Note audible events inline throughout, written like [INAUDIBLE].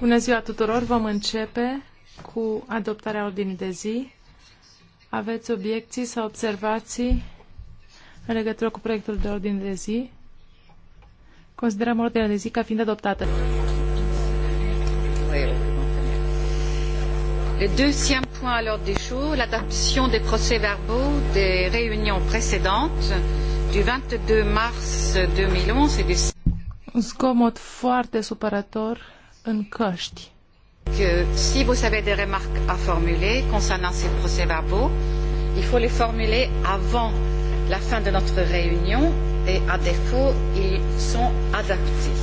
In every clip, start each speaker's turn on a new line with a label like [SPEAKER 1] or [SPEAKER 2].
[SPEAKER 1] Bună ziua tuturor, vom începe cu adoptarea ordinii de zi. Aveți obiecții sau observații în legătură cu proiectul de ordine de zi? Considerăm ordinea de zi ca fiind adoptată.
[SPEAKER 2] Le deuxième point à l'ordre du jour, l'adoption des procès-verbaux des réunions précédentes
[SPEAKER 1] un zgomot foarte supărător în căști.
[SPEAKER 2] Que si vous avez des remarques à formuler concernant ces procès-verbaux, il faut les formuler avant la fin de notre réunion et à défaut, ils sont adaptés.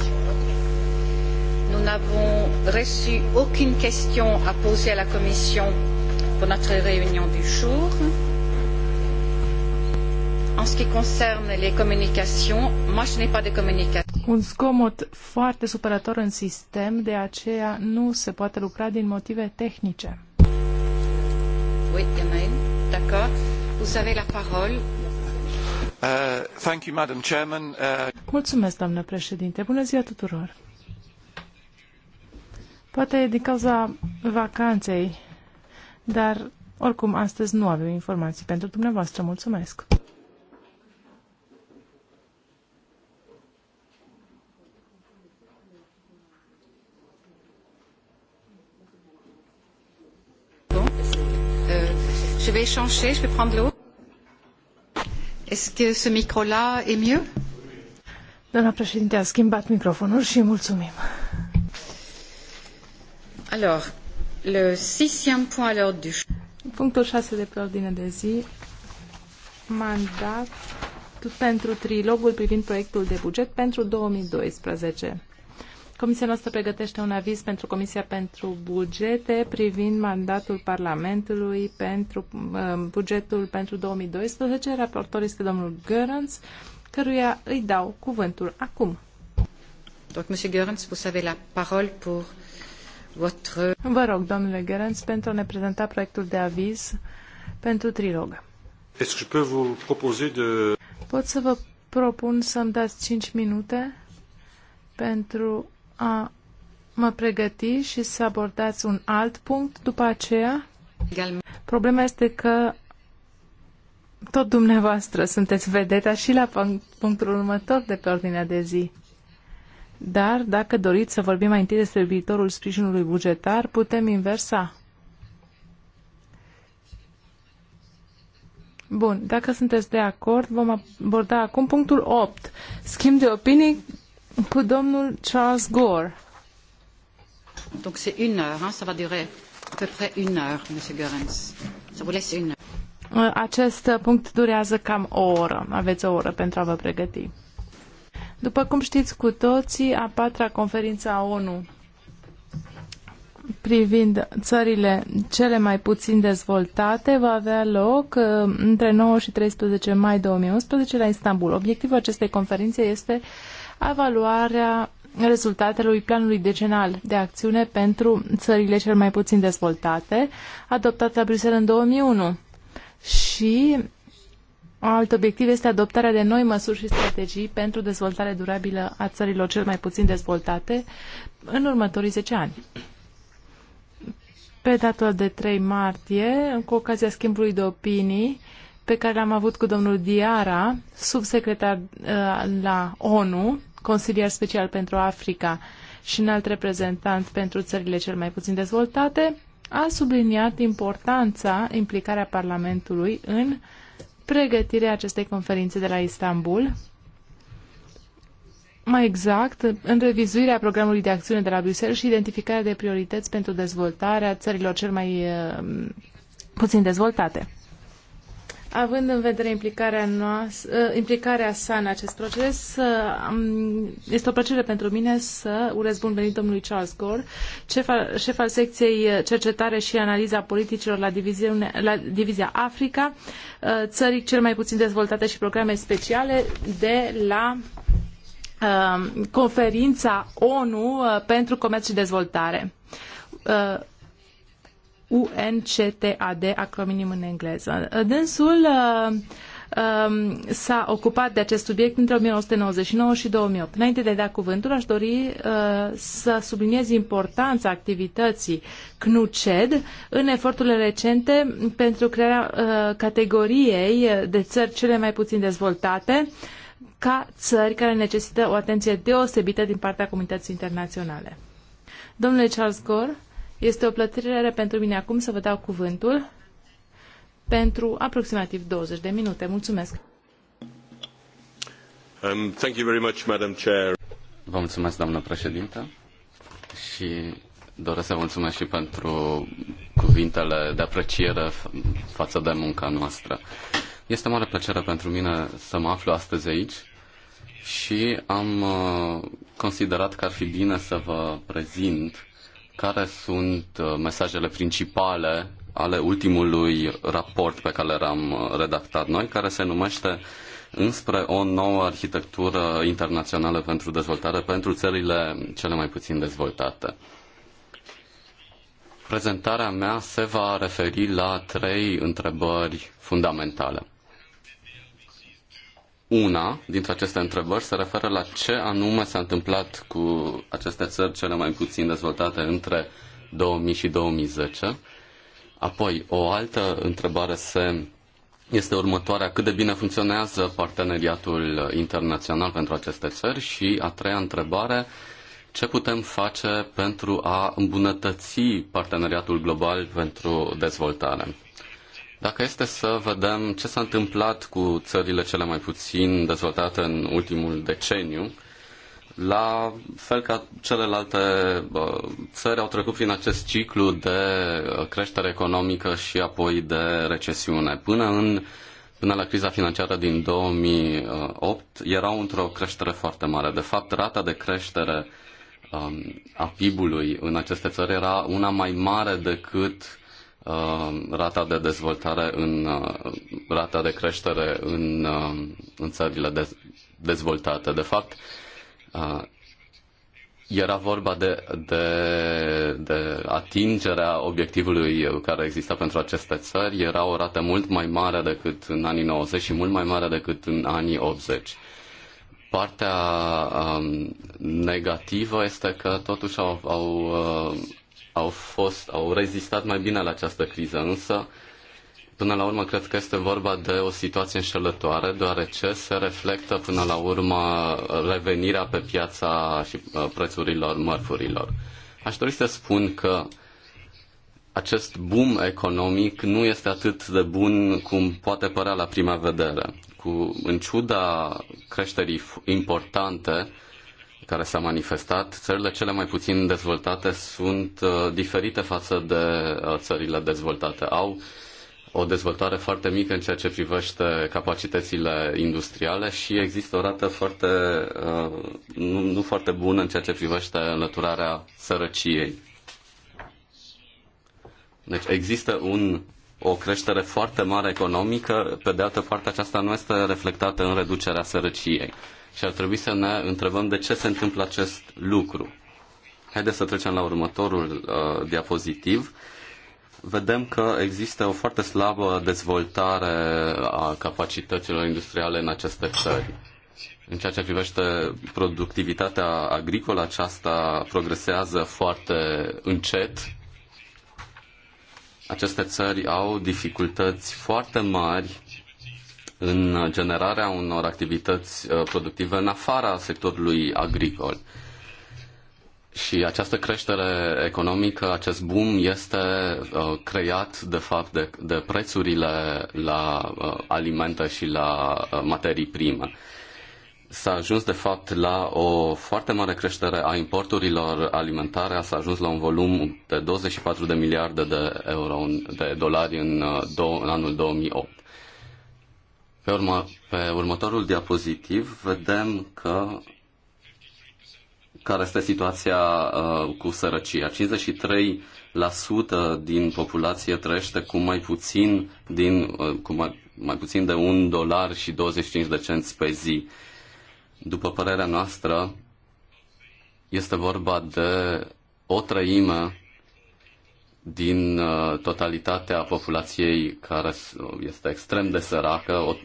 [SPEAKER 2] Nous n'avons reçu aucune question à poser à la Commission pour notre réunion du jour ceea ce qui concerne les communications, moi je n'ai pas de communication.
[SPEAKER 1] Un zgomot foarte supărător în sistem, de aceea nu se poate lucra din motive tehnice.
[SPEAKER 2] Oui, il y en a une. D'accord. Vous avez la parole. Uh, thank you, Madam Chairman. Uh...
[SPEAKER 1] Mulțumesc, doamnă președinte. Bună ziua tuturor. Poate e din cauza vacanței, dar oricum astăzi nu avem informații pentru dumneavoastră. Mulțumesc.
[SPEAKER 2] Je vais changer, je vais prendre l'autre. Est-ce que ce micro-là est mieux?
[SPEAKER 1] Doamna președinte, a schimbat microfonul și mulțumim. Alors, le sixième point à l'ordre du Punctul 6 de pe ordine de zi, mandat pentru trilogul privind proiectul de buget pentru 2012. Comisia noastră pregătește un aviz pentru Comisia pentru Bugete privind mandatul Parlamentului pentru uh, bugetul pentru 2012. Raportor este domnul Görans, căruia îi dau cuvântul acum. Donc, M. Görans, vous avez la parole pour votre... Vă rog, domnule Görans, pentru a ne prezenta proiectul de aviz pentru trilog. Est-ce que je peux vous proposer de... Pot să vă propun să-mi dați 5 minute pentru a mă pregăti și să abordați un alt punct după aceea. Problema este că tot dumneavoastră sunteți vedeta și la punctul următor de pe ordinea de zi. Dar dacă doriți să vorbim mai întâi despre viitorul sprijinului bugetar, putem inversa. Bun, dacă sunteți de acord, vom aborda acum punctul 8. Schimb de opinii cu domnul Charles Gore.
[SPEAKER 2] Donc c'est une heure, hein, ça va durer à peu près une heure, monsieur Ça vous
[SPEAKER 1] laisse une heure. Euh, acest uh, punct durează cam o oră. Aveți o oră pentru a vă pregăti. După cum știți cu toții, a patra conferință a ONU privind țările cele mai puțin dezvoltate va avea loc uh, între 9 și 13 mai 2011 la Istanbul. Obiectivul acestei conferințe este uh, evaluarea rezultatelui planului decenal de acțiune pentru țările cel mai puțin dezvoltate, adoptat la Bruxelles în 2001. Și alt obiectiv este adoptarea de noi măsuri și strategii pentru dezvoltare durabilă a țărilor cel mai puțin dezvoltate în următorii 10 ani. Pe data de 3 martie, cu ocazia schimbului de opinii pe care l-am avut cu domnul Diara, subsecretar uh, la ONU, consilier special pentru Africa și înalt reprezentant pentru țările cel mai puțin dezvoltate, a subliniat importanța implicarea Parlamentului în pregătirea acestei conferințe de la Istanbul, mai exact, în revizuirea programului de acțiune de la Bruxelles și identificarea de priorități pentru dezvoltarea țărilor cel mai uh, puțin dezvoltate. Având în vedere implicarea, noastră, implicarea sa în acest proces, este o plăcere pentru mine să urez bun venit domnului Charles Gore, șef al, șef al secției Cercetare și Analiza Politicilor la, diviziune, la Divizia Africa, ă, țării cel mai puțin dezvoltate și programe speciale de la ă, conferința ONU ă, pentru Comerț și Dezvoltare UNCTAD, acronim în engleză. Dânsul uh, um, s-a ocupat de acest subiect între 1999 și 2008. Înainte de a da cuvântul, aș dori uh, să subliniez importanța activității CNUCED în eforturile recente pentru crearea uh, categoriei de țări cele mai puțin dezvoltate ca țări care necesită o atenție deosebită din partea comunității internaționale. Domnule Charles Gore, este o plăcere pentru mine acum să vă dau cuvântul pentru aproximativ 20 de minute. Mulțumesc!
[SPEAKER 3] Um, thank you very much, Madam Chair. Vă mulțumesc, doamnă președintă, și doresc să vă mulțumesc și pentru cuvintele de apreciere față de munca noastră. Este mare plăcere pentru mine să mă aflu astăzi aici și am uh, considerat că ar fi bine să vă prezint care sunt uh, mesajele principale ale ultimului raport pe care l-am uh, redactat noi, care se numește înspre o nouă arhitectură internațională pentru dezvoltare pentru țările cele mai puțin dezvoltate. Prezentarea mea se va referi la trei întrebări fundamentale. Una dintre aceste întrebări se referă la ce anume s-a întâmplat cu aceste țări cele mai puțin dezvoltate între 2000 și 2010. Apoi, o altă întrebare se, este următoarea, cât de bine funcționează parteneriatul internațional pentru aceste țări și a treia întrebare, ce putem face pentru a îmbunătăți parteneriatul global pentru dezvoltare. Dacă este să vedem ce s-a întâmplat cu țările cele mai puțin dezvoltate în ultimul deceniu, la fel ca celelalte țări au trecut prin acest ciclu de creștere economică și apoi de recesiune. Până în Până la criza financiară din 2008 erau într-o creștere foarte mare. De fapt, rata de creștere um, a PIB-ului în aceste țări era una mai mare decât Uh, rata de dezvoltare în uh, rata de creștere în, uh, în țările dezvoltate. De fapt, era vorba de, de, de atingerea obiectivului care exista pentru aceste țări. Era o rată mult mai mare decât în anii 90 și mult mai mare decât în anii 80. Partea um, negativă este că totuși au, au au, fost, au rezistat mai bine la această criză, însă până la urmă cred că este vorba de o situație înșelătoare, deoarece se reflectă până la urmă revenirea pe piața și uh, prețurilor mărfurilor. Aș dori să spun că acest boom economic nu este atât de bun cum poate părea la prima vedere. Cu, în ciuda creșterii importante, care s-a manifestat, țările cele mai puțin dezvoltate sunt uh, diferite față de uh, țările dezvoltate. Au o dezvoltare foarte mică în ceea ce privește capacitățile industriale și există o rată foarte, uh, nu, nu foarte bună în ceea ce privește înlăturarea sărăciei. Deci există un, o creștere foarte mare economică, pe de altă parte aceasta nu este reflectată în reducerea sărăciei și ar trebui să ne întrebăm de ce se întâmplă acest lucru. Haideți să trecem la următorul uh, diapozitiv. Vedem că există o foarte slabă dezvoltare a capacităților industriale în aceste țări. În ceea ce privește productivitatea agricolă, aceasta progresează foarte încet. Aceste țări au dificultăți foarte mari în generarea unor activități uh, productive în afara sectorului agricol. Și această creștere economică, acest boom, este uh, creat de fapt de, de prețurile la uh, alimente și la uh, materii prime. S-a ajuns de fapt la o foarte mare creștere a importurilor alimentare, s-a ajuns la un volum de 24 de miliarde de euro de dolari în, uh, do- în anul 2008. Pe, urma, pe următorul diapozitiv vedem că care este situația uh, cu sărăcia. 53% din populație trăiește cu mai puțin, din, uh, cu mai, mai puțin de 1 dolar și 25 de cenți pe zi. După părerea noastră, este vorba de o trăime din uh, totalitatea populației care uh, este extrem de săracă, o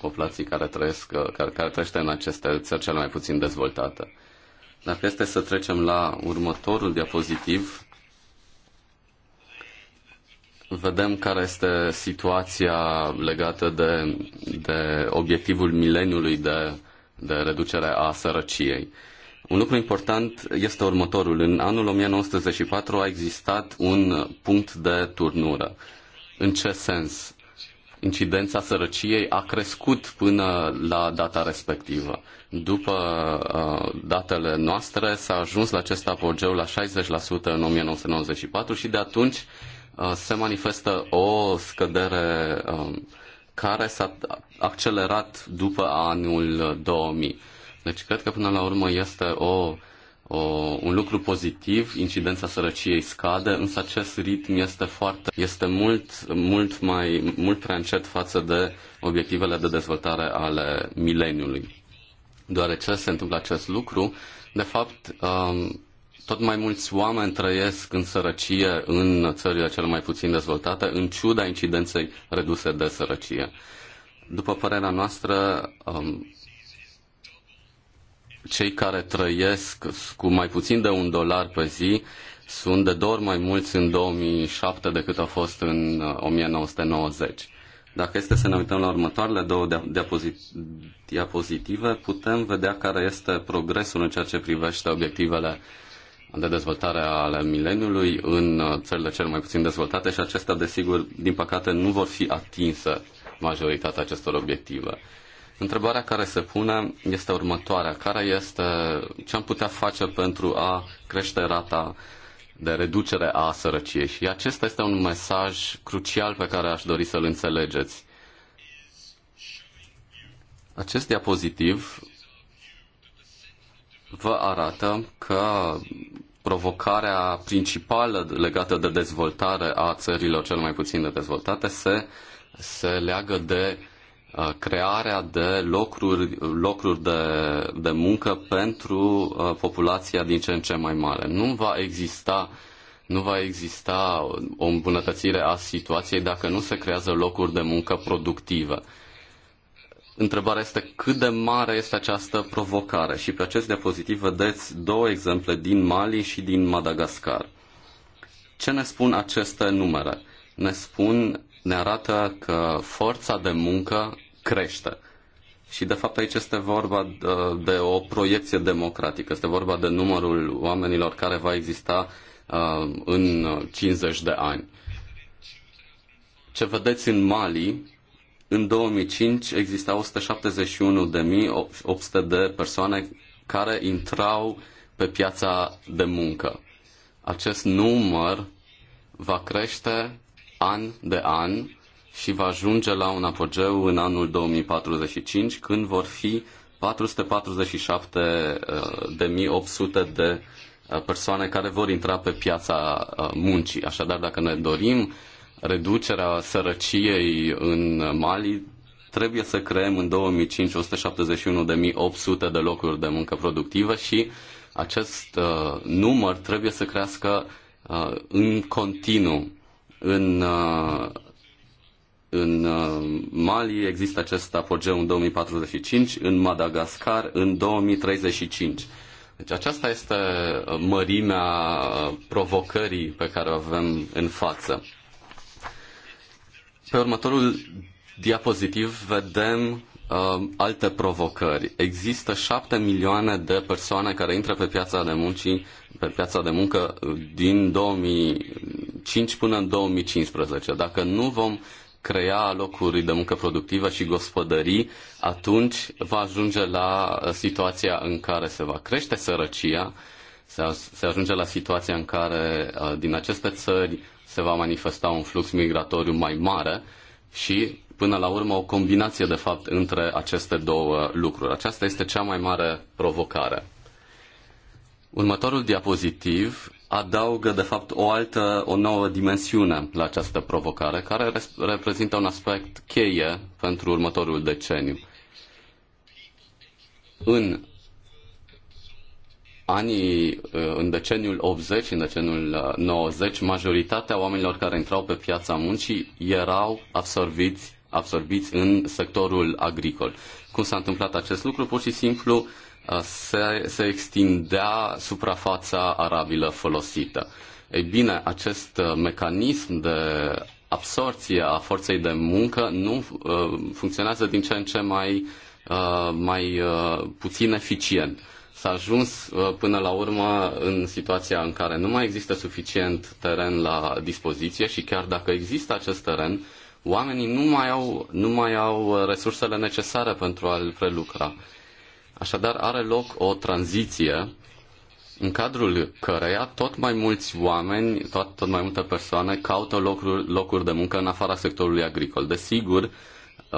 [SPEAKER 3] populație care, trăiesc, uh, care, care trăiește în aceste țări cel mai puțin dezvoltate. Dacă este să trecem la următorul diapozitiv, vedem care este situația legată de, de obiectivul mileniului de, de reducere a sărăciei. Uh, un lucru important este următorul. În anul 1994 a existat un punct de turnură. În ce sens? Incidența sărăciei a crescut până la data respectivă. După uh, datele noastre s-a ajuns la acest apogeu la 60% în 1994 și de atunci uh, se manifestă o scădere uh, care s-a accelerat după anul 2000. Deci cred că până la urmă este o, o, un lucru pozitiv, incidența sărăciei scade, însă acest ritm este foarte este mult, mult mai mult prea încet față de obiectivele de dezvoltare ale mileniului. Deoarece se întâmplă acest lucru, de fapt, um, tot mai mulți oameni trăiesc în sărăcie în țările cele mai puțin dezvoltate, în ciuda incidenței reduse de sărăcie. După părerea noastră, um, cei care trăiesc cu mai puțin de un dolar pe zi sunt de două ori mai mulți în 2007 decât au fost în 1990. Uh, Dacă este să ne uităm la următoarele două diapozitive, putem vedea care este progresul în ceea ce privește obiectivele de dezvoltare ale mileniului în uh, țările cel mai puțin dezvoltate și acestea, desigur, din păcate, nu vor fi atinse majoritatea acestor obiective. Întrebarea care se pune este următoarea. Care este ce am putea face pentru a crește rata de reducere a sărăciei? Și acesta este un mesaj crucial pe care aș dori să-l înțelegeți. Acest diapozitiv vă arată că provocarea principală legată de dezvoltare a țărilor cel mai puțin de dezvoltate se, se leagă de Uh, crearea de locuri, locuri de, de muncă pentru uh, populația din ce în ce mai mare. Nu va exista nu va exista o îmbunătățire a situației dacă nu se creează locuri de muncă productive. Întrebarea este cât de mare este această provocare și pe acest diapozitiv vedeți două exemple din Mali și din Madagascar. Ce ne spun aceste numere? Ne spun, ne arată că forța de muncă crește. Și de fapt aici este vorba de, uh, de o proiecție democratică, este vorba de numărul oamenilor care va exista uh, în 50 uh, de ani. Ce vedeți în Mali, în 2005 exista 171.800 de persoane care intrau pe piața de muncă. Acest număr va crește an de an și va ajunge la un apogeu în anul 2045, când vor fi 447.800 uh, de de uh, persoane care vor intra pe piața uh, muncii. Așadar, dacă ne dorim reducerea sărăciei în Mali, trebuie să creăm în 2005 171.800 de locuri de muncă productive și acest uh, număr trebuie să crească uh, în continuu. În, în uh, Mali există acest apogeu în 2045, în Madagascar în 2035. Deci aceasta este uh, mărimea uh, provocării pe care o avem în față. Pe următorul diapozitiv vedem uh, alte provocări. Există șapte milioane de persoane care intră pe piața de muncii, pe piața de muncă din 2005 până în 2015. Dacă nu vom crea locuri de muncă productivă și gospodării, atunci va ajunge la situația în care se va crește sărăcia, se ajunge la situația în care uh, din aceste țări se va manifesta un flux migratoriu mai mare și până la urmă o combinație de fapt între aceste două lucruri. Aceasta este cea mai mare provocare. Următorul diapozitiv adaugă, de fapt, o altă, o nouă dimensiune la această provocare, care reprezintă un aspect cheie pentru următorul deceniu. În anii, uh, în deceniul 80, în deceniul 90, uh, majoritatea oamenilor care intrau pe piața muncii erau absorbiți, absorbiți în sectorul agricol. Cum s-a întâmplat acest lucru? Pur și simplu Uh, se, se extindea suprafața arabilă folosită. Ei bine, acest uh, mecanism de absorție a forței de muncă nu uh, funcționează din ce în ce mai, mai puțin eficient. S-a ajuns până la urmă în situația în care nu mai există suficient teren la dispoziție și chiar dacă există acest teren, oamenii nu mai au, nu mai au resursele necesare pentru a-l prelucra. Așadar, are loc o tranziție în cadrul căreia tot mai mulți oameni, tot, tot mai multe persoane caută locuri, locuri de muncă în afara sectorului agricol. Desigur,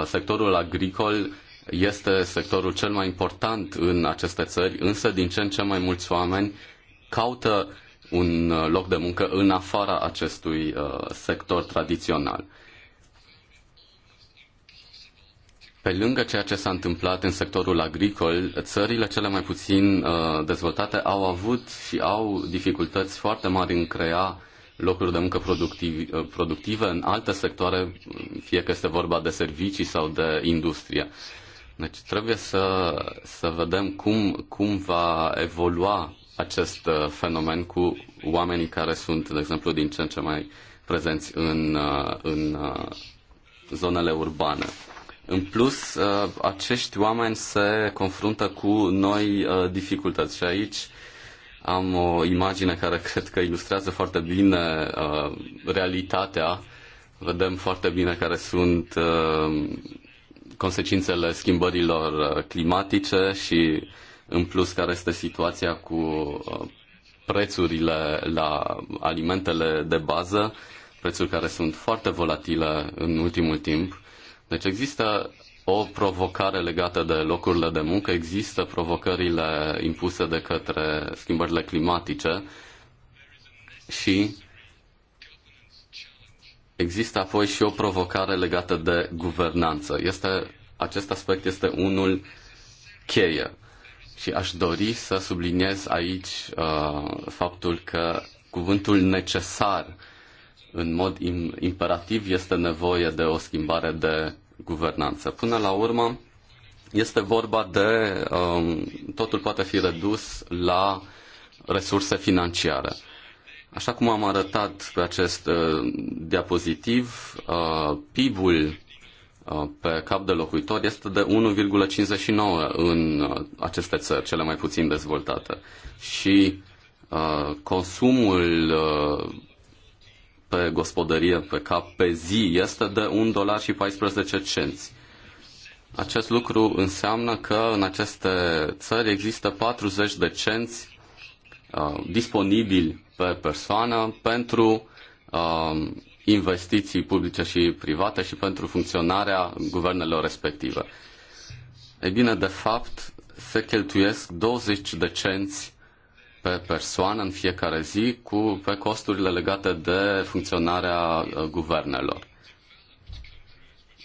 [SPEAKER 3] sectorul agricol este sectorul cel mai important în aceste țări, însă din ce în ce mai mulți oameni caută un loc de muncă în afara acestui uh, sector tradițional. Pe lângă ceea ce s-a întâmplat în sectorul agricol, țările cele mai puțin uh, dezvoltate au avut și au dificultăți foarte mari în crea locuri de muncă uh, productive în alte sectoare, fie că este vorba de servicii sau de industrie. Deci trebuie să, să vedem cum, cum va evolua acest uh, fenomen cu oamenii care sunt, de exemplu, din ce în ce mai prezenți în, în zonele urbane. În plus, uh, acești oameni se confruntă cu noi uh, dificultăți și aici am o imagine care [LAUGHS] cred că ilustrează foarte bine uh, realitatea. Vedem foarte bine care sunt consecințele schimbărilor climatice și în plus care este situația cu prețurile la alimentele de bază, prețuri care sunt foarte volatile în ultimul timp deci există o provocare legată de locurile de muncă, există provocările impuse de către schimbările climatice și există apoi și o provocare legată de guvernanță. Este, acest aspect este unul cheie și aș dori să subliniez aici uh, faptul că cuvântul necesar în mod imperativ este nevoie de o schimbare de guvernanță. Până la urmă, este vorba de um, totul poate fi redus la resurse financiare. Așa cum am arătat pe acest uh, diapozitiv, uh, PIB-ul uh, pe cap de locuitor este de 1,59 în uh, aceste țări cele mai puțin dezvoltate și uh, consumul uh, pe gospodărie pe cap pe zi este de 1 dolar și 14 cenți. Acest lucru înseamnă că în aceste țări există 40 de cenți uh, disponibili pe persoană pentru uh, investiții publice și private și pentru funcționarea guvernelor respective. Ei bine, de fapt, se cheltuiesc 20 de cenți pe persoană în fiecare zi cu, pe costurile legate de funcționarea uh, guvernelor.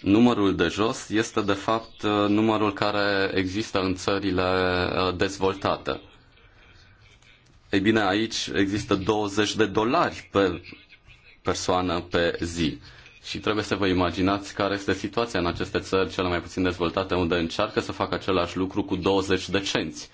[SPEAKER 3] Numărul de jos este de fapt uh, numărul care există în țările uh, dezvoltate. Ei bine, aici există 20 de dolari pe persoană pe zi. Și trebuie să vă imaginați care este situația în aceste țări cele mai puțin dezvoltate, unde încearcă să facă același lucru cu 20 de cenți.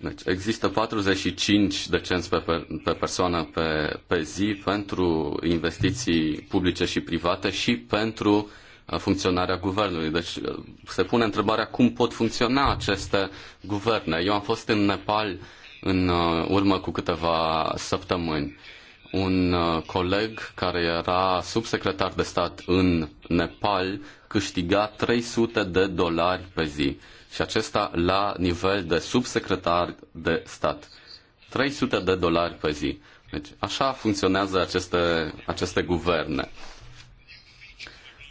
[SPEAKER 3] Deci există 45 de cenți pe, pe, persoană pe, pe zi pentru investiții publice și private și pentru uh, funcționarea guvernului. Deci uh, se pune întrebarea cum pot funcționa aceste guverne. Eu am fost în Nepal în uh, urmă cu câteva săptămâni. Un coleg care era subsecretar de stat în Nepal câștiga 300 de dolari pe zi și acesta la nivel de subsecretar de stat. 300 de dolari pe zi. Deci așa funcționează aceste, aceste guverne.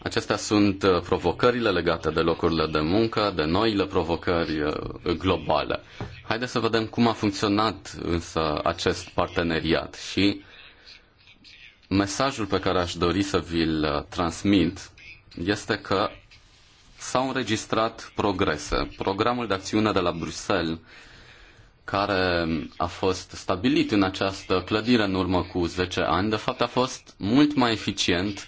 [SPEAKER 3] Acestea sunt uh, provocările legate de locurile de muncă, de noile provocări uh, globale. Haideți să vedem cum a funcționat însă acest parteneriat și mesajul pe care aș dori să vi-l uh, transmit este că s-au înregistrat progrese. Programul de acțiune de la Bruxelles, care a fost stabilit în această clădire în urmă cu 10 ani, de fapt a fost mult mai eficient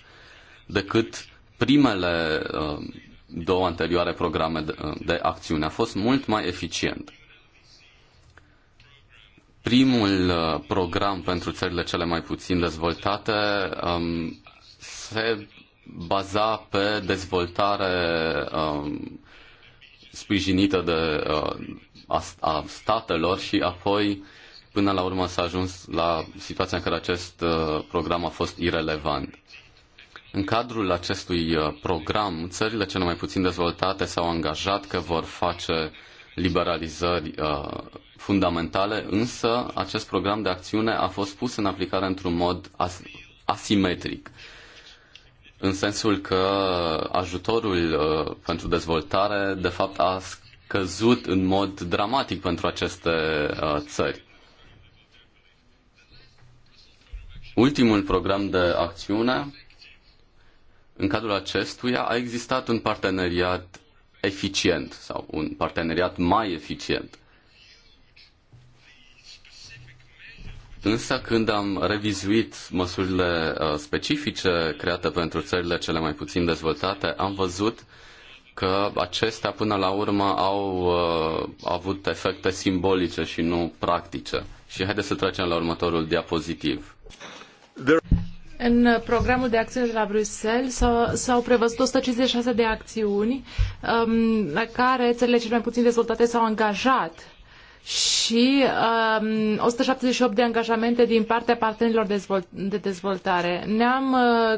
[SPEAKER 3] decât primele uh, două anterioare programe uh, de, acțiune. A fost mult mai eficient. Primul uh, program pentru țările cele mai puțin dezvoltate um, se baza pe dezvoltare um, sprijinită de, uh, a, a statelor și apoi până la urmă s-a ajuns la situația în care acest uh, program a fost irelevant. În cadrul acestui uh, program, țările cele mai puțin dezvoltate s-au angajat că vor face liberalizări uh, fundamentale, însă acest program de acțiune a fost pus în aplicare într-un mod as- asimetric. Uh, în sensul că ajutorul uh, pentru dezvoltare, de fapt, a scăzut în mod dramatic pentru aceste uh, țări. Ultimul program de acțiune, în cadrul acestuia a existat un parteneriat eficient sau un parteneriat mai eficient. Însă când am revizuit măsurile uh, specifice create pentru țările cele mai puțin dezvoltate, am văzut că acestea până la urmă au uh, avut efecte simbolice și nu practice. Și haideți să trecem la următorul diapozitiv.
[SPEAKER 1] În programul de acțiune de la Bruxelles s-au prevăzut 156 de acțiuni um, la care țările cele mai puțin dezvoltate s-au angajat și um, 178 de angajamente din partea partenerilor dezvol de dezvoltare. Ne-am,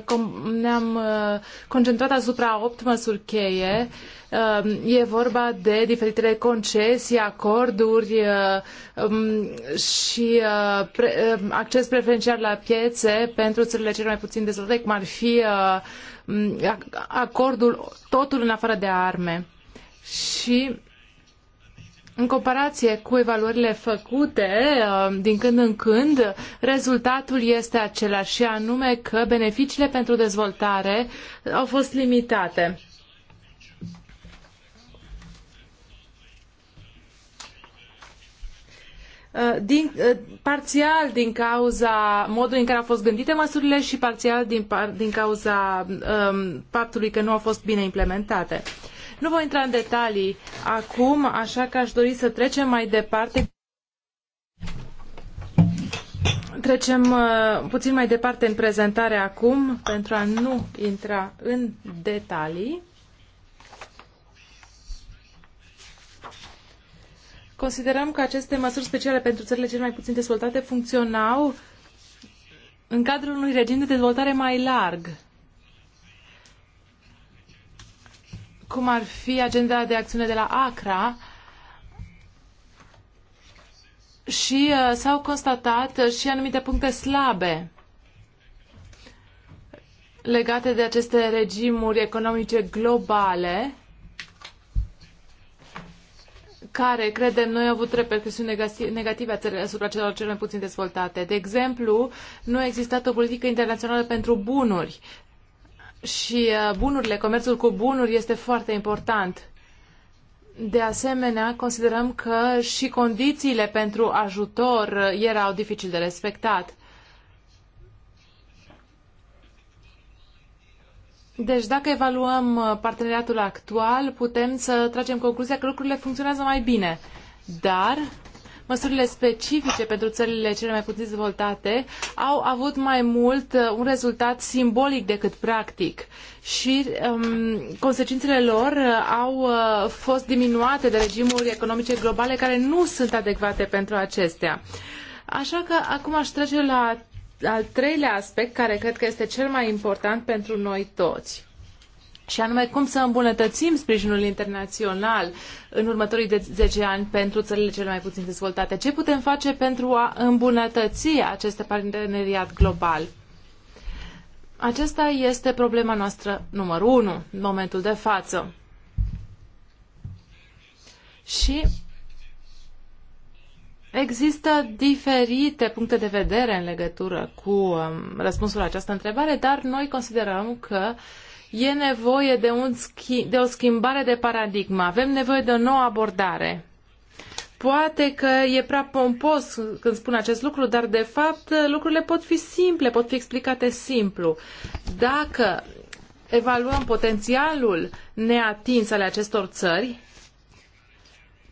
[SPEAKER 1] uh, ne-am uh, concentrat asupra 8 măsuri cheie. Uh, e vorba de diferitele concesii, acorduri uh, um, și uh, pre uh, acces preferențial la piețe pentru țările cele mai puțin dezvoltate, cum ar fi uh, um, acordul totul în afară de arme. Și în comparație cu evaluările făcute uh, din când în când, rezultatul este același și anume că beneficiile pentru dezvoltare au fost limitate. Uh, din, uh, parțial din cauza modului în care au fost gândite măsurile și parțial din, din cauza um, faptului că nu au fost bine implementate. Uh, nu voi intra în detalii acum, așa că aș dori să trecem mai departe. Trecem uh, puțin mai departe în prezentare acum, pentru a nu intra în detalii. Considerăm că aceste măsuri speciale pentru țările cel mai puțin dezvoltate funcționau în cadrul unui regim de dezvoltare mai larg cum ar fi agenda de acțiune de la ACRA, și uh, s-au constatat uh, și anumite puncte slabe legate de aceste regimuri economice globale care, credem noi, au avut repercusiuni negative asupra celor cele mai puțin dezvoltate. De exemplu, nu a existat o politică internațională pentru bunuri, și uh, bunurile, comerțul cu bunuri este foarte important. De asemenea, considerăm că și condițiile pentru ajutor uh, erau dificil de respectat. Deci, dacă evaluăm uh, parteneriatul actual, putem să tragem concluzia că lucrurile funcționează mai bine. Dar măsurile specifice pentru țările cele mai puțin dezvoltate au avut mai mult uh, un rezultat simbolic decât practic și um, consecințele lor uh, au uh, fost diminuate de regimuri economice globale care nu sunt adecvate pentru acestea. Așa că acum aș trece la al treilea aspect care cred că este cel mai important pentru noi toți și anume cum să îmbunătățim sprijinul internațional în următorii de 10 ani pentru țările cele mai puțin dezvoltate. Ce putem face pentru a îmbunătăți acest parteneriat global? Aceasta este problema noastră numărul unu în momentul de față. Și Există diferite puncte de vedere în legătură cu um, răspunsul la această întrebare, dar noi considerăm că E nevoie de, un schi- de o schimbare de paradigmă. Avem nevoie de o nouă abordare. Poate că e prea pompos când spun acest lucru, dar de fapt lucrurile pot fi simple, pot fi explicate simplu. Dacă evaluăm potențialul neatins ale acestor țări,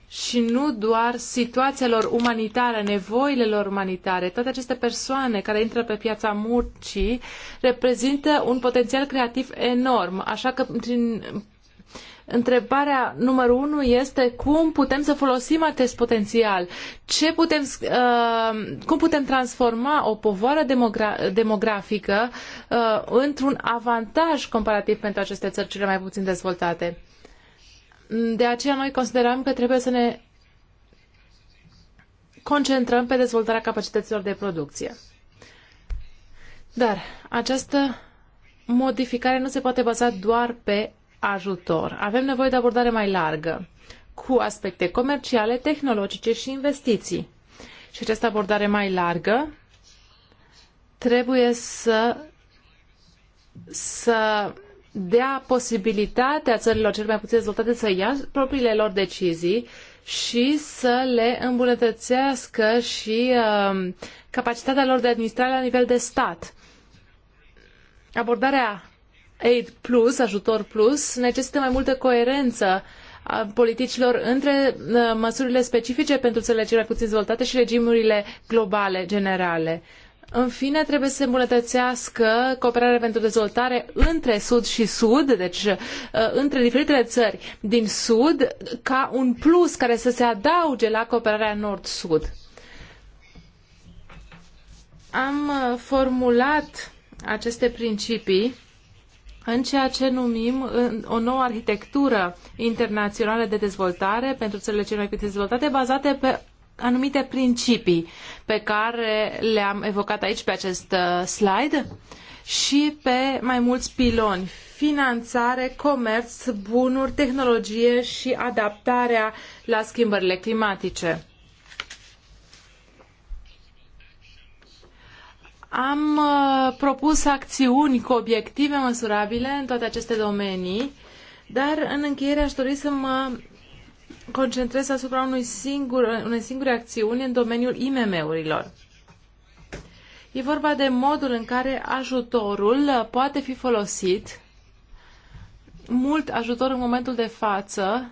[SPEAKER 1] și nu doar situațiilor umanitare, nevoilor umanitare. Toate aceste persoane care intră pe piața muncii reprezintă un potențial creativ enorm, așa că prin Întrebarea numărul unu este cum putem să folosim acest potențial, ce putem, uh, cum putem transforma o povară demogra- demografică uh, într-un avantaj comparativ pentru aceste țări cele mai puțin dezvoltate. De aceea noi considerăm că trebuie să ne concentrăm pe dezvoltarea capacităților de producție. Dar această modificare nu se poate baza doar pe ajutor. Avem nevoie de abordare mai largă, cu aspecte comerciale, tehnologice și investiții. Și această abordare mai largă trebuie să, să dea posibilitatea țărilor cel mai puțin dezvoltate să ia propriile lor decizii și să le îmbunătățească și uh, capacitatea lor de administrare la nivel de stat. Abordarea Aid Plus, ajutor plus, necesită mai multă coerență a politicilor între uh, măsurile specifice pentru țările cele mai puțin dezvoltate și regimurile globale, generale. În fine, trebuie să se îmbunătățească cooperarea pentru dezvoltare între Sud și Sud, deci uh, între diferitele țări din Sud, ca un plus care să se adauge la cooperarea Nord-Sud. Am uh, formulat aceste principii în ceea ce numim o nouă arhitectură internațională de dezvoltare pentru țările cele mai puțin dezvoltate, bazate pe anumite principii pe care le-am evocat aici pe acest uh, slide și pe mai mulți piloni. Finanțare, comerț, bunuri, tehnologie și adaptarea la schimbările climatice. Am uh, propus acțiuni cu obiective măsurabile în toate aceste domenii, dar în încheiere aș dori să mă concentrez asupra unui singur, unei singure acțiuni în domeniul IMM-urilor. E vorba de modul în care ajutorul poate fi folosit, mult ajutor în momentul de față,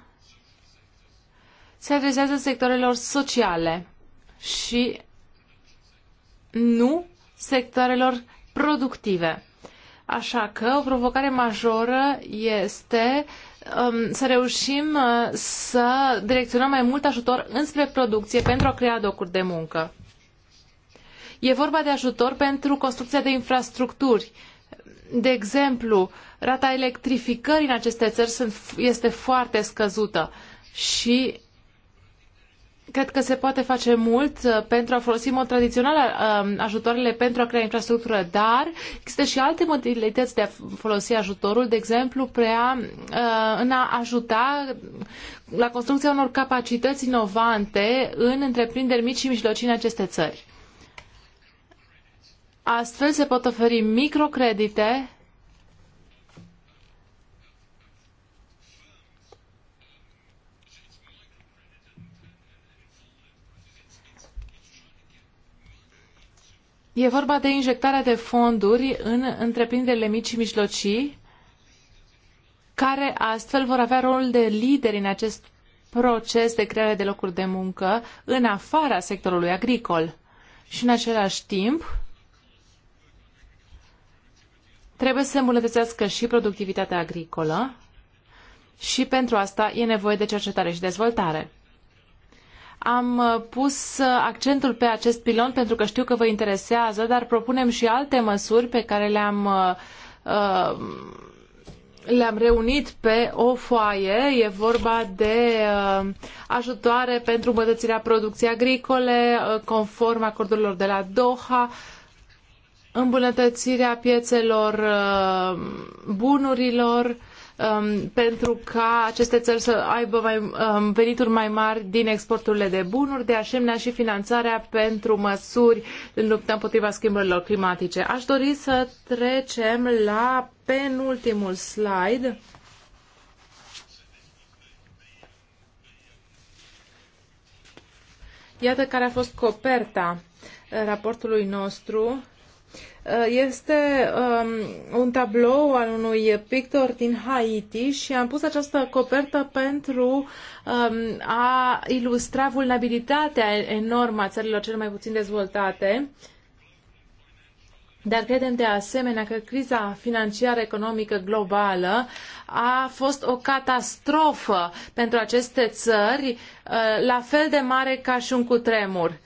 [SPEAKER 1] se adresează sectoarelor sociale și nu sectoarelor productive. Așa că o provocare majoră este Um, să reușim uh, să direcționăm mai mult ajutor înspre producție pentru a crea locuri de muncă. E vorba de ajutor pentru construcția de infrastructuri. De exemplu, rata electrificării în aceste țări sunt, este foarte scăzută și Cred că se poate face mult uh, pentru a folosi în mod tradițional um, ajutoarele pentru a crea infrastructură, dar există și alte modalități de a folosi ajutorul, de exemplu, prea uh, în a ajuta la construcția unor capacități inovante în întreprinderi mici și mijlocii în aceste țări. Astfel se pot oferi microcredite E vorba de injectarea de fonduri în întreprinderile mici și mijlocii, care astfel vor avea rolul de lideri în acest proces de creare de locuri de muncă în afara sectorului agricol. Și în același timp, trebuie să îmbunătățească și productivitatea agricolă și pentru asta e nevoie de cercetare și dezvoltare. Am uh, pus uh, accentul pe acest pilon pentru că știu că vă interesează, dar propunem și alte măsuri pe care le-am uh, le-am reunit pe o foaie. E vorba de ajutoare pentru îmbunătățirea producției agricole, conform acordurilor de la Doha, îmbunătățirea piețelor bunurilor, um, pentru ca aceste țări să aibă mai, um, venituri mai mari din exporturile de bunuri, de asemenea și finanțarea pentru măsuri în lupta împotriva schimbărilor climatice. Aș dori să trecem la penultimul slide. Iată care a fost coperta raportului nostru este um, un tablou al unui pictor din Haiti și am pus această copertă pentru um, a ilustra vulnerabilitatea enormă a țărilor cele mai puțin dezvoltate. Dar credem de asemenea că criza financiară economică globală a fost o catastrofă pentru aceste țări, uh, la fel de mare ca și un cutremur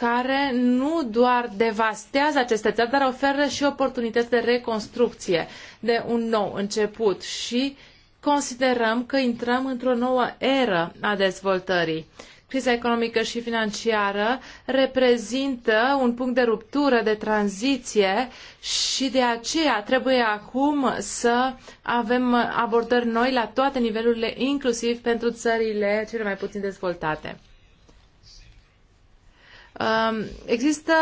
[SPEAKER 1] care nu doar devastează aceste țări, dar oferă și oportunități de reconstrucție, de un nou început și considerăm că intrăm într-o nouă eră a dezvoltării. Criza economică și financiară reprezintă un punct de ruptură, de tranziție și de aceea trebuie acum să avem abordări noi la toate nivelurile, inclusiv pentru țările cele mai puțin dezvoltate. Um, există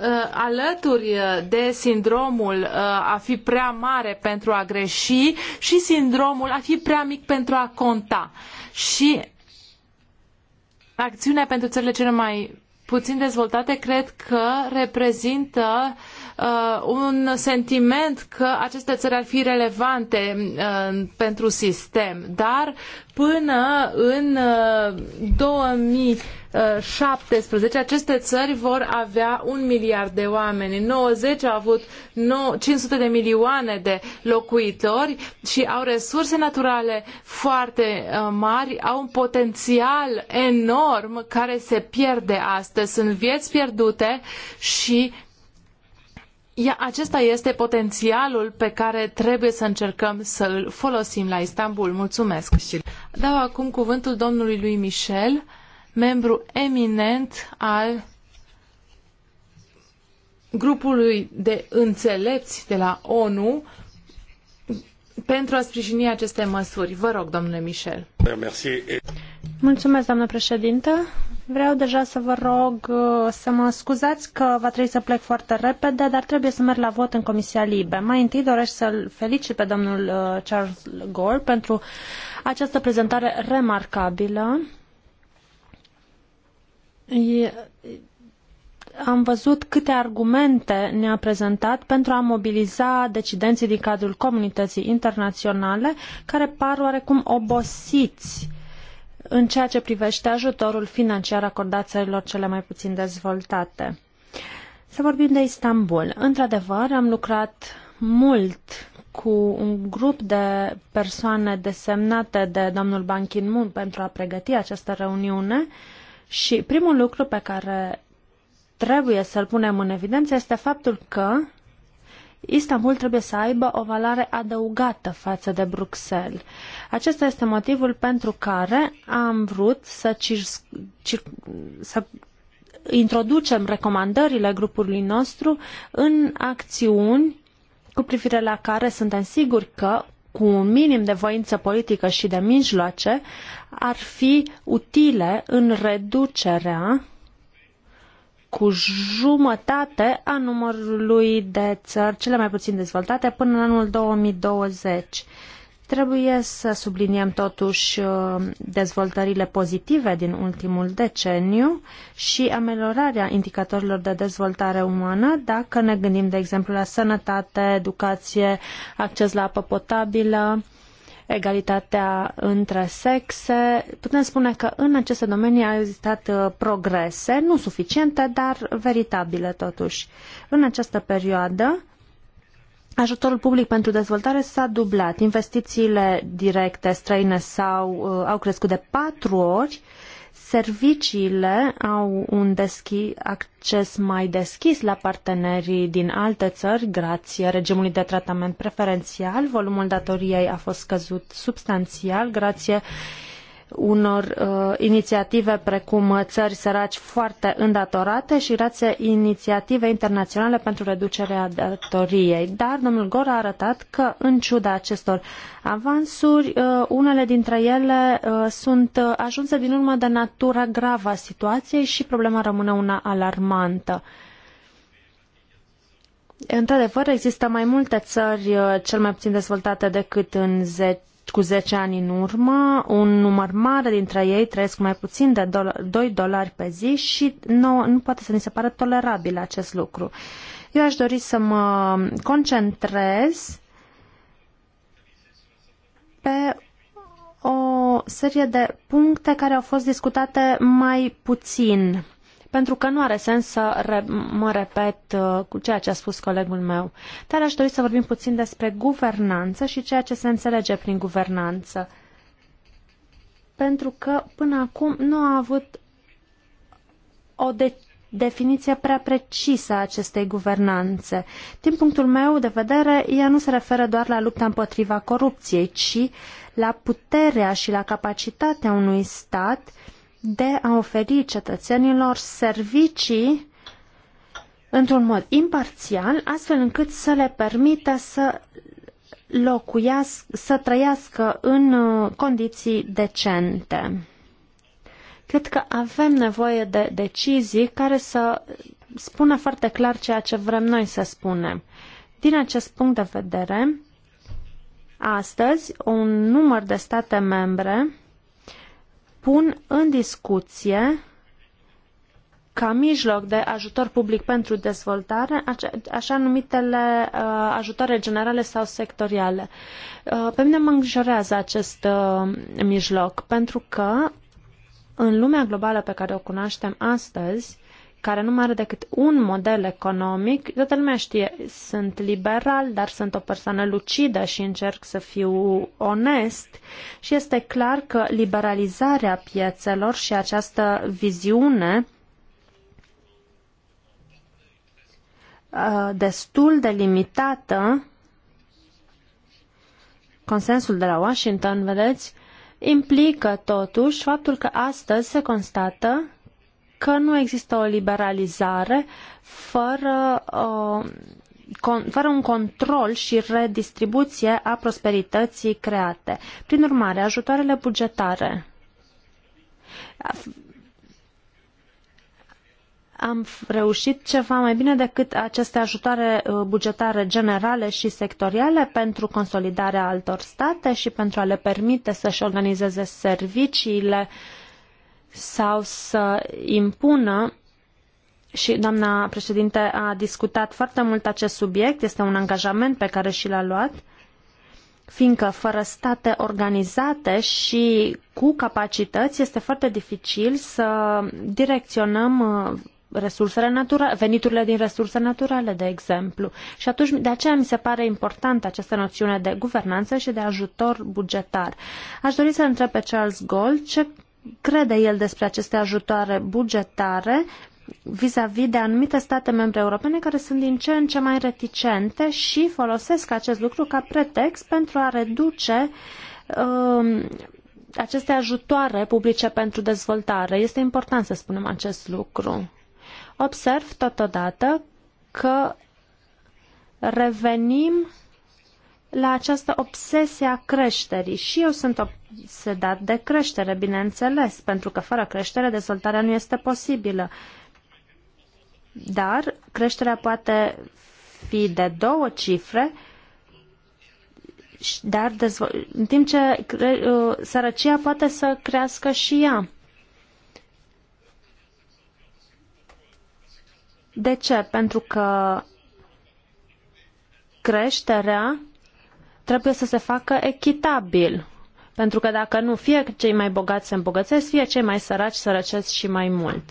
[SPEAKER 1] uh, alături uh, de sindromul uh, a fi prea mare pentru a greși și sindromul a fi prea mic pentru a conta. Și acțiunea pentru țările cele mai puțin dezvoltate cred că reprezintă uh, un sentiment că aceste țări ar fi relevante uh, pentru sistem, dar până în uh, 2000 2017, aceste țări vor avea un miliard de oameni. În 90 au avut 500 de milioane de locuitori și au resurse naturale foarte uh, mari, au un potențial enorm care se pierde astăzi. Sunt vieți pierdute și Ia, acesta este potențialul pe care trebuie să încercăm să îl folosim la Istanbul. Mulțumesc! Dau acum cuvântul domnului lui Michel, membru eminent al grupului de înțelepți de la ONU pentru a sprijini aceste măsuri. Vă rog, domnule Michel. Mulțumesc,
[SPEAKER 4] doamnă președintă.
[SPEAKER 1] Vreau deja să vă
[SPEAKER 4] rog uh, să mă scuzați că va trebui să plec foarte repede, dar trebuie să merg la vot în Comisia Libe. Mai întâi doresc să-l felicit pe domnul uh, Charles Gore pentru această prezentare remarcabilă. Am văzut câte argumente ne-a prezentat pentru a mobiliza decidenții din cadrul comunității internaționale care par oarecum obosiți în ceea ce privește ajutorul financiar acordat ărilor cele mai puțin dezvoltate. Să vorbim de Istanbul. Într-adevăr, am lucrat mult cu un grup de persoane desemnate de domnul Ban Ki-moon pentru a pregăti această reuniune și primul lucru pe care trebuie să-l punem în evidență este faptul că Istanbul trebuie să aibă o valoare adăugată față de Bruxelles. Acesta este motivul pentru care am vrut să, cir- cir- să introducem recomandările grupului nostru în acțiuni cu privire la care suntem siguri că cu un minim de voință politică și de mijloace, ar fi utile în reducerea cu jumătate a numărului de țări cele mai puțin dezvoltate până în anul 2020. Trebuie să subliniem totuși uh, dezvoltările pozitive din ultimul deceniu și ameliorarea indicatorilor de dezvoltare umană, dacă ne gândim, de exemplu, la sănătate, educație, acces la apă potabilă, egalitatea între sexe. Putem spune că în aceste domenii au existat uh, progrese, nu suficiente, dar veritabile totuși. În această perioadă, Ajutorul public pentru dezvoltare s-a dublat. Investițiile directe străine s-au, uh, au crescut de patru ori Serviciile au un deschi, acces mai deschis la partenerii din alte țări, grație regimului de tratament preferențial. Volumul datoriei a fost scăzut substanțial, grație unor uh, inițiative precum uh, țări săraci foarte îndatorate și grație inițiative internaționale pentru reducerea datoriei. Dar domnul Gor a arătat că, în ciuda acestor avansuri, uh, unele dintre ele uh, sunt uh, ajunse din urmă de natura gravă a situației și problema rămâne una alarmantă. Într-adevăr, există mai multe țări uh, cel mai puțin dezvoltate decât în 10 cu 10 ani în urmă, un număr mare dintre ei trăiesc mai puțin de 2 dolari pe zi și nu, nu poate să ni se pară tolerabil acest lucru. Eu aș dori să mă concentrez pe o serie de puncte care au fost discutate mai puțin pentru că nu are sens să re- mă repet uh, cu ceea ce a spus colegul meu. Dar aș dori să vorbim puțin despre guvernanță și ceea ce se înțelege prin guvernanță. Pentru că până acum nu a avut o de- definiție prea precisă a acestei guvernanțe. Din punctul meu de vedere, ea nu se referă doar la lupta împotriva corupției, ci la puterea și la capacitatea unui stat uh, de a oferi cetățenilor servicii într-un mod imparțial, astfel încât să le permită să locuiască, să trăiască în uh, condiții decente. Cred că avem nevoie de decizii care să spună foarte clar ceea ce vrem noi să spunem. Din acest punct de vedere, astăzi, un număr de state membre pun în discuție ca mijloc de ajutor public pentru dezvoltare, așa numitele uh, ajutoare generale sau sectoriale. Uh, pe mine mă îngrijorează acest uh, mijloc, pentru că în lumea globală pe care o cunoaștem astăzi, care nu mai are decât un model economic, toată lumea știe, sunt liberal, dar sunt o persoană lucidă și încerc să fiu onest și este clar că liberalizarea piețelor și această viziune uh, destul de limitată, consensul de la Washington, vedeți, implică totuși faptul că astăzi se constată că nu există o liberalizare fără, uh, fără un control și redistribuție a prosperității create. Prin urmare, ajutoarele bugetare am reușit ceva mai bine decât aceste ajutoare uh, bugetare generale și sectoriale pentru consolidarea altor state și pentru a le permite să-și organizeze serviciile uh, sau să impună și doamna președinte a discutat foarte mult acest subiect, este un angajament pe care și l-a luat, fiindcă fără state organizate și cu capacități este foarte dificil să direcționăm uh, resursele naturale, veniturile din resurse naturale, de exemplu. Și atunci, de aceea mi se pare importantă această noțiune de guvernanță și de ajutor bugetar. Aș dori să întreb pe Charles Gold ce crede el despre aceste ajutoare bugetare vis-a-vis -vis de anumite state membre europene care sunt din ce în ce mai reticente și folosesc acest lucru ca pretext pentru a reduce um, aceste ajutoare publice pentru dezvoltare. Este important să spunem acest lucru. Observ totodată că revenim la această obsesie a creșterii. Și eu sunt obsedat de creștere, bineînțeles, pentru că fără creștere dezvoltarea nu este posibilă. Dar creșterea poate fi de două cifre, dar în timp ce uh, sărăcia poate să crească și ea. De ce? Pentru că creșterea trebuie să se facă echitabil. Pentru că dacă nu, fie cei mai bogați se îmbogățesc, fie cei mai săraci sărăcesc și mai mult.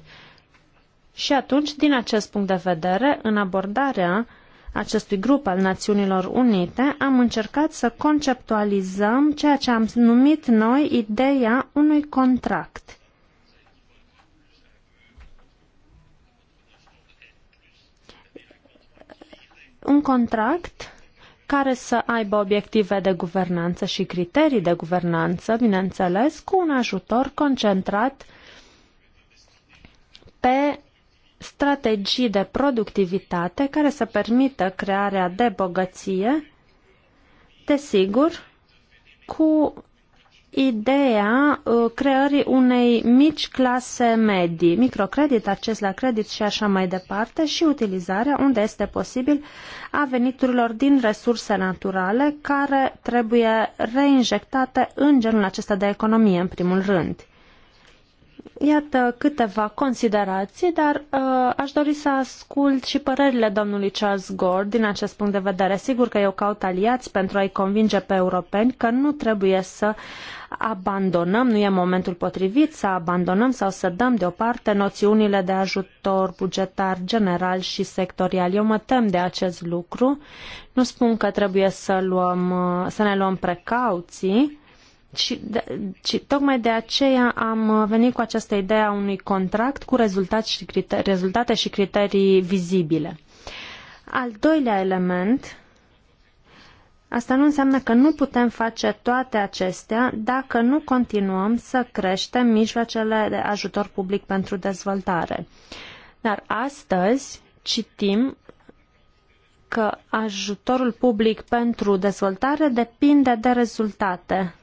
[SPEAKER 4] Și atunci, din acest punct de vedere, în abordarea acestui grup al Națiunilor Unite, am încercat să conceptualizăm ceea ce am numit noi ideea unui contract. Un contract care să aibă obiective de guvernanță și criterii de guvernanță, bineînțeles, cu un ajutor concentrat pe strategii de productivitate care să permită crearea de bogăție, desigur, cu ideea uh, creării unei mici clase medii, microcredit, acces la credit și așa mai departe și utilizarea, unde este posibil, a veniturilor din resurse naturale care trebuie reinjectate în genul acesta de economie, în primul rând. Iată câteva considerații, dar uh, aș dori să ascult și părerile domnului Charles Gore din acest punct de vedere. Sigur că eu caut aliați pentru a-i convinge pe europeni că nu trebuie să abandonăm, nu e momentul potrivit să abandonăm sau să dăm deoparte noțiunile de ajutor bugetar general și sectorial. Eu mă tem de acest lucru. Nu spun că trebuie să, luăm, să ne luăm precauții, ci, ci tocmai de aceea am venit cu această idee a unui contract cu rezultate și criterii, rezultate și criterii vizibile. Al doilea element Asta nu înseamnă că nu putem face toate acestea dacă nu continuăm să creștem mijloacele de ajutor public pentru dezvoltare. Dar astăzi citim că ajutorul public pentru dezvoltare depinde de rezultate.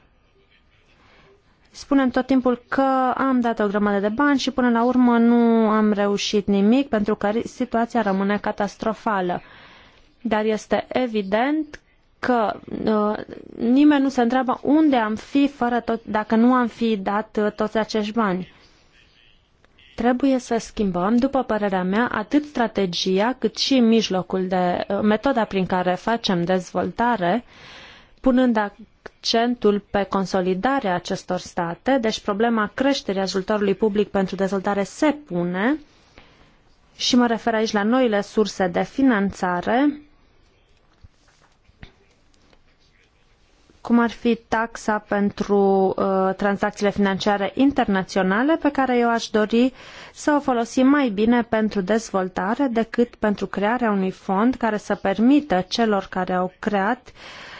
[SPEAKER 4] Spunem tot timpul că am dat o grămadă de bani și până la urmă nu am reușit nimic pentru că situația rămâne catastrofală. Dar este evident că uh, nimeni nu se întreabă unde am fi fără tot, dacă nu am fi dat uh, toți acești bani. Trebuie să schimbăm, după părerea mea, atât strategia cât și mijlocul de uh, metoda prin care facem dezvoltare, punând accentul pe consolidarea acestor state, deci problema creșterii ajutorului public pentru dezvoltare se pune și mă refer aici la noile surse de finanțare, cum ar fi taxa pentru uh, tranzacțiile financiare internaționale, pe care eu aș dori să o folosim mai bine pentru dezvoltare decât pentru crearea unui fond care să permită celor care au creat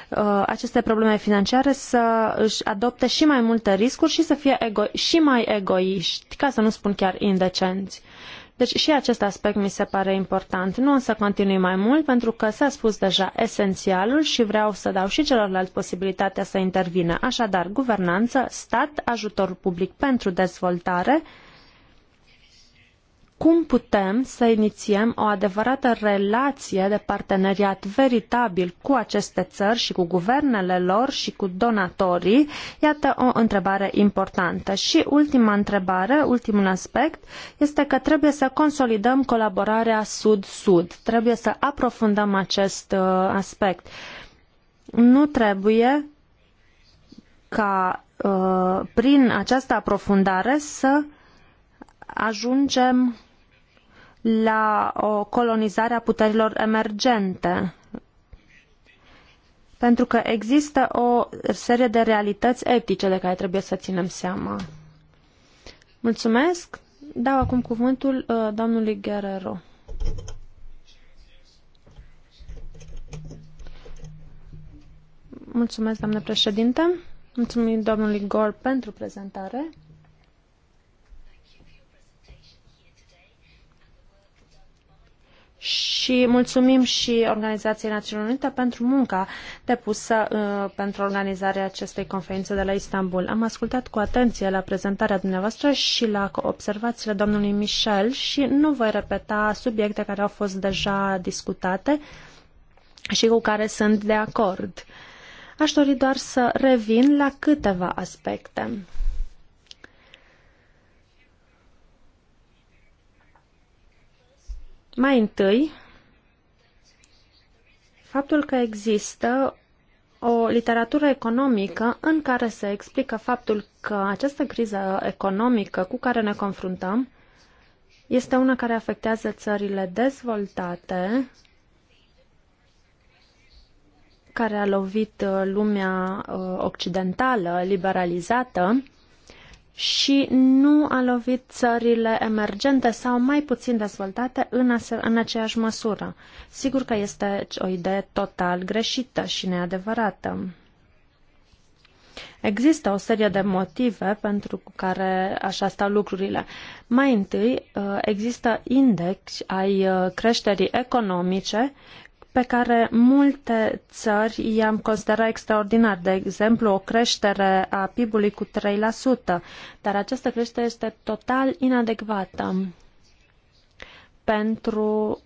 [SPEAKER 4] uh, aceste probleme financiare să își adopte și mai multe riscuri și să fie ego- și mai egoiști, ca să nu spun chiar indecenți. Deci și acest aspect mi se pare important. Nu o să continui mai mult pentru că s-a spus deja esențialul și vreau să dau și celorlalți posibilitatea să intervină. Așadar, guvernanță, stat, ajutor public pentru dezvoltare, cum putem să inițiem o adevărată relație de parteneriat veritabil cu aceste țări și cu guvernele lor și cu donatorii? Iată o întrebare importantă. Și ultima întrebare, ultimul aspect, este că trebuie să consolidăm colaborarea Sud-Sud. Trebuie să aprofundăm acest uh, aspect. Nu trebuie ca uh, prin această aprofundare să ajungem la o colonizare a puterilor emergente. Pentru că există o serie de realități etice de care trebuie să ținem seama. Mulțumesc. Dau acum cuvântul uh, domnului Guerrero. Mulțumesc, doamnă președinte. Mulțumim domnului Gor pentru prezentare. și mulțumim și Organizației Națiunilor Unite pentru munca depusă uh, pentru organizarea acestei conferințe de la Istanbul. Am ascultat cu atenție la prezentarea dumneavoastră și la observațiile domnului Michel și nu voi repeta subiecte care au fost deja discutate și cu care sunt de acord. Aș dori doar să revin la câteva aspecte. Mai întâi, faptul că există o literatură economică în care se explică faptul că această criză economică cu care ne confruntăm este una care afectează țările dezvoltate, care a lovit uh, lumea uh, occidentală, liberalizată, și nu a lovit țările emergente sau mai puțin dezvoltate în, ase- în aceeași măsură. Sigur că este o idee total greșită și neadevărată. Există o serie de motive pentru care așa stau lucrurile. Mai întâi, uh, există index ai uh, creșterii economice pe care multe țări i-am considerat extraordinar, de exemplu o creștere a PIB-ului cu 3%, dar această creștere este total inadecvată pentru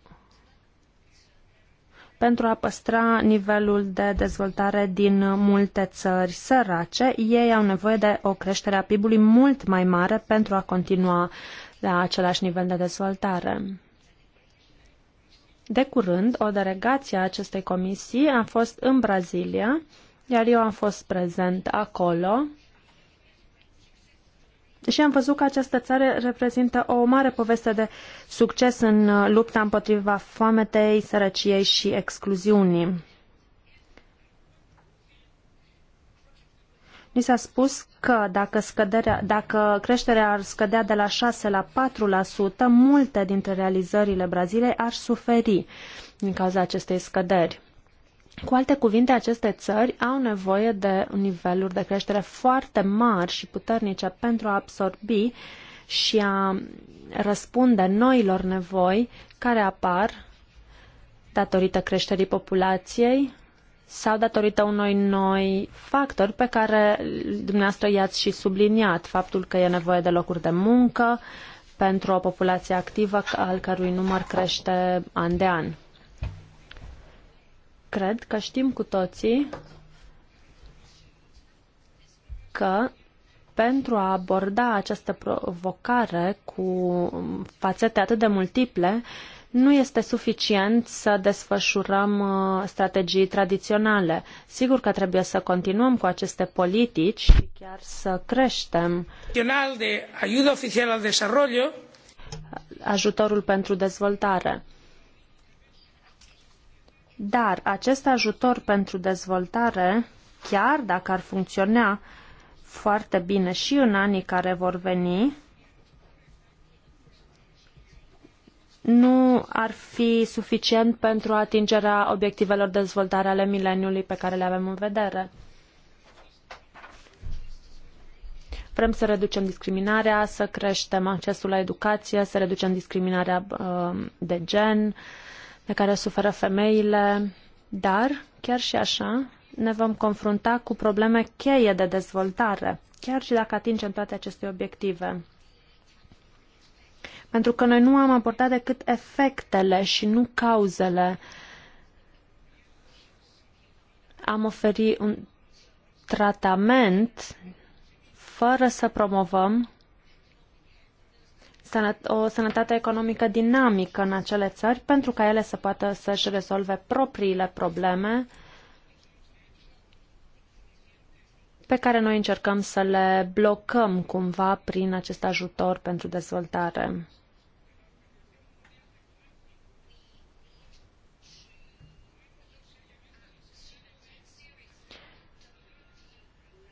[SPEAKER 4] pentru a păstra nivelul de dezvoltare din multe țări sărace. Ei au nevoie de o creștere a PIB-ului mult mai mare pentru a continua la același nivel de dezvoltare. De curând, o delegație a acestei comisii a fost în Brazilia, iar eu am fost prezent acolo și am văzut că această țară reprezintă o mare poveste de succes în lupta împotriva foametei, sărăciei și excluziunii. Mi s-a spus că dacă, scăderea, dacă creșterea ar scădea de la 6 la 4%, multe dintre realizările Braziliei ar suferi din cauza acestei scăderi. Cu alte cuvinte, aceste țări au nevoie de niveluri de creștere foarte mari și puternice pentru a absorbi și a răspunde noilor nevoi care apar datorită creșterii populației, sau datorită unui noi factor pe care dumneavoastră i-ați și subliniat, faptul că e nevoie de locuri de muncă pentru o populație activă al cărui număr crește an de an. Cred că știm cu toții că pentru a aborda această provocare cu fațete atât de multiple, uh, nu este suficient să desfășurăm uh, strategii tradiționale. Sigur că trebuie să continuăm cu aceste politici și chiar să creștem.
[SPEAKER 1] De al
[SPEAKER 4] Ajutorul pentru dezvoltare. Dar acest ajutor pentru dezvoltare, chiar dacă ar funcționa foarte bine și în anii care vor veni, nu ar fi suficient pentru atingerea obiectivelor de dezvoltare ale mileniului pe care le avem în vedere. Vrem să reducem discriminarea, să creștem accesul la educație, să reducem discriminarea uh, de gen de care suferă femeile, dar, chiar și așa, ne vom confrunta cu probleme cheie de dezvoltare, chiar și dacă atingem toate aceste obiective pentru că noi nu am abordat decât efectele și nu cauzele. Am oferit un tratament fără să promovăm o sănătate economică dinamică în acele țări pentru ca ele să poată să-și rezolve propriile probleme pe care noi încercăm să le blocăm cumva prin acest ajutor pentru dezvoltare.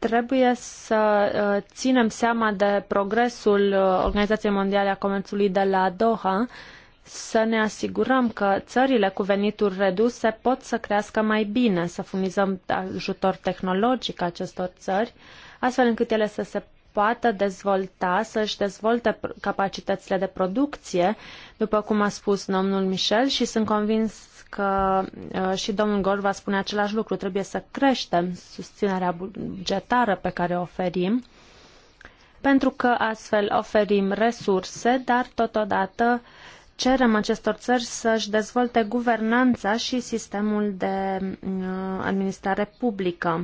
[SPEAKER 4] trebuie să uh, ținem seama de progresul uh, Organizației Mondiale a Comerțului de la Doha, să ne asigurăm că țările cu venituri reduse pot să crească mai bine, să furnizăm ajutor tehnologic acestor țări, astfel încât ele să se poată dezvolta, să-și dezvolte capacitățile de producție, după cum a spus domnul Michel, și sunt convins că uh, și domnul Gor va spune același lucru. Trebuie să creștem susținerea bugetară pe care o oferim, pentru că astfel oferim resurse, dar totodată cerem acestor țări să-și dezvolte guvernanța și sistemul de uh, administrare publică.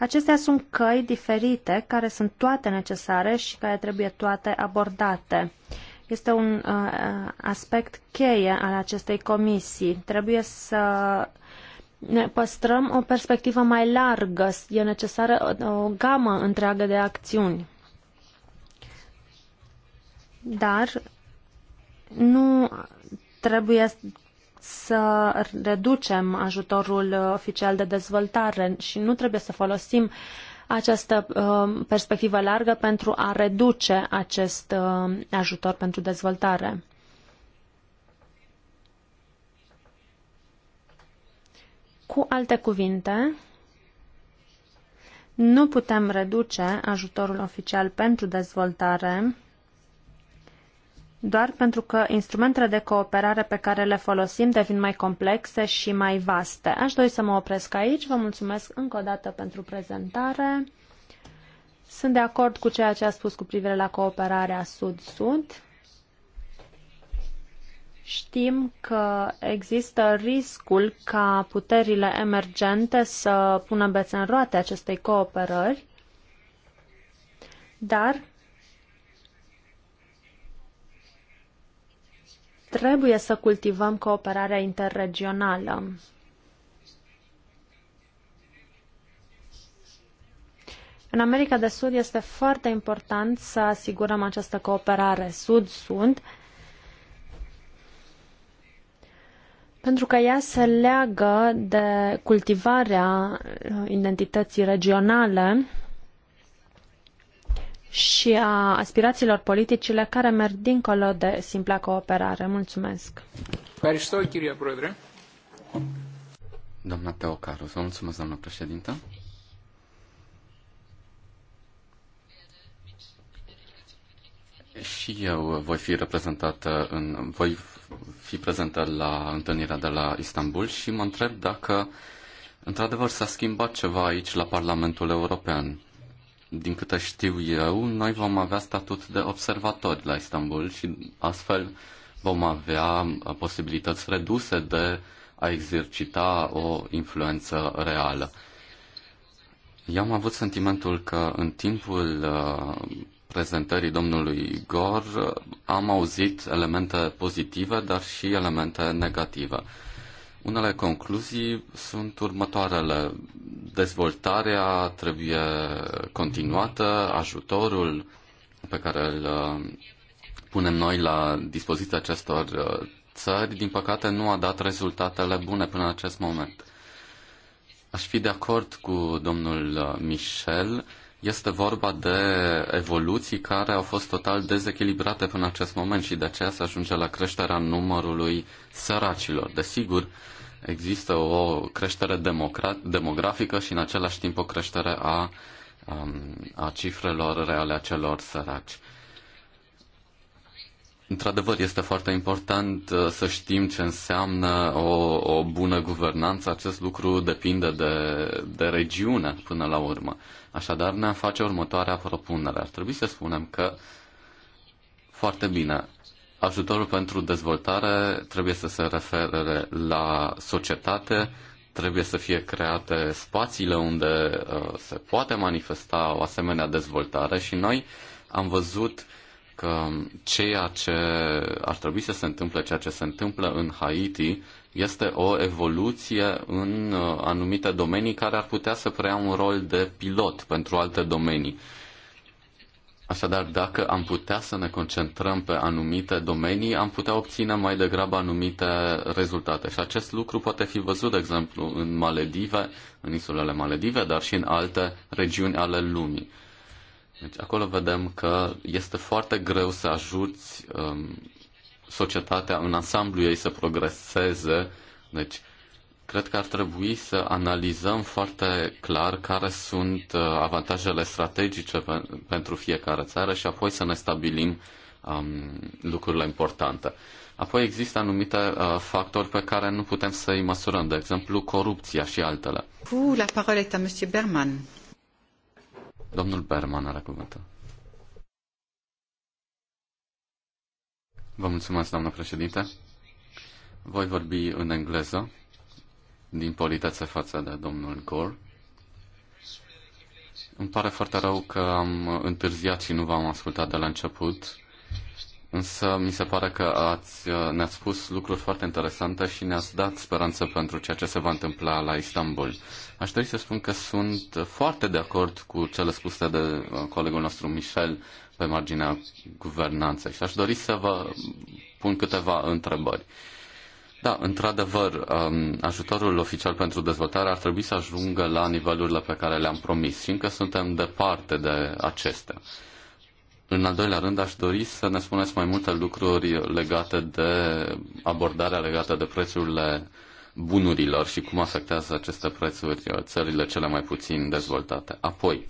[SPEAKER 4] Acestea sunt căi diferite care sunt toate necesare și care trebuie toate abordate. Este un uh, aspect cheie al acestei comisii. Trebuie să ne păstrăm o perspectivă mai largă. E necesară o, o gamă întreagă de acțiuni. Dar nu trebuie să reducem ajutorul uh, oficial de dezvoltare și nu trebuie să folosim această uh, perspectivă largă pentru a reduce acest uh, ajutor pentru dezvoltare. Cu alte cuvinte, nu putem reduce ajutorul oficial pentru dezvoltare doar pentru că instrumentele de cooperare pe care le folosim devin mai complexe și mai vaste. Aș dori să mă opresc aici. Vă mulțumesc încă o dată pentru prezentare. Sunt de acord cu ceea ce a spus cu privire la cooperarea Sud-Sud. Știm că există riscul ca puterile emergente să pună bețe în roate acestei cooperări, dar Trebuie să cultivăm cooperarea interregională. În America de Sud este foarte important să asigurăm această cooperare sud-sud, pentru că ea se leagă de cultivarea identității regionale și a aspirațiilor politicile care merg dincolo de simpla cooperare. Mulțumesc!
[SPEAKER 3] Doamna Teocaru, vă mulțumesc, doamna președintă. Și eu voi fi reprezentată în, voi fi prezentă la întâlnirea de la Istanbul și mă întreb dacă într-adevăr s-a schimbat ceva aici la Parlamentul European. Din câte știu eu, noi vom avea statut de observatori la Istanbul și astfel vom avea uh, posibilități reduse de a exercita o influență reală. Eu am avut sentimentul că în timpul uh, prezentării domnului Gor uh, am auzit elemente pozitive, dar și elemente negative. Unele concluzii sunt următoarele. Dezvoltarea trebuie continuată, ajutorul pe care îl uh, punem noi la dispoziția acestor uh, țări, din păcate, nu a dat rezultatele bune până în acest moment. Aș fi de acord cu domnul uh, Michel este vorba de evoluții care au fost total dezechilibrate până acest moment și de aceea se ajunge la creșterea numărului săracilor. Desigur, există o creștere demografică și în același timp o creștere a, um, a cifrelor reale a celor săraci. Într-adevăr, este foarte important uh, să știm ce înseamnă o, o bună guvernanță. Acest lucru depinde de, de regiune până la urmă. Așadar, ne-am face următoarea propunere. Ar trebui să spunem că, foarte bine, ajutorul pentru dezvoltare trebuie să se refere la societate, trebuie să fie create spațiile unde uh, se poate manifesta o asemenea dezvoltare și noi am văzut că ceea ce ar trebui să se întâmple, ceea ce se întâmplă în Haiti, este o evoluție în uh, anumite domenii care ar putea să preia un rol de pilot pentru alte domenii. Așadar, dacă am putea să ne concentrăm pe anumite domenii, am putea obține mai degrabă anumite rezultate. Și acest lucru poate fi văzut, de exemplu, în Maledive, în insulele Maledive, dar și în alte regiuni ale lumii. Deci acolo vedem că este foarte greu să ajuți um, societatea în ansamblu ei să progreseze. Deci, cred că ar trebui să analizăm foarte clar care sunt uh, avantajele strategice pentru fiecare țară și apoi să ne stabilim um, lucrurile importante. Apoi există anumite uh, factori pe care nu putem să îi măsurăm, de exemplu corupția și altele.
[SPEAKER 2] Uh, la parole este Berman.
[SPEAKER 3] Domnul Berman are cuvântul. Vă mulțumesc, doamnă președinte. Voi vorbi în engleză, din politețe față de domnul Gore. Îmi pare foarte rău că am întârziat și nu v-am ascultat de la început, însă mi se pare că ați, ne-ați spus lucruri foarte interesante și ne-ați dat speranță pentru ceea ce se va întâmpla la Istanbul. Aș dori să spun că sunt foarte de acord cu cele spuse de uh, colegul nostru Michel pe marginea guvernanței și aș dori să vă pun câteva întrebări. Da, într-adevăr, um, ajutorul oficial pentru dezvoltare ar trebui să ajungă la nivelurile pe care le-am promis și încă suntem departe de acestea. În al doilea rând, aș dori să ne spuneți mai multe lucruri legate de abordarea legată de prețurile bunurilor și cum afectează aceste prețuri țările cele mai puțin dezvoltate. Apoi,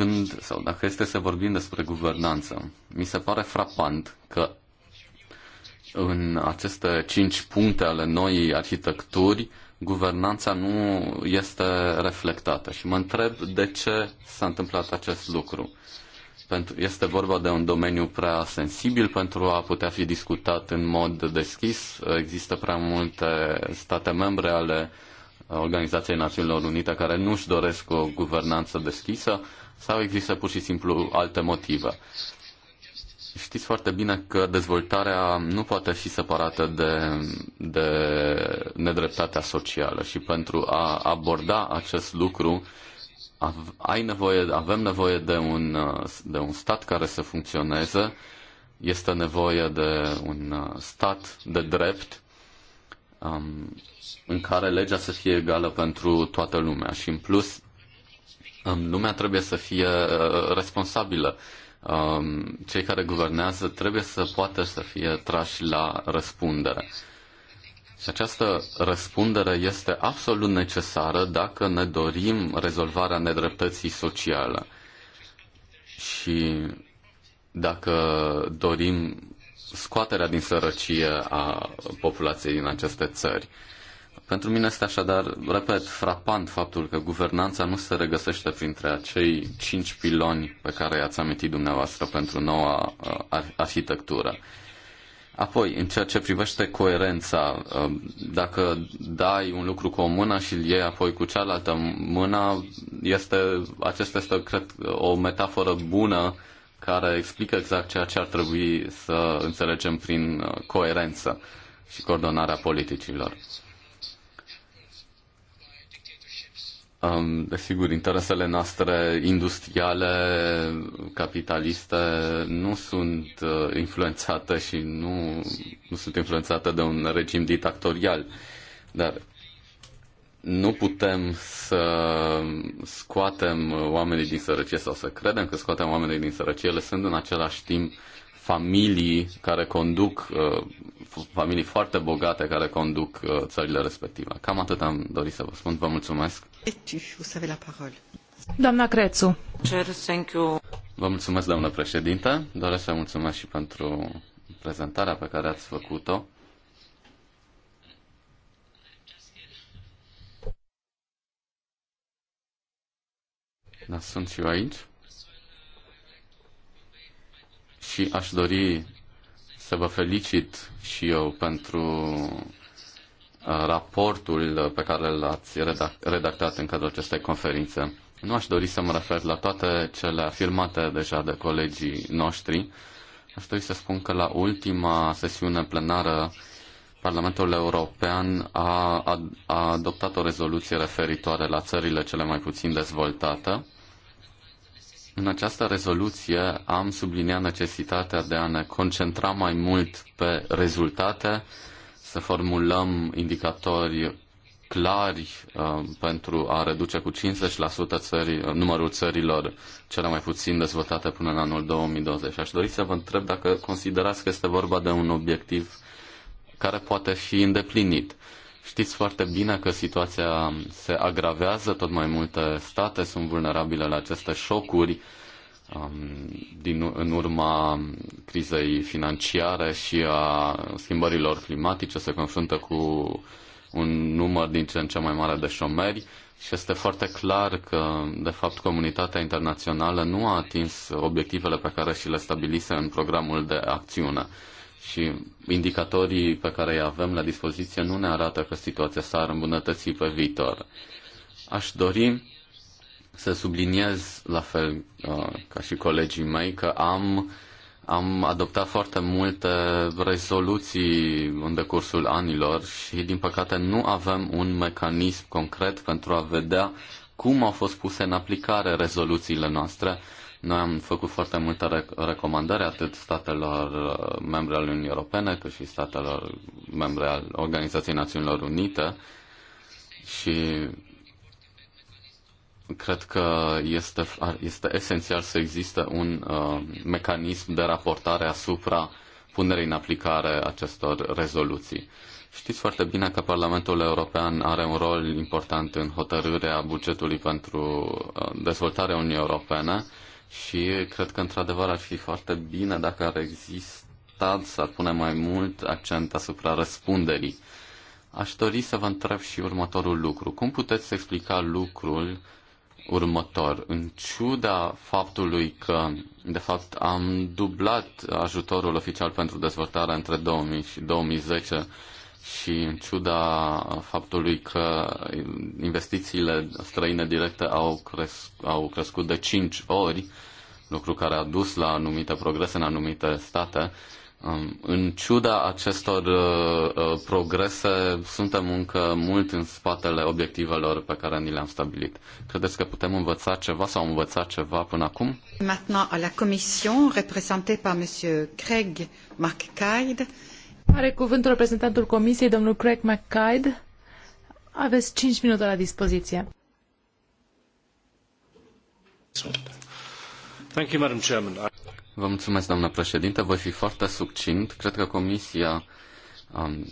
[SPEAKER 3] când, sau dacă este să vorbim despre guvernanță, mi se pare frapant că în aceste cinci puncte ale noii arhitecturi, guvernanța nu este reflectată. Și mă întreb de ce s-a întâmplat acest lucru. Pentru, este vorba de un domeniu prea sensibil pentru a putea fi discutat în mod deschis. Există prea multe state membre ale Organizației Națiunilor Unite care nu își doresc o guvernanță deschisă sau există pur și simplu alte motive? Știți foarte bine că dezvoltarea nu poate fi separată de, de nedreptatea socială și pentru a aborda acest lucru ai nevoie, avem nevoie de un, de un stat care să funcționeze, este nevoie de un stat de drept um, în care legea să fie egală pentru toată lumea și în plus lumea trebuie să fie uh, responsabilă. Um, cei care guvernează trebuie să poată să fie trași la răspundere. Și această răspundere este absolut necesară dacă ne dorim rezolvarea nedreptății sociale. Și dacă dorim scoaterea din sărăcie a populației din aceste țări. Pentru mine este așadar, repet, frapant faptul că guvernanța nu se regăsește printre acei cinci piloni pe care i-ați amintit dumneavoastră pentru noua uh, arhitectură. Apoi, în ceea ce privește coerența, uh, dacă dai un lucru cu o mână și îl iei apoi cu cealaltă mână, este, acesta este, cred, o metaforă bună care explică exact ceea ce ar trebui să înțelegem prin uh, coerență și coordonarea politicilor. desigur, interesele noastre industriale, capitaliste, nu sunt uh, influențate și nu, nu sunt influențate de un regim dictatorial. Dar nu putem să scoatem oamenii din sărăcie sau să credem că scoatem oamenii din sărăcie, lăsând în același timp familii care conduc, uh, familii foarte bogate care conduc uh, țările respective. Cam atât am dorit să vă spun. Vă mulțumesc.
[SPEAKER 1] Doamna Crețu.
[SPEAKER 3] Vă mulțumesc, doamnă președinte. Doresc să mulțumesc și pentru prezentarea pe care ați făcut-o. Da, sunt și eu aici. Și aș dori să vă felicit și eu pentru Uh, raportul pe care l-ați redactat în cadrul acestei conferințe. Nu aș dori să mă refer la toate cele afirmate deja de colegii noștri. Aș dori să spun că la ultima sesiune plenară Parlamentul European a, a, a adoptat o rezoluție referitoare la țările cele mai puțin dezvoltate. În această rezoluție am subliniat necesitatea de a ne concentra mai mult pe rezultate, să formulăm indicatori clari uh, pentru a reduce cu 50% țări, uh, numărul țărilor cele mai puțin dezvoltate până în anul 2020. Aș dori să vă întreb dacă considerați că este vorba de un obiectiv care poate fi îndeplinit. Știți foarte bine că situația se agravează, tot mai multe state sunt vulnerabile la aceste șocuri din, în urma crizei financiare și a schimbărilor climatice se confruntă cu un număr din ce în ce mai mare de șomeri și este foarte clar că, de fapt, comunitatea internațională nu a atins obiectivele pe care și le stabilise în programul de acțiune. Și indicatorii pe care îi avem la dispoziție nu ne arată că situația s-ar îmbunătăți pe viitor. Aș dori să subliniez, la fel uh, ca și colegii mei, că am, am adoptat foarte multe rezoluții în decursul anilor și, din păcate, nu avem un mecanism concret pentru a vedea cum au fost puse în aplicare rezoluțiile noastre. Noi am făcut foarte multe recomandări atât statelor uh, membre ale Uniunii Europene, cât și statelor membre al Organizației Națiunilor Unite și cred că este, este esențial să existe un uh, mecanism de raportare asupra punerii în aplicare acestor rezoluții. Știți foarte bine că Parlamentul European are un rol important în hotărârea bugetului pentru uh, dezvoltarea Uniunii Europene și cred că într-adevăr ar fi foarte bine dacă ar exista să ar pune mai mult accent asupra răspunderii. Aș dori să vă întreb și următorul lucru. Cum puteți explica lucrul următor. În ciuda faptului că, de fapt, am dublat ajutorul oficial pentru dezvoltare între 2000 și 2010 și în ciuda faptului că investițiile străine directe au, cres- au crescut de 5 ori, lucru care a dus la anumite progrese în anumite state, Um, în ciuda acestor uh, uh, progrese, suntem încă mult în spatele obiectivelor pe care ni le-am stabilit. Credeți că putem învăța ceva sau învăța ceva până acum?
[SPEAKER 2] Maintenant à la Commission, représentée par Monsieur Craig McKaid.
[SPEAKER 1] Are cuvântul reprezentantul Comisiei, domnul Craig McKaid. Aveți 5 minute la dispoziție.
[SPEAKER 3] Thank you, Madam Chairman. Vă mulțumesc, doamnă președinte. Voi fi foarte succint. Cred că Comisia um,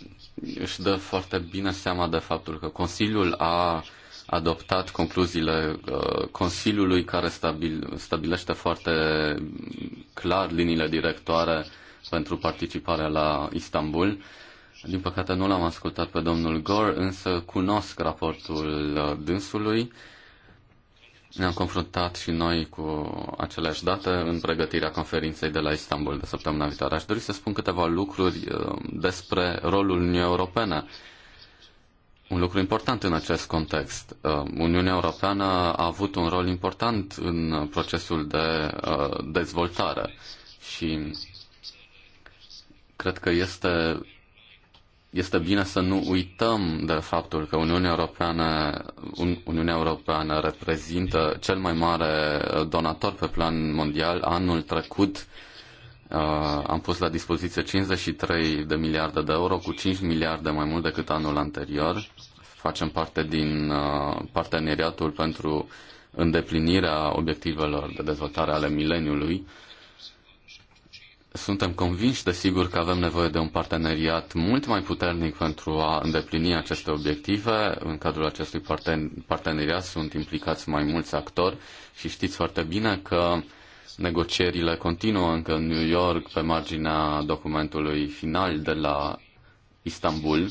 [SPEAKER 3] își dă foarte bine seama de faptul că Consiliul a adoptat concluziile uh, Consiliului care stabil, stabilește foarte clar liniile directoare pentru participarea la Istanbul. Din păcate nu l-am ascultat pe domnul Gore, însă cunosc raportul uh, dânsului. Uh, ne-am confruntat și noi cu aceleași date în pregătirea conferinței de la Istanbul de săptămâna viitoare. Aș dori să spun câteva lucruri uh, despre rolul Uniunii Europene. Un lucru important în acest context. Uh, Uniunea Europeană a avut un rol important în procesul de uh, dezvoltare și cred că este este bine să nu uităm de faptul că Uniunea Europeană, Uniunea Europeană reprezintă cel mai mare uh, donator pe plan mondial. Anul trecut uh, am pus la dispoziție 53 de miliarde de euro, cu 5 miliarde mai mult decât anul anterior. Facem parte din uh, parteneriatul pentru îndeplinirea obiectivelor de dezvoltare ale mileniului. Uh, suntem convinși, desigur, că avem nevoie de un parteneriat mult mai puternic pentru a îndeplini aceste obiective. În cadrul acestui parteneriat sunt implicați mai mulți actori și știți foarte bine că negocierile continuă încă în New York pe marginea documentului final de la Istanbul.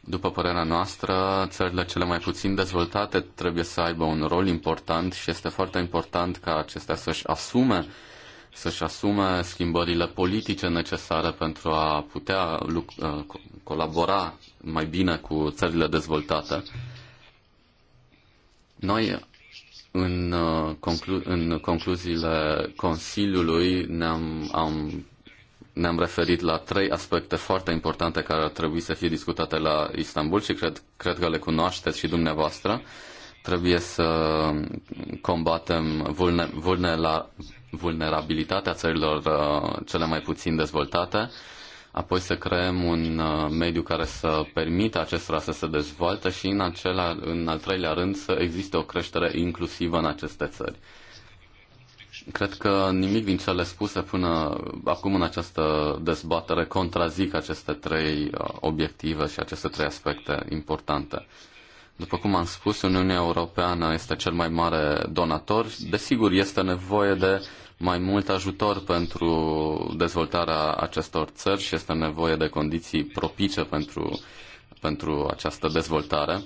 [SPEAKER 3] După părerea noastră, țările cele mai puțin dezvoltate trebuie să aibă un rol important și este foarte important ca acestea să-și asume să-și asume schimbările politice necesare pentru a putea uh, colabora mai bine cu țările dezvoltate. Noi, în, uh, conclu- în concluziile Consiliului, ne-am, am, ne-am referit la trei aspecte foarte importante care ar trebui să fie discutate la Istanbul și cred, cred că le cunoașteți și dumneavoastră. Trebuie să combatem vulner, vulnerabilitatea țărilor uh, cele mai puțin dezvoltate, apoi să creăm un uh, mediu care să permită acestora să se dezvolte și în, acela, în al treilea rând să existe o creștere inclusivă în aceste țări. Cred că nimic din cele spuse până acum în această dezbatere contrazic aceste trei uh, obiective și aceste trei aspecte importante. După cum am spus, Uniunea Europeană este cel mai mare donator. Desigur, este nevoie de mai mult ajutor pentru dezvoltarea acestor țări și este nevoie de condiții propice pentru, pentru această dezvoltare.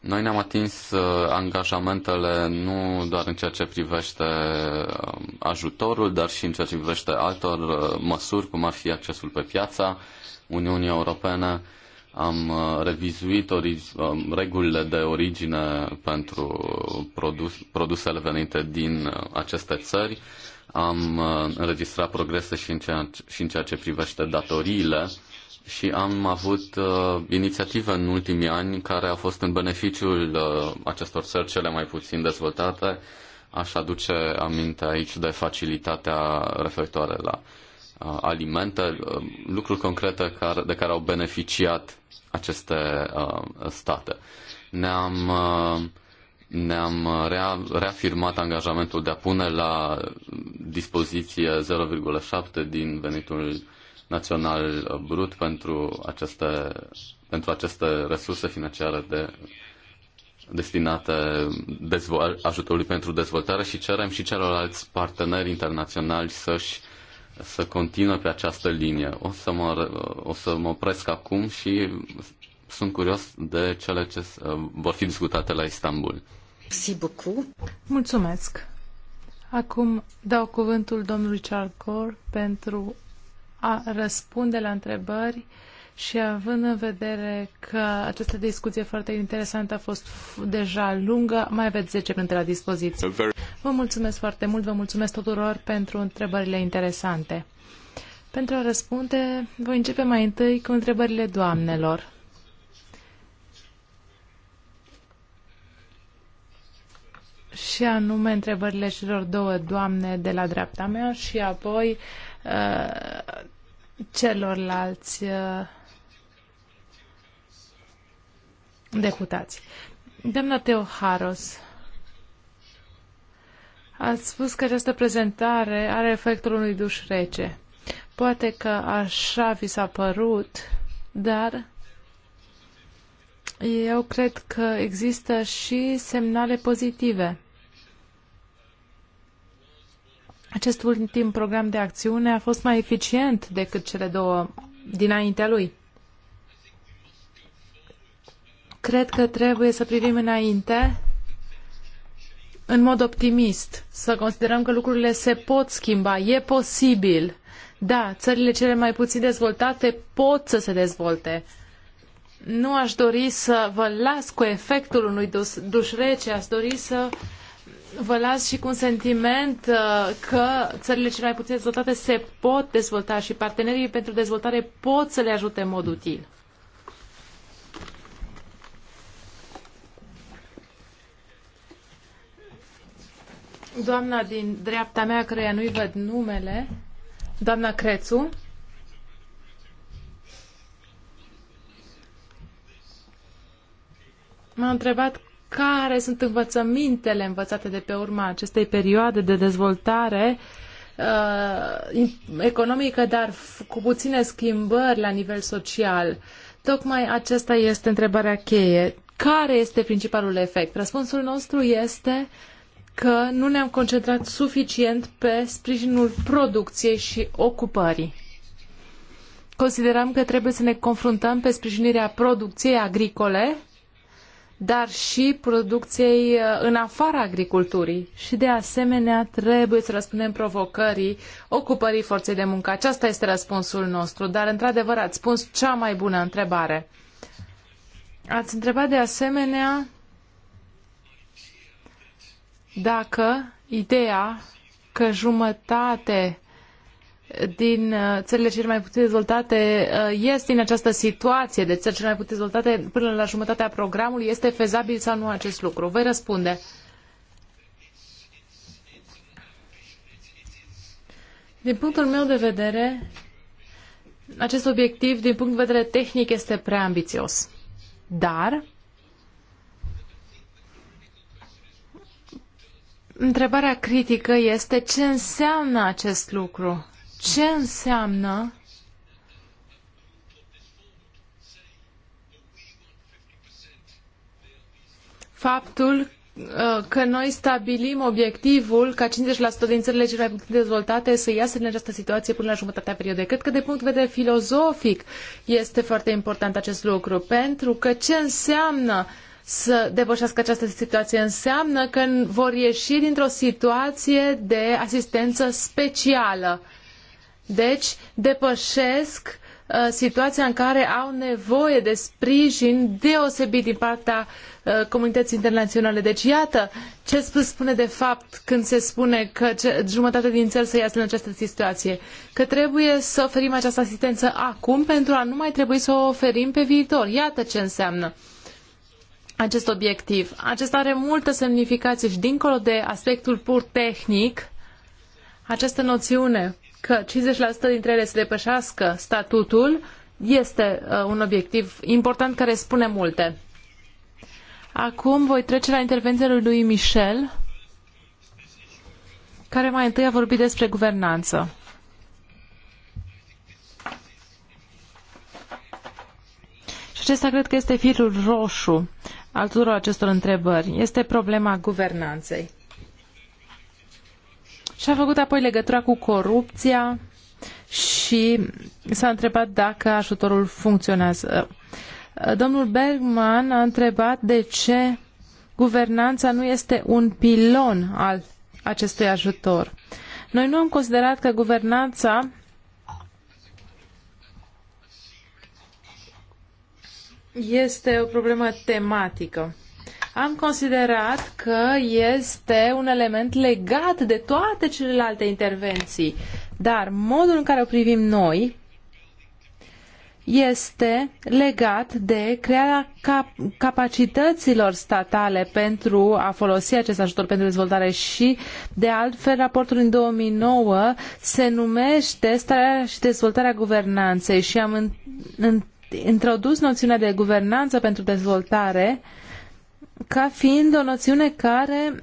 [SPEAKER 3] Noi ne-am atins uh, angajamentele nu doar în ceea ce privește um, ajutorul, dar și în ceea ce privește altor uh, măsuri, cum ar fi accesul pe piața Uniunii Europene, am uh, revizuit um, regulile de origine pentru produs- produsele venite din uh, aceste țări, am uh, înregistrat progrese și în ceea, și în ceea ce privește datoriile și am avut uh, inițiative în ultimii ani care au fost în beneficiul uh, acestor țări cele mai puțin dezvoltate. Aș aduce aminte aici de facilitatea referitoare la uh, alimente, uh, lucruri concrete care, de care au beneficiat aceste uh, state. Ne-am, uh, ne-am uh, rea, reafirmat angajamentul de a pune la dispoziție 0,7 din venitul național uh, brut pentru aceste, pentru aceste resurse financiare de destinate dezvol- ajutorului pentru dezvoltare și cerem și celorlalți parteneri internaționali să-și să continue pe această linie. O să mă, o să mă opresc acum și sunt curios de cele ce vor fi discutate la Istanbul.
[SPEAKER 1] Mulțumesc. Acum dau cuvântul domnului Cor pentru a răspunde la întrebări și având în vedere că această discuție foarte interesantă a fost deja lungă, mai aveți 10 minute la dispoziție. Vă mulțumesc foarte mult, vă mulțumesc tuturor pentru întrebările interesante. Pentru a răspunde, voi începe mai întâi cu întrebările doamnelor. Și anume întrebările celor două doamne de la dreapta mea și apoi uh, celorlalți uh, deputați. Doamna Teo Haros, ați spus că această prezentare are efectul unui duș rece. Poate că așa vi s-a părut, dar eu cred că există și semnale pozitive. Acest ultim program de acțiune a fost mai eficient decât cele două dinaintea lui. Cred că trebuie să privim înainte în mod optimist, să considerăm că lucrurile se pot schimba, e posibil. Da, țările cele mai puțin dezvoltate pot să se dezvolte. Nu aș dori să vă las cu efectul unui duș rece, aș dori să vă las și cu un sentiment uh, că țările cele mai puțin dezvoltate se pot dezvolta și partenerii pentru dezvoltare pot să le ajute în mod util. Doamna din dreapta mea, căreia nu-i văd numele, doamna Crețu. M-a întrebat care sunt învățămintele învățate de pe urma acestei perioade de dezvoltare uh, economică, dar cu puține schimbări la nivel social. Tocmai aceasta este întrebarea cheie. Care este principalul efect? Răspunsul nostru este uh, că nu ne-am concentrat suficient pe sprijinul producției și ocupării. Considerăm că trebuie să ne confruntăm pe sprijinirea producției agricole, dar și producției uh, în afara agriculturii. Și de asemenea trebuie să răspundem provocării ocupării forței de muncă. Aceasta este răspunsul nostru, dar într-adevăr ați spus cea mai bună întrebare. Ați întrebat de asemenea dacă ideea că jumătate din uh, țările cele mai puțin dezvoltate uh, este în această situație de țări cele mai puțin dezvoltate până la jumătatea programului, este fezabil sau nu acest lucru? Voi răspunde. Din punctul meu de vedere, acest obiectiv, din punct de vedere tehnic, este prea ambițios. Dar Întrebarea critică este ce înseamnă acest lucru? Ce înseamnă faptul uh, că noi stabilim obiectivul ca 50% din țările cele mai puțin dezvoltate să iasă din această situație până la jumătatea perioadei. Cred că de punct de vedere filozofic este foarte important acest lucru, pentru că ce înseamnă uh, să depășească această situație înseamnă că vor ieși dintr-o situație de asistență specială. Deci, depășesc uh, situația în care au nevoie de sprijin deosebit din partea uh, comunității internaționale. Deci, iată ce spune de fapt când se spune că jumătate din țări să iasă în această situație. Că trebuie să oferim această asistență acum pentru a nu mai trebui să o oferim pe viitor. Iată ce înseamnă acest obiectiv. Acesta are multă semnificație și dincolo de aspectul pur tehnic, această noțiune că 50% dintre ele se depășească statutul este uh, un obiectiv important care spune multe. Acum voi trece la intervenția lui Michel, care mai întâi a vorbit despre guvernanță. Și acesta cred că este firul roșu al tuturor acestor întrebări este problema guvernanței. Și a făcut apoi legătura cu corupția și s-a întrebat dacă ajutorul funcționează. Domnul Bergman a întrebat de ce guvernanța nu este un pilon al acestui ajutor. Noi nu am considerat că guvernanța este o problemă tematică. Am considerat că este un element legat de toate celelalte intervenții, dar modul în care o privim noi este legat de crearea cap- capacităților statale pentru a folosi acest ajutor pentru dezvoltare și, de altfel, raportul din 2009 se numește Starea și dezvoltarea guvernanței și am în, în, introdus noțiunea de guvernanță pentru dezvoltare ca fiind o noțiune care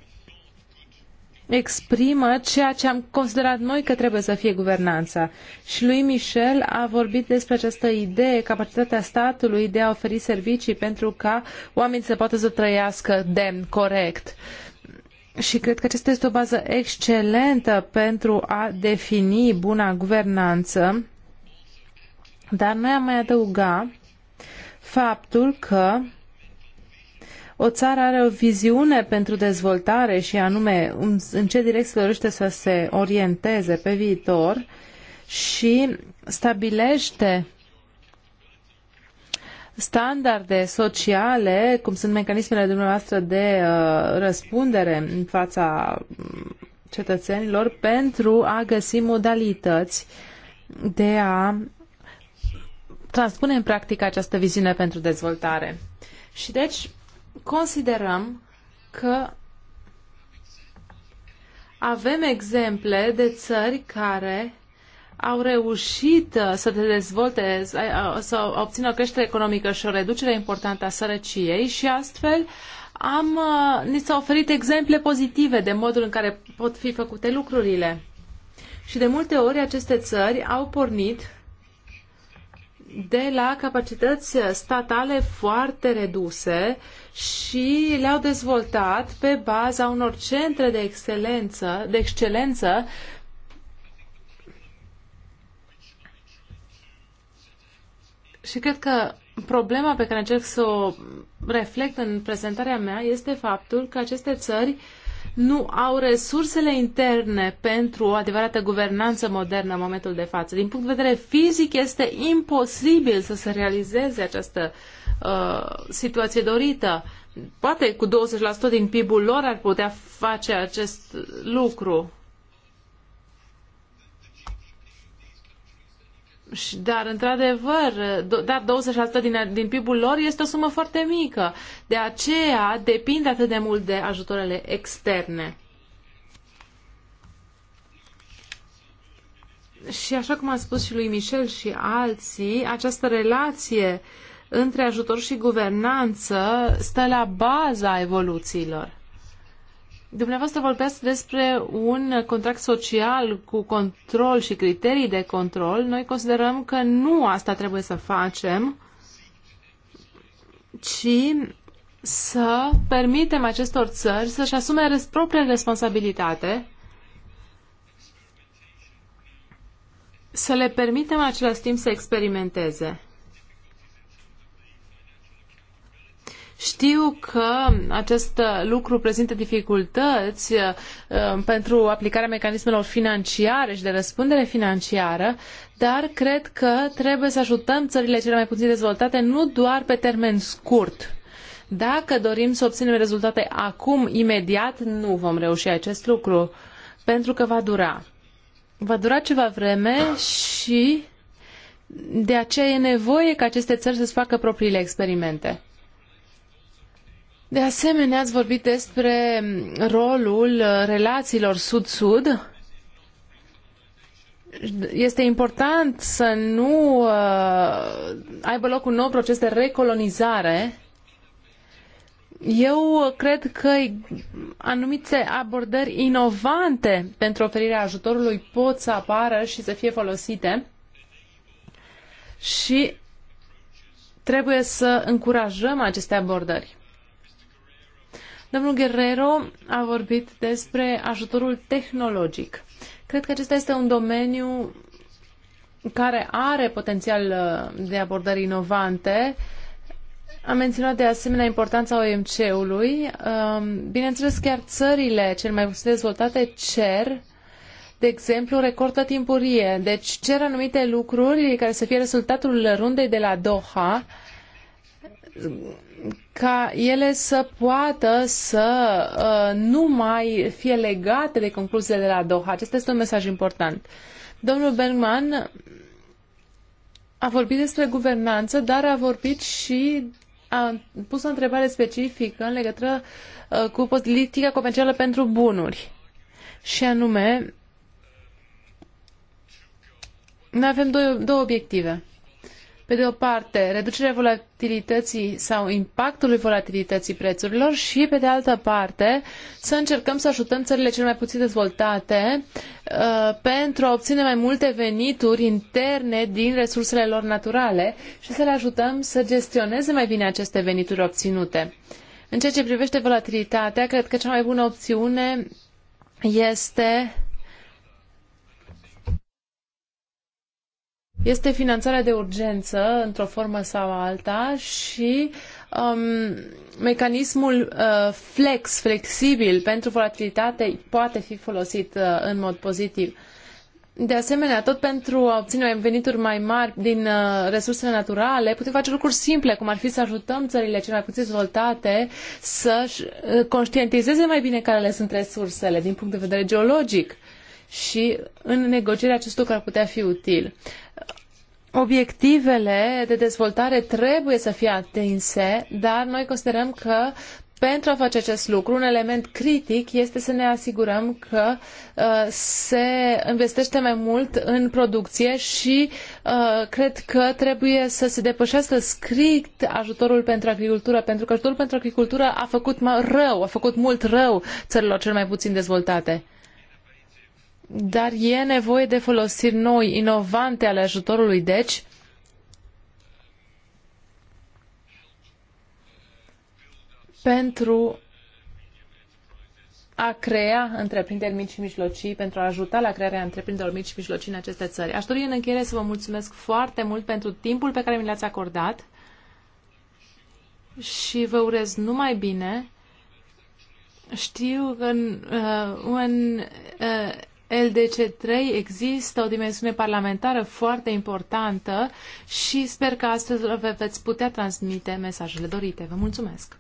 [SPEAKER 1] exprimă ceea ce am considerat noi că trebuie să fie guvernanța. Și lui Michel a vorbit despre această idee, capacitatea statului de a oferi servicii pentru ca oamenii să poată să trăiască demn, corect. Și cred că aceasta este o bază excelentă pentru a defini buna guvernanță dar noi am mai adăuga faptul că o țară are o viziune pentru dezvoltare și anume în ce direcție dorește să se orienteze pe viitor și stabilește standarde sociale, cum sunt mecanismele dumneavoastră de uh, răspundere în fața cetățenilor pentru a găsi modalități de a transpune în practică această viziune pentru dezvoltare. Și deci considerăm că avem exemple de țări care au reușit uh, să te dezvolte, uh, să obțină o creștere economică și o reducere importantă a sărăciei și astfel am, uh, ni s-au oferit exemple pozitive de modul în care pot fi făcute lucrurile. Și de multe ori aceste țări au pornit de la capacități statale foarte reduse și le-au dezvoltat pe baza unor centre de excelență, de excelență Și cred că problema pe care încerc să o reflect în prezentarea mea este faptul că aceste țări uh, nu au resursele interne pentru o adevărată guvernanță modernă în momentul de față. Din punct de vedere fizic este imposibil să se realizeze această uh, situație dorită. Poate cu 20% din PIB-ul lor ar putea face acest lucru. Și, dar, într-adevăr, dar 20% din, din PIB-ul lor este o sumă foarte mică. De aceea depinde atât de mult de ajutoarele externe. Și așa cum a spus și lui Michel și alții, această relație între ajutor și guvernanță stă la baza evoluțiilor. Dumneavoastră vorbesc despre un contract social cu control și criterii de control. Noi considerăm că nu asta trebuie să facem, ci să permitem acestor țări să-și asume propria responsabilitate, să le permitem în același timp să experimenteze. Știu că acest lucru prezintă dificultăți uh, pentru aplicarea mecanismelor financiare și de răspundere financiară, dar cred că trebuie să ajutăm țările cele mai puțin dezvoltate nu doar pe termen scurt. Dacă dorim să obținem rezultate acum, imediat, nu vom reuși acest lucru, pentru că va dura. Va dura ceva vreme și de aceea e nevoie ca aceste țări să-ți facă propriile experimente. De asemenea, ați vorbit despre rolul uh, relațiilor sud-sud. Este important să nu uh, aibă loc un nou proces de recolonizare eu cred că anumite abordări inovante pentru oferirea ajutorului pot să apară și să fie folosite și trebuie să încurajăm aceste abordări. Domnul Guerrero a vorbit despre ajutorul tehnologic. Cred că acesta este un domeniu care are potențial uh, de abordări inovante. Am menționat de asemenea importanța OMC-ului. Um, bineînțeles, chiar țările cel mai puțin dezvoltate cer de exemplu, recordă timpurie. Deci cer anumite lucruri care să fie rezultatul rundei de la Doha ca ele să poată să uh, nu mai fie legate de concluziile de la Doha. Acesta este un mesaj important. Domnul Bergman a vorbit despre guvernanță, dar a vorbit și a pus o întrebare specifică în legătură uh, cu politica comercială pentru bunuri. Și anume, noi avem două, două obiective pe de o parte, reducerea volatilității sau impactului volatilității prețurilor și, pe de altă parte, să încercăm să ajutăm țările cele mai puțin dezvoltate uh, pentru a obține mai multe venituri interne din resursele lor naturale și să le ajutăm să gestioneze mai bine aceste venituri obținute. În ceea ce privește volatilitatea, cred că cea mai bună opțiune este este finanțarea de urgență, într-o formă sau alta, și um, mecanismul uh, flex, flexibil pentru volatilitate, poate fi folosit uh, în mod pozitiv. De asemenea, tot pentru a obține venituri mai mari din uh, resursele naturale, putem face lucruri simple, cum ar fi să ajutăm țările cele mai puțin dezvoltate să uh, conștientizeze mai bine care le sunt resursele din punct de vedere geologic și în negocierea acestui lucru ar putea fi util. Obiectivele de dezvoltare trebuie să fie atinse, dar noi considerăm că pentru a face acest lucru, un element critic este să ne asigurăm că uh, se investește mai mult în producție și uh, cred că trebuie să se depășească strict ajutorul pentru agricultură, pentru că ajutorul pentru agricultură a făcut rău, a făcut mult rău țărilor cel mai puțin dezvoltate dar e nevoie de folosiri noi, inovante ale ajutorului, deci, pentru a crea întreprinderi mici și mijlocii, pentru a ajuta la crearea întreprinderilor mici și mijlocii în aceste țări. Aș dori în încheiere să vă mulțumesc foarte mult pentru timpul pe care mi l-ați acordat și vă urez numai bine. Știu că în, uh, un, uh, LDC3 există o dimensiune parlamentară foarte importantă și sper că astăzi vă veți putea transmite mesajele dorite. Vă mulțumesc!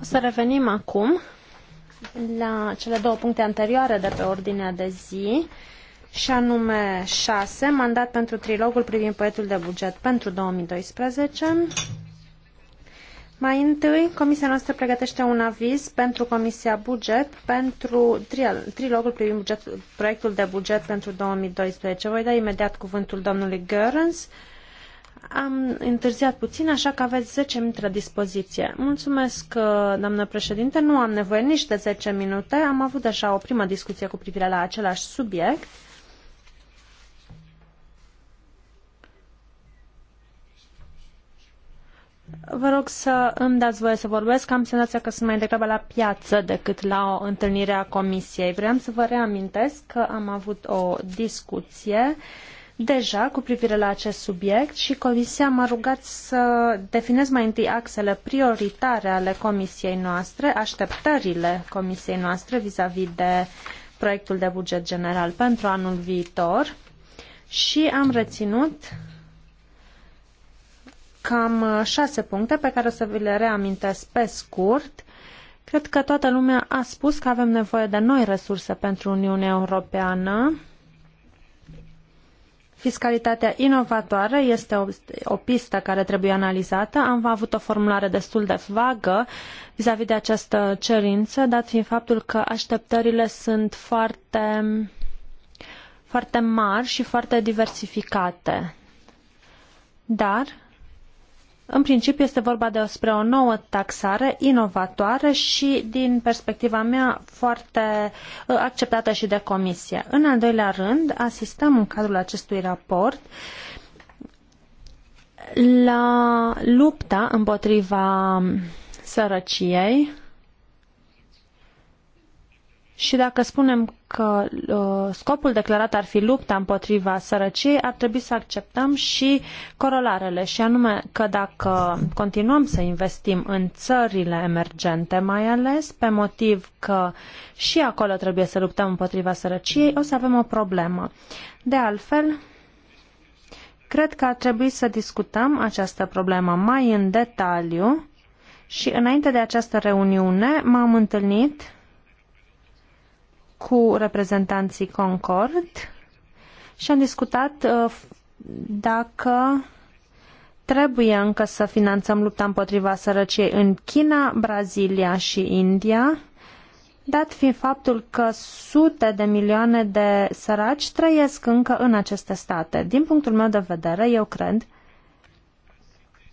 [SPEAKER 4] O să revenim acum la cele două puncte anterioare de pe ordinea de zi și anume 6, mandat pentru trilogul privind proiectul de buget pentru 2012. Mai întâi, Comisia noastră pregătește un aviz pentru Comisia Buget, pentru trilogul privind buget, proiectul de buget pentru 2012. Voi da imediat cuvântul domnului Görens. Am întârziat puțin, așa că aveți 10 minute la dispoziție. Mulțumesc, uh, doamnă președinte. Nu am nevoie nici de 10 minute. Am avut deja o primă discuție cu privire la același subiect. Vă rog să îmi dați voie să vorbesc. Am senzația că sunt mai degrabă la piață decât la o întâlnire a comisiei. Vreau să vă reamintesc că am avut o discuție deja cu privire la acest subiect și comisia m-a rugat să definez mai întâi axele prioritare ale comisiei noastre, așteptările comisiei noastre vis-a-vis de proiectul de buget general pentru anul viitor și am reținut cam uh, șase puncte pe care o să vi le reamintesc pe scurt. Cred că toată lumea a spus că avem nevoie de noi resurse pentru Uniunea Europeană. Fiscalitatea inovatoare este o, o pistă care trebuie analizată. Am avut o formulare destul de vagă vis-a-vis -vis de această cerință, dat fiind faptul că așteptările sunt foarte, foarte mari și foarte diversificate. Dar în principiu este vorba despre o nouă taxare inovatoare și, din perspectiva mea, foarte uh, acceptată și de comisie. În al doilea rând, asistăm în cadrul acestui raport la lupta împotriva sărăciei, și dacă spunem că uh, scopul declarat ar fi lupta împotriva sărăciei, ar trebui să acceptăm și corolarele, și anume că dacă continuăm să investim în țările emergente, mai ales pe motiv că și acolo trebuie să luptăm împotriva sărăciei, o să avem o problemă. De altfel, cred că ar trebui să discutăm această problemă mai în detaliu și înainte de această reuniune m-am întâlnit cu reprezentanții Concord și am discutat uh, dacă trebuie încă să finanțăm lupta împotriva sărăciei în China, Brazilia și India, dat fiind faptul că sute de milioane de săraci trăiesc încă în aceste state. Din punctul meu de vedere, eu cred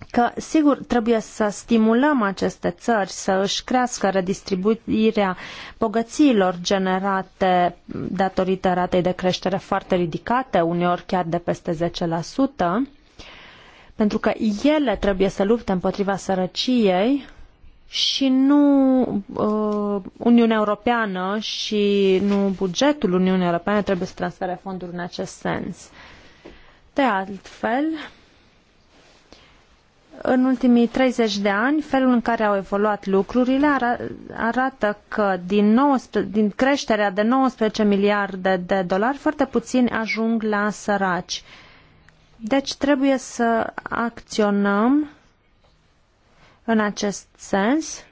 [SPEAKER 4] că, sigur, trebuie să stimulăm aceste țări să își crească redistribuirea bogățiilor generate datorită ratei de creștere foarte ridicate, uneori chiar de peste 10%, pentru că ele trebuie să lupte împotriva sărăciei și nu uh, Uniunea Europeană și nu bugetul Uniunii Europene trebuie să transfere fonduri în acest sens. De altfel, în ultimii 30 de ani, felul în care au evoluat lucrurile arată că din, 19, din creșterea de 19 miliarde de dolari, foarte puțini ajung la săraci. Deci trebuie să acționăm în acest sens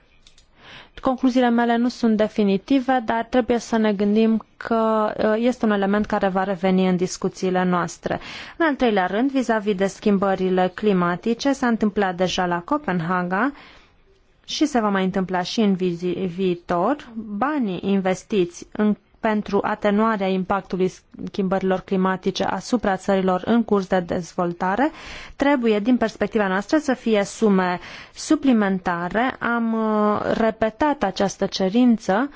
[SPEAKER 4] Concluziile mele nu sunt definitive, dar trebuie să ne gândim că uh, este un element care va reveni în discuțiile noastre. În al treilea rând, vis-a-vis -vis de schimbările climatice, s-a întâmplat deja la Copenhaga și se va mai întâmpla și în vi viitor. Banii investiți în pentru atenuarea impactului schimbărilor climatice asupra țărilor în curs de dezvoltare trebuie, din perspectiva noastră, să fie sume suplimentare. Am uh, repetat această cerință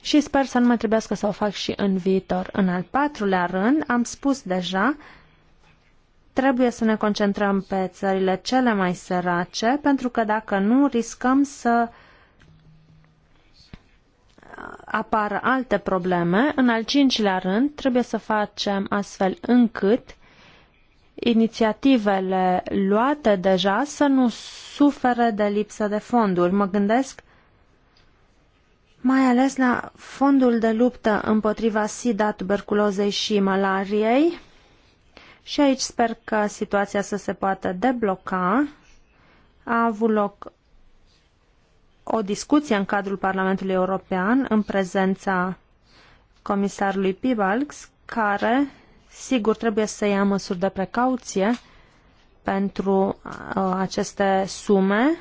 [SPEAKER 4] și sper să nu mai trebuiască să o fac și în viitor. În al patrulea rând, am spus deja, trebuie să ne concentrăm pe țările cele mai sărace, pentru că dacă nu, riscăm să uh, apar alte probleme, în al cincilea rând trebuie să facem astfel încât inițiativele luate deja să nu sufere de lipsă de fonduri. Mă gândesc mai ales la fondul de luptă împotriva SIDA, tuberculozei și malariei. Și aici sper că situația să se poată debloca. A avut loc o discuție în cadrul Parlamentului European în prezența comisarului Piebalgs, care, sigur, trebuie să ia măsuri de precauție pentru uh, aceste sume,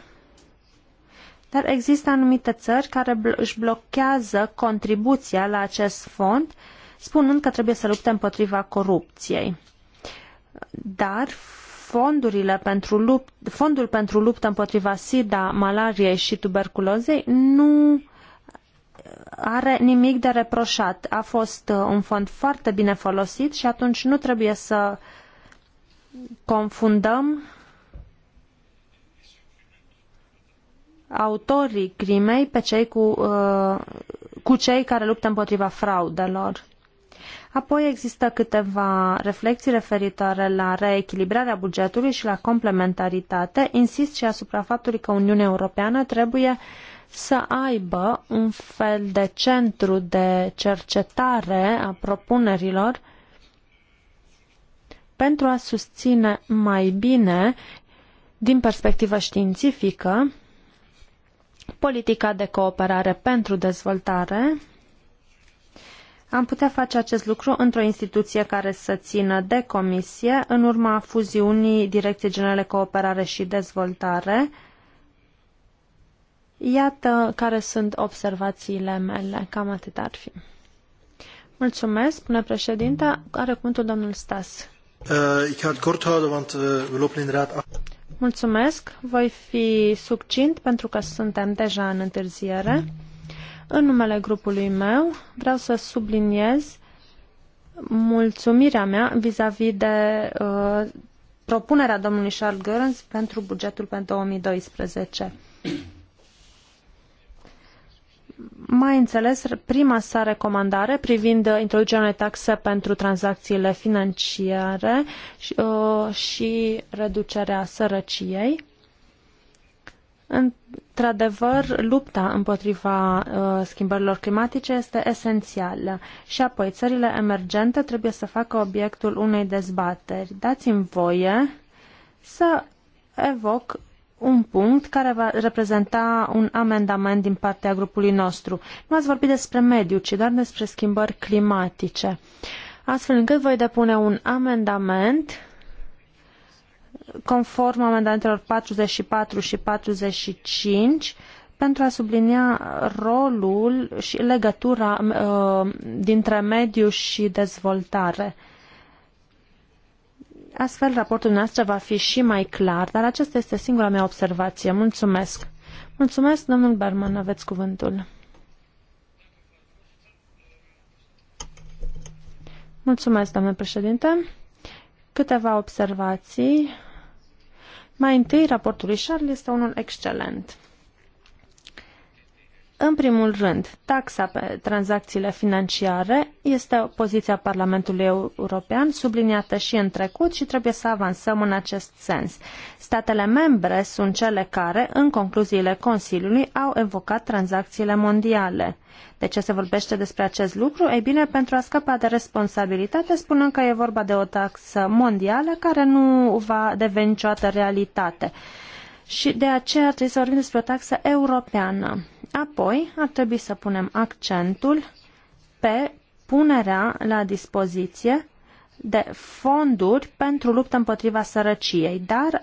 [SPEAKER 4] dar există anumite țări care bl- își blochează contribuția la acest fond, spunând că trebuie să lupte împotriva corupției. Dar fondurile pentru lupt, fondul pentru luptă împotriva SIDA, malariei și tuberculozei nu are nimic de reproșat. A fost uh, un fond foarte bine folosit și atunci nu trebuie să confundăm autorii crimei pe cei cu, uh, cu cei care luptă împotriva fraudelor. Apoi există câteva reflexii referitoare la reechilibrarea bugetului și la complementaritate. Insist și asupra faptului că Uniunea Europeană trebuie să aibă un fel de centru de cercetare a propunerilor pentru a susține mai bine, din perspectivă științifică, politica de cooperare pentru dezvoltare am putea face acest lucru într-o instituție care să țină de comisie în urma fuziunii Direcției Generale Cooperare și Dezvoltare. Iată care sunt observațiile mele. Cam atât ar fi. Mulțumesc, spune președinte. Are cuvântul domnul Stas.
[SPEAKER 1] Eh, eh,
[SPEAKER 4] Mulțumesc. Voi fi succint pentru că suntem deja în întârziere. În numele grupului meu vreau să subliniez mulțumirea mea vis-a-vis -vis de uh, propunerea domnului Charles Görens pentru bugetul pentru 2012. Mai înțeles, prima sa recomandare privind introducerea unei taxe pentru tranzacțiile financiare și, uh, și reducerea sărăciei. Într-adevăr, lupta împotriva uh, schimbărilor climatice este esențială și apoi țările emergente trebuie să facă obiectul unei dezbateri. Dați-mi voie să evoc un punct care va reprezenta un amendament din partea grupului nostru. Nu ați vorbit despre mediu, ci doar despre schimbări climatice. Astfel încât voi depune un amendament uh, conform amendamentelor 44 și 45 pentru a sublinia rolul și legătura uh, dintre mediu și dezvoltare. Astfel, raportul noastră va fi și mai clar, dar aceasta este singura mea observație. Mulțumesc! Mulțumesc, domnul Berman, aveți cuvântul. Mulțumesc, domnule președinte. Câteva observații mai întâi, raportul lui Charles este unul excelent. În primul rând, taxa pe tranzacțiile financiare este poziția Parlamentului European, subliniată și în trecut și trebuie să avansăm în acest sens. Statele membre sunt cele care, în concluziile Consiliului, au evocat tranzacțiile mondiale. De ce se vorbește despre acest lucru? Ei bine, pentru a scăpa de responsabilitate, spunând că e vorba de o taxă mondială care nu va deveni niciodată realitate și de aceea trebuie să vorbim despre o taxă europeană. Apoi ar trebui să punem accentul pe punerea la dispoziție de fonduri pentru luptă împotriva sărăciei, dar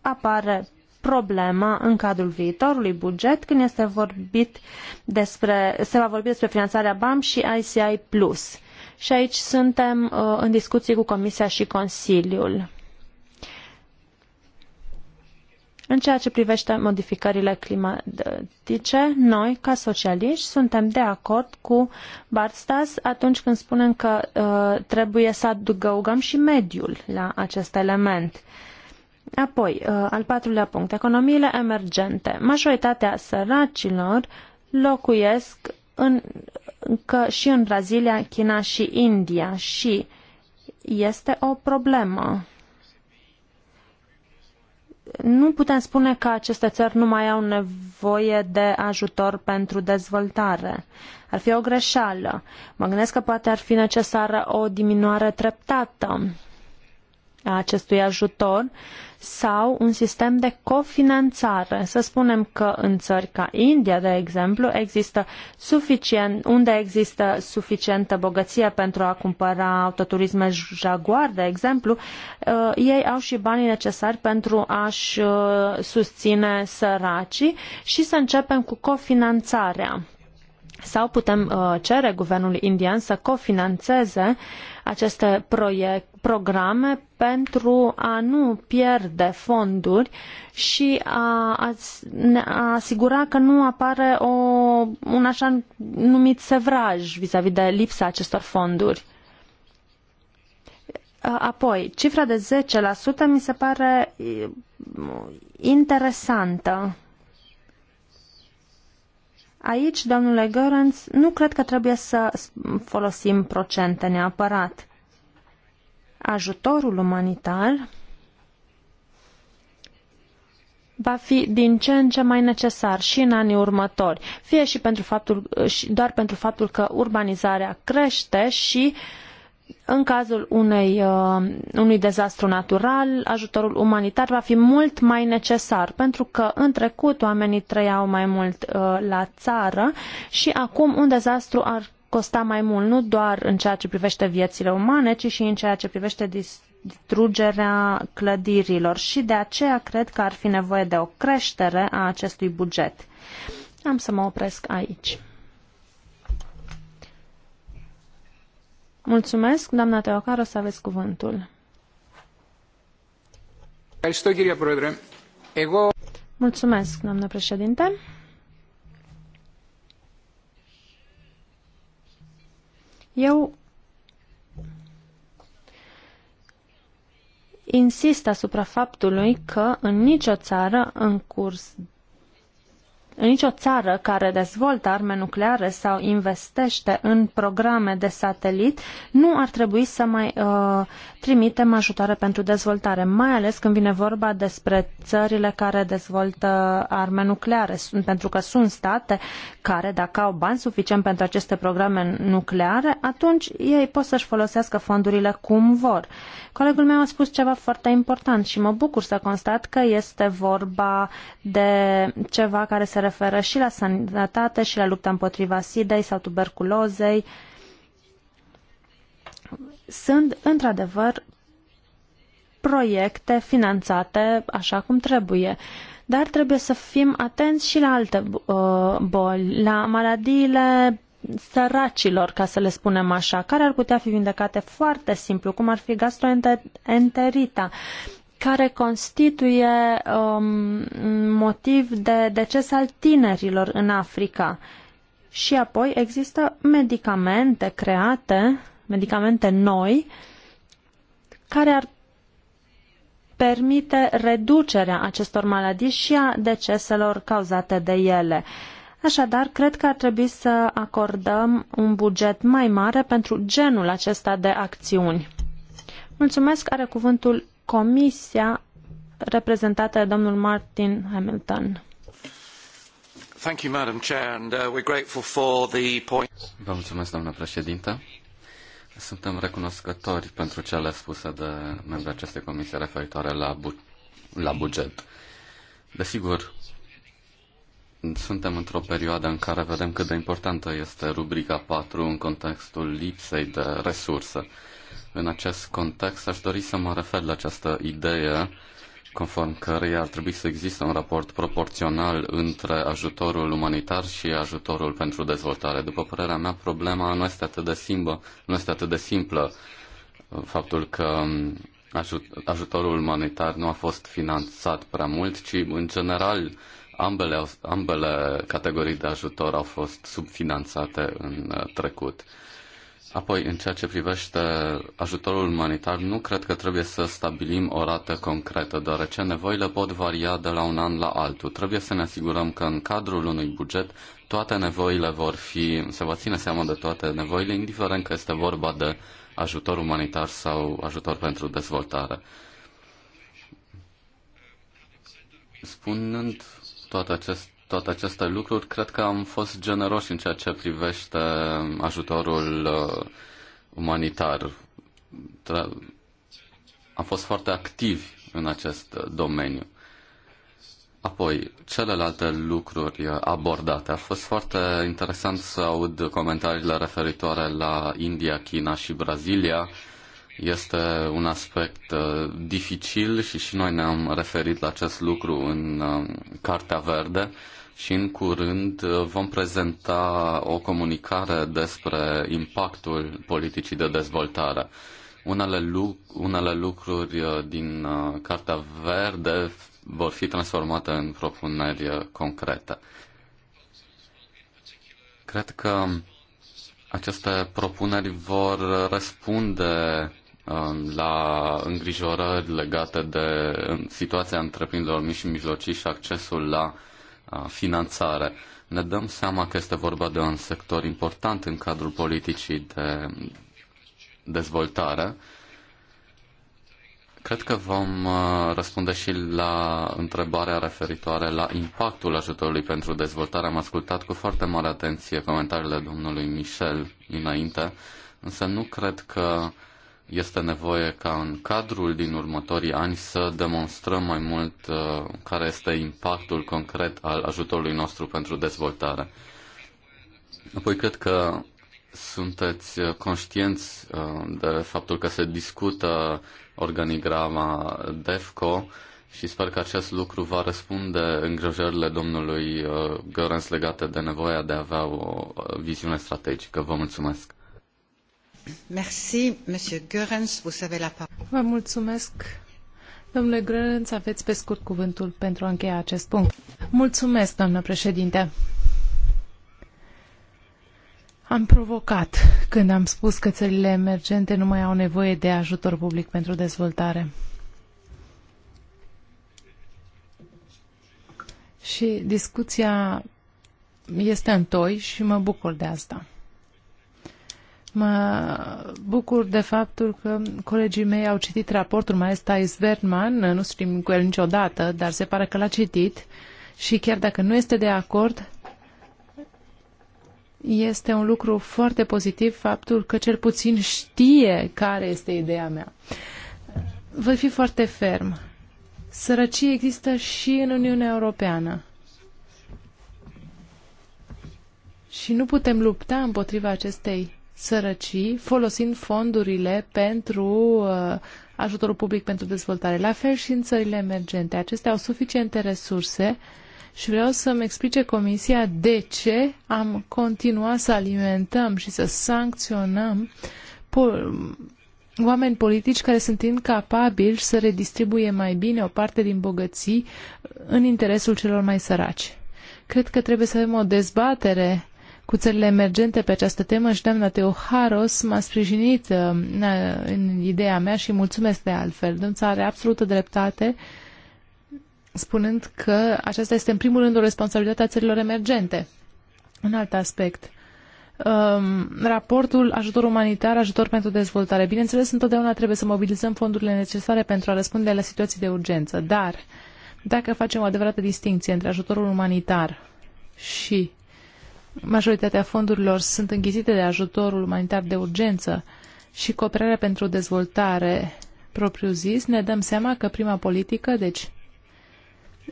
[SPEAKER 4] apare problema în cadrul viitorului buget când este vorbit despre, se va vorbi despre finanțarea BAM și ICI+. Și aici suntem uh, în discuții cu Comisia și Consiliul. În ceea ce privește modificările climatice, noi, ca socialiști, suntem de acord cu Barstas atunci când spunem că uh, trebuie să adăugăm și mediul la acest element. Apoi, uh, al patrulea punct, economiile emergente. Majoritatea săracilor locuiesc în, încă și în Brazilia, China și India și este o problemă nu putem spune că aceste țări nu mai au nevoie de ajutor pentru dezvoltare. Ar fi o greșeală. Mă gândesc că poate ar fi necesară o diminuare treptată a acestui ajutor sau un sistem de cofinanțare. Să spunem că în țări ca India, de exemplu, există suficient, unde există suficientă bogăție pentru a cumpăra autoturisme Jaguar, de exemplu, uh, ei au și banii necesari pentru a-și uh, susține săracii și să începem cu cofinanțarea. Sau putem uh, cere guvernului indian să cofinanțeze aceste proiect, programe pentru a nu pierde fonduri și a, a, asigura că nu apare o, un așa numit sevraj vis a -vis de lipsa acestor fonduri. Apoi, cifra de 10% mi se pare interesantă. Aici, domnule Görens, nu cred că trebuie să folosim procente neapărat. Ajutorul umanitar va fi din ce în ce mai necesar și în anii următori, fie și pentru faptul, doar pentru faptul că urbanizarea crește și uh, în cazul unei, uh, unui dezastru natural, ajutorul umanitar va fi mult mai necesar, pentru că în trecut oamenii trăiau mai mult uh, la țară și acum un dezastru ar costa mai mult, nu doar în ceea ce privește viețile umane, ci și în ceea ce privește distrugerea clădirilor și de aceea cred că ar fi nevoie de o creștere a acestui buget. Am să mă opresc aici. Mulțumesc, doamna Teocară, să aveți cuvântul. Mulțumesc, doamnă președinte. Eu insist asupra faptului că în nicio țară în curs în nicio țară care dezvoltă arme nucleare sau investește în programe de satelit, nu ar trebui să mai uh, trimitem ajutoare pentru dezvoltare, mai ales când vine vorba despre țările care dezvoltă arme nucleare, pentru că sunt state care, dacă au bani suficient pentru aceste programe nucleare, atunci ei pot să-și folosească fondurile cum vor. Colegul meu a spus ceva foarte important și mă bucur să constat că este vorba de ceva care se referă și la sănătate și la lupta împotriva SIDEI sau tuberculozei, sunt într-adevăr proiecte finanțate așa cum trebuie. Dar trebuie să fim atenți și la alte uh, boli, la maladiile săracilor, ca să le spunem așa, care ar putea fi vindecate foarte simplu, cum ar fi gastroenterita, care constituie um, motiv de deces al tinerilor în Africa. Și apoi există medicamente create, medicamente noi, care ar permite reducerea acestor maladii și a deceselor cauzate de ele. Așadar, cred că ar trebui să acordăm un buget mai mare pentru genul acesta de acțiuni. Mulțumesc, are cuvântul Comisia reprezentată de domnul Martin Hamilton.
[SPEAKER 3] Thank you, Madam Chair, and uh, we're grateful for the point. Vă mulțumesc, doamnă președintă. Suntem recunoscători pentru cele spuse de membrii acestei comisii referitoare la, bu- la buget. Desigur, suntem într-o perioadă în care vedem cât de importantă este rubrica 4 în contextul lipsei de resurse. În acest context, aș dori să mă refer la această idee conform căreia ar trebui să existe un raport proporțional între ajutorul umanitar și ajutorul pentru dezvoltare. După părerea mea, problema nu este atât de simplă, nu este atât de simplă faptul că um, ajutorul umanitar nu a fost finanțat prea mult, ci în general ambele, ambele categorii de ajutor au fost subfinanțate în uh, trecut. Apoi, în ceea ce privește ajutorul umanitar, nu cred că trebuie să stabilim o rată concretă, deoarece nevoile pot varia de la un an la altul. Trebuie să ne asigurăm că în cadrul unui buget toate nevoile vor fi, se va ține seama de toate nevoile, indiferent că este vorba de ajutor umanitar sau ajutor pentru dezvoltare. Spunând toate aceste toate aceste lucruri, cred că am fost generoși în ceea ce privește ajutorul uh, umanitar. Tra- am fost foarte activi în acest uh, domeniu. Apoi, celelalte lucruri uh, abordate. A fost foarte interesant să aud comentariile referitoare la India, China și Brazilia. Este un aspect uh, dificil și și noi ne-am referit la acest lucru în uh, Cartea Verde. Uh, și în curând uh, vom prezenta o comunicare despre impactul politicii de dezvoltare. Unele, lu- unele lucruri uh, din uh, Cartea Verde vor fi transformate în propuneri concrete. Cred că aceste propuneri vor răspunde um, la îngrijorări legate de um, situația întreprinderilor mici și mijlocii și accesul la finanțare. Ne dăm seama că este vorba de un sector important în cadrul politicii de dezvoltare. Cred că vom răspunde și la întrebarea referitoare la impactul ajutorului pentru dezvoltare. Am ascultat cu foarte mare atenție comentariile domnului Michel înainte, însă nu cred că este nevoie ca în cadrul din următorii ani să demonstrăm mai mult uh, care este impactul concret al ajutorului nostru pentru dezvoltare. Apoi cred că sunteți uh, conștienți uh, de faptul că se discută organigrama DEFCO și sper că acest lucru va răspunde îngrijorările domnului Gărens legate de nevoia de a avea o viziune strategică. Vă mulțumesc!
[SPEAKER 1] mulțumesc. Domnule scurt cuvântul pentru a acest punct. Mulțumesc, doamnă președinte. Am provocat când am spus că țările emergente nu mai au nevoie de ajutor public pentru dezvoltare. Și discuția este în toi și mă bucur de asta. Mă bucur de faptul că colegii mei au citit raportul Thais Sverman, nu știm cu el niciodată, dar se pare că l-a citit și chiar dacă nu este de acord, este un lucru foarte pozitiv faptul că cel puțin știe care este ideea mea. Voi fi foarte ferm. Sărăcie există și în Uniunea Europeană. Și nu putem lupta împotriva acestei sărăcii folosind fondurile pentru uh, ajutorul public pentru dezvoltare. La fel și în țările emergente. Acestea au suficiente resurse și vreau să-mi explice Comisia de ce am continuat să alimentăm și să sancționăm oameni politici care sunt incapabili să redistribuie mai bine o parte din bogății în interesul celor mai săraci. Cred că trebuie să avem o dezbatere cu țările emergente pe această temă și doamna Teoharos m-a sprijinit uh, în ideea mea și mulțumesc de altfel. Dânța are absolută dreptate spunând că aceasta este în primul rând o responsabilitate a țărilor emergente. Un alt aspect. Um, raportul ajutor umanitar, ajutor pentru dezvoltare. Bineînțeles, întotdeauna trebuie să mobilizăm fondurile necesare pentru a răspunde la situații de urgență, dar dacă facem o adevărată distinție între ajutorul umanitar și Majoritatea fondurilor sunt înghizite de ajutorul umanitar de urgență și cooperarea pentru dezvoltare propriu-zis, ne dăm seama că prima politică, deci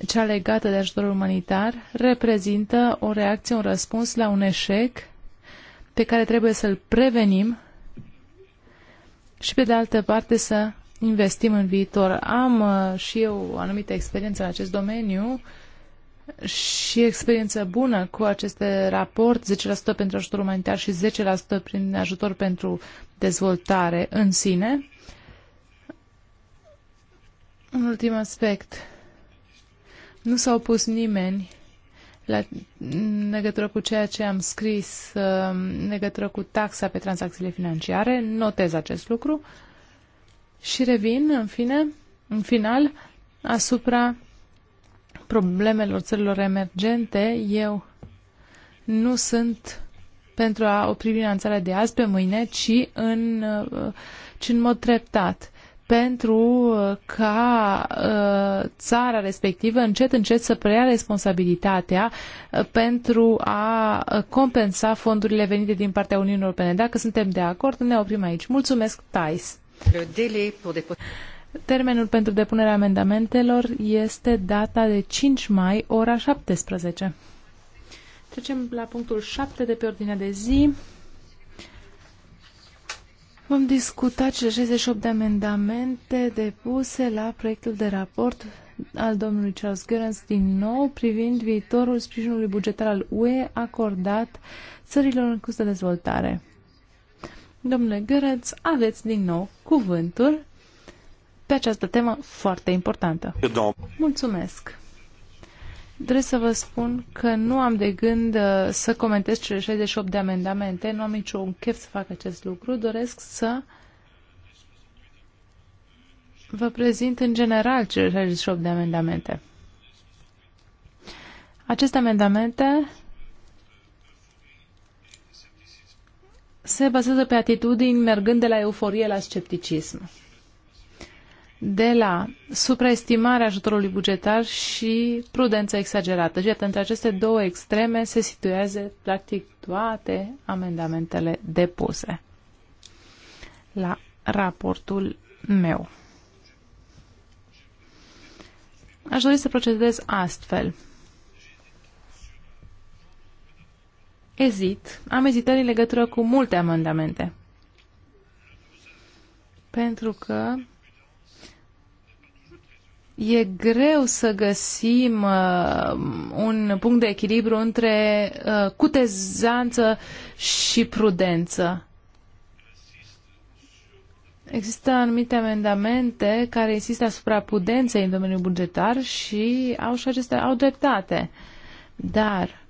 [SPEAKER 1] cea legată de ajutorul umanitar, reprezintă o reacție, un răspuns la un eșec pe care trebuie să-l prevenim și pe de altă parte să investim în viitor. Am uh, și eu anumită experiență în acest domeniu. Uh, și experiență bună cu aceste raport, 10% pentru ajutor umanitar și 10% prin ajutor pentru dezvoltare în sine. Un ultim aspect. Nu s-a opus nimeni la, legătură cu ceea ce am scris, um, legătură cu taxa pe tranzacțiile financiare. Notez acest lucru și revin, în fine, în final, asupra problemelor țărilor emergente, eu nu sunt pentru a opri finanțarea de azi pe mâine, ci în, uh, ci în mod treptat pentru uh, ca uh, țara respectivă încet încet să preia responsabilitatea pentru a compensa fondurile venite din partea Uniunii Europene. Dacă suntem de acord, ne oprim aici. Mulțumesc, Thais. Termenul pentru depunerea amendamentelor este data de 5 mai, ora 17. Trecem la punctul 7 de pe ordinea de zi. Vom discuta cele 68 de amendamente depuse la proiectul de raport al domnului Charles Gerens din nou privind viitorul sprijinului bugetar al UE acordat țărilor în curs de dezvoltare. Domnule Gerens, aveți din nou cuvântul pe această temă foarte importantă. Mulțumesc! Trebuie să vă spun că nu am de gând uh, să comentez cele 68 de amendamente, nu am niciun chef să fac acest lucru, doresc să vă prezint în general cele 68 de amendamente. Aceste amendamente se bazează pe atitudini mergând de la euforie la scepticism de la supraestimarea ajutorului bugetar și prudența exagerată. Și iată, între aceste două extreme se situează practic toate amendamentele depuse la raportul meu. Aș dori să procedez astfel. Ezit, am ezitări în legătură cu multe amendamente. Pentru că E greu să găsim uh, un punct de echilibru între uh, cutezanță și prudență. Există anumite amendamente care insistă asupra prudenței în domeniul bugetar și au și acestea au dreptate. Dar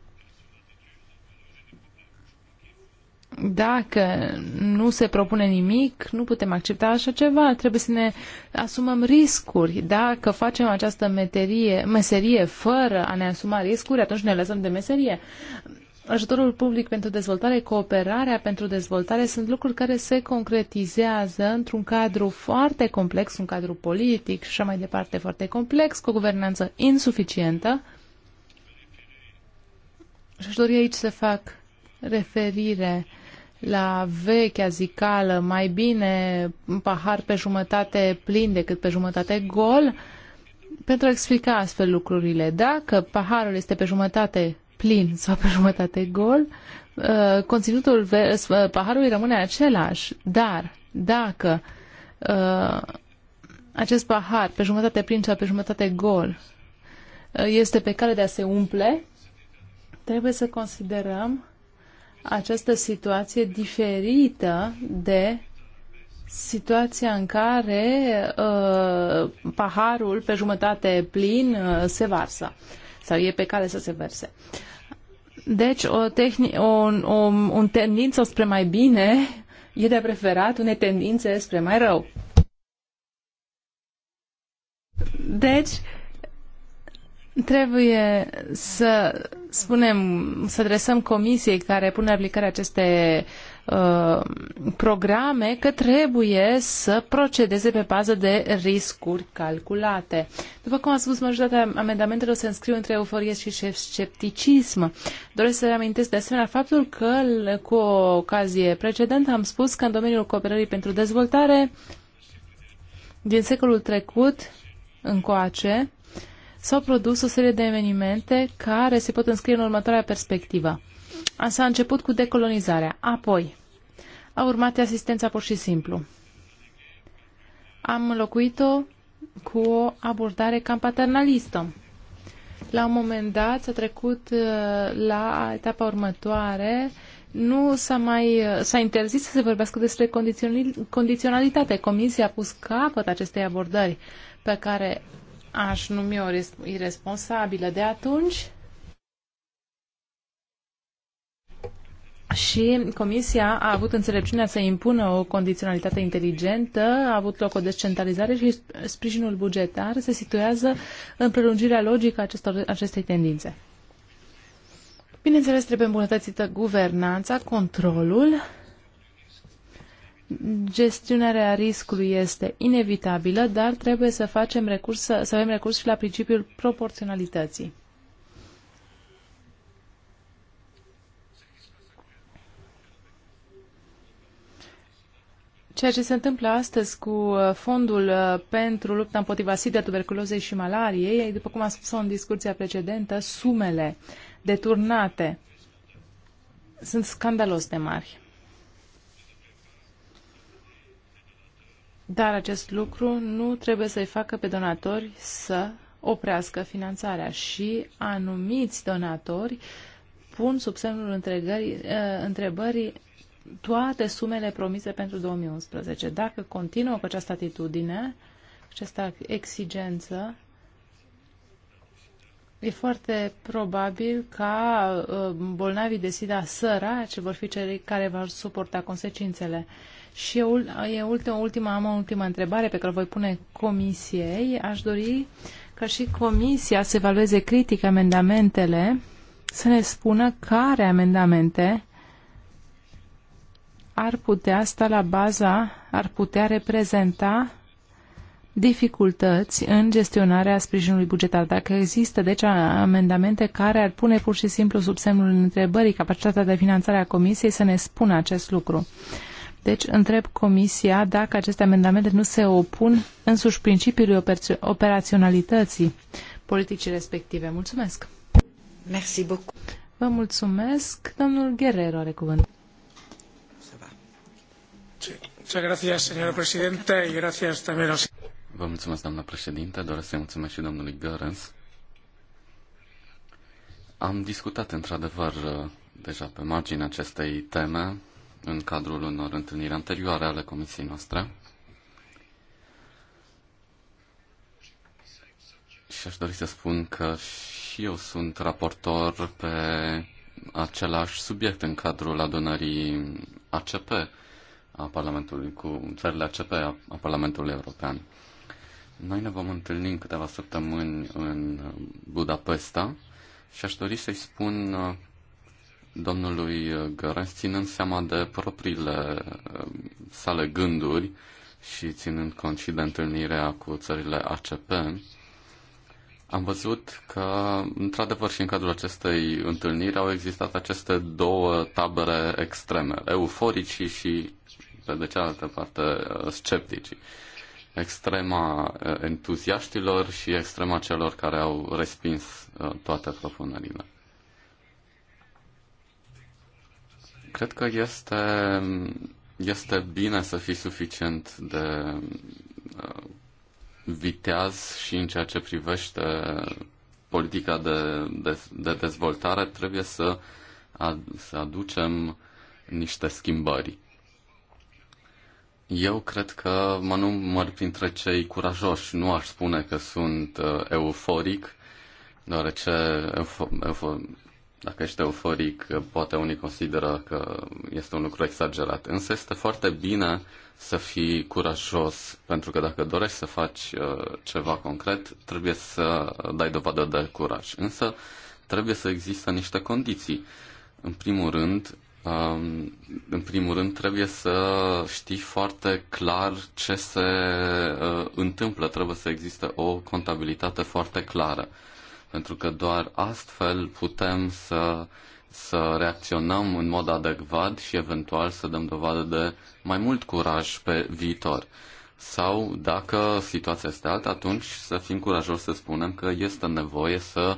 [SPEAKER 1] dacă nu se propune nimic, nu putem accepta așa ceva. Trebuie să ne asumăm riscuri. Dacă facem această meterie, meserie fără a ne asuma riscuri, atunci ne lăsăm de meserie. Ajutorul public pentru dezvoltare, cooperarea pentru dezvoltare sunt lucruri care se concretizează într-un cadru foarte complex, un cadru politic și așa mai departe foarte complex, cu o guvernanță insuficientă. Și aș dori aici să fac referire la vechea zicală, mai bine un pahar pe jumătate plin decât pe jumătate gol, pentru a explica astfel lucrurile. Dacă paharul este pe jumătate plin sau pe jumătate gol, uh, conținutul uh, paharului rămâne același, dar dacă uh, acest pahar pe jumătate plin sau pe jumătate gol este pe cale de a se umple, trebuie să considerăm această situație diferită de situația în care uh, paharul pe jumătate plin uh, se varsă sau e pe care să se verse. Deci o, tehni- o, o un tendință spre mai bine e de preferat unei tendințe spre mai rău. Deci, Trebuie să spunem, să adresăm comisiei care pune aplicarea aplicare aceste uh, programe că trebuie să procedeze pe bază de riscuri calculate. După cum a spus, majoritatea amendamentelor se înscriu între euforie și scepticism. Doresc să reamintesc de asemenea faptul că cu o ocazie precedentă am spus că în domeniul cooperării pentru dezvoltare din secolul trecut încoace, s-au produs o serie de evenimente care se pot înscrie în următoarea perspectivă. s a început cu decolonizarea, apoi a urmat asistența pur și simplu. Am înlocuit-o cu o abordare cam paternalistă. La un moment dat s-a trecut uh, la etapa următoare, nu s-a mai uh, s-a interzis să se vorbească despre condiționalitate. Comisia a pus capăt acestei abordări pe care aș numi o irresponsabilă de atunci și Comisia a avut înțelepciunea să impună o condiționalitate inteligentă, a avut loc o descentralizare și sprijinul bugetar se situează în prelungirea logică acestor, acestei tendințe. Bineînțeles, trebuie îmbunătățită guvernanța, controlul Gestionarea riscului este inevitabilă, dar trebuie să facem recurs, să, să avem recurs și la principiul proporționalității. Ceea ce se întâmplă astăzi cu uh, Fondul uh, pentru lupta împotriva sida, tuberculozei și malariei, după cum am spus în discuția precedentă, sumele deturnate sunt scandalos de mari. Dar acest lucru nu trebuie să-i facă pe donatori să oprească finanțarea și anumiți donatori pun sub semnul eh, întrebării toate sumele promise pentru 2011. Dacă continuă cu această atitudine, această exigență, e foarte probabil ca eh, bolnavii de SIDA săraci vor fi cei care vor suporta consecințele. Și e ultima, ultima, am o ultima întrebare pe care o voi pune comisiei. Aș dori ca și comisia să evalueze critic amendamentele, să ne spună care amendamente ar putea sta la baza, ar putea reprezenta dificultăți în gestionarea sprijinului bugetar. Dacă există, deci, amendamente care ar pune pur și simplu sub semnul întrebării capacitatea de finanțare a Comisiei să ne spună acest lucru. Deci întreb Comisia dacă aceste amendamente nu se opun însuși principiului operaționalității politicii respective. Mulțumesc! Merci beaucoup. Vă mulțumesc. Domnul Guerrero are cuvânt.
[SPEAKER 3] Vă mulțumesc, doamnă președinte. Doresc să-i mulțumesc și domnului Gărens. Am discutat, într-adevăr, deja pe marginea acestei teme în cadrul unor întâlniri anterioare ale comisiei noastre. Și aș dori să spun că și eu sunt raportor pe același subiect în cadrul adunării ACP a Parlamentului, cu țările ACP a Parlamentului European. Noi ne vom întâlni în câteva săptămâni în Budapesta și aș dori să-i spun domnului Găres, ținând seama de propriile um, sale gânduri și ținând cont și de întâlnirea cu țările ACP, am văzut că, într-adevăr, și în cadrul acestei întâlniri au existat aceste două tabere extreme, euforici și, pe de cealaltă parte, uh, sceptici. Extrema uh, entuziaștilor și extrema celor care au respins uh, toate propunerile. Cred că este, este bine să fii suficient de uh, viteaz și în ceea ce privește politica de, de, de dezvoltare, trebuie să, ad, să aducem niște schimbări. Eu cred că mă număr printre cei curajoși. Nu aș spune că sunt uh, euforic, deoarece eufo- eufo- dacă ești euforic, poate unii consideră că este un lucru exagerat, însă este foarte bine să fii curajos, pentru că dacă dorești să faci uh, ceva concret, trebuie să dai dovadă de curaj. Însă trebuie să există niște condiții. În primul rând, um, în primul rând, trebuie să știi foarte clar ce se uh, întâmplă. Trebuie să existe o contabilitate foarte clară pentru că doar astfel putem să, să reacționăm în mod adecvat și eventual să dăm dovadă de mai mult curaj pe viitor. Sau, dacă situația este alta, atunci să fim curajoși să spunem că este nevoie să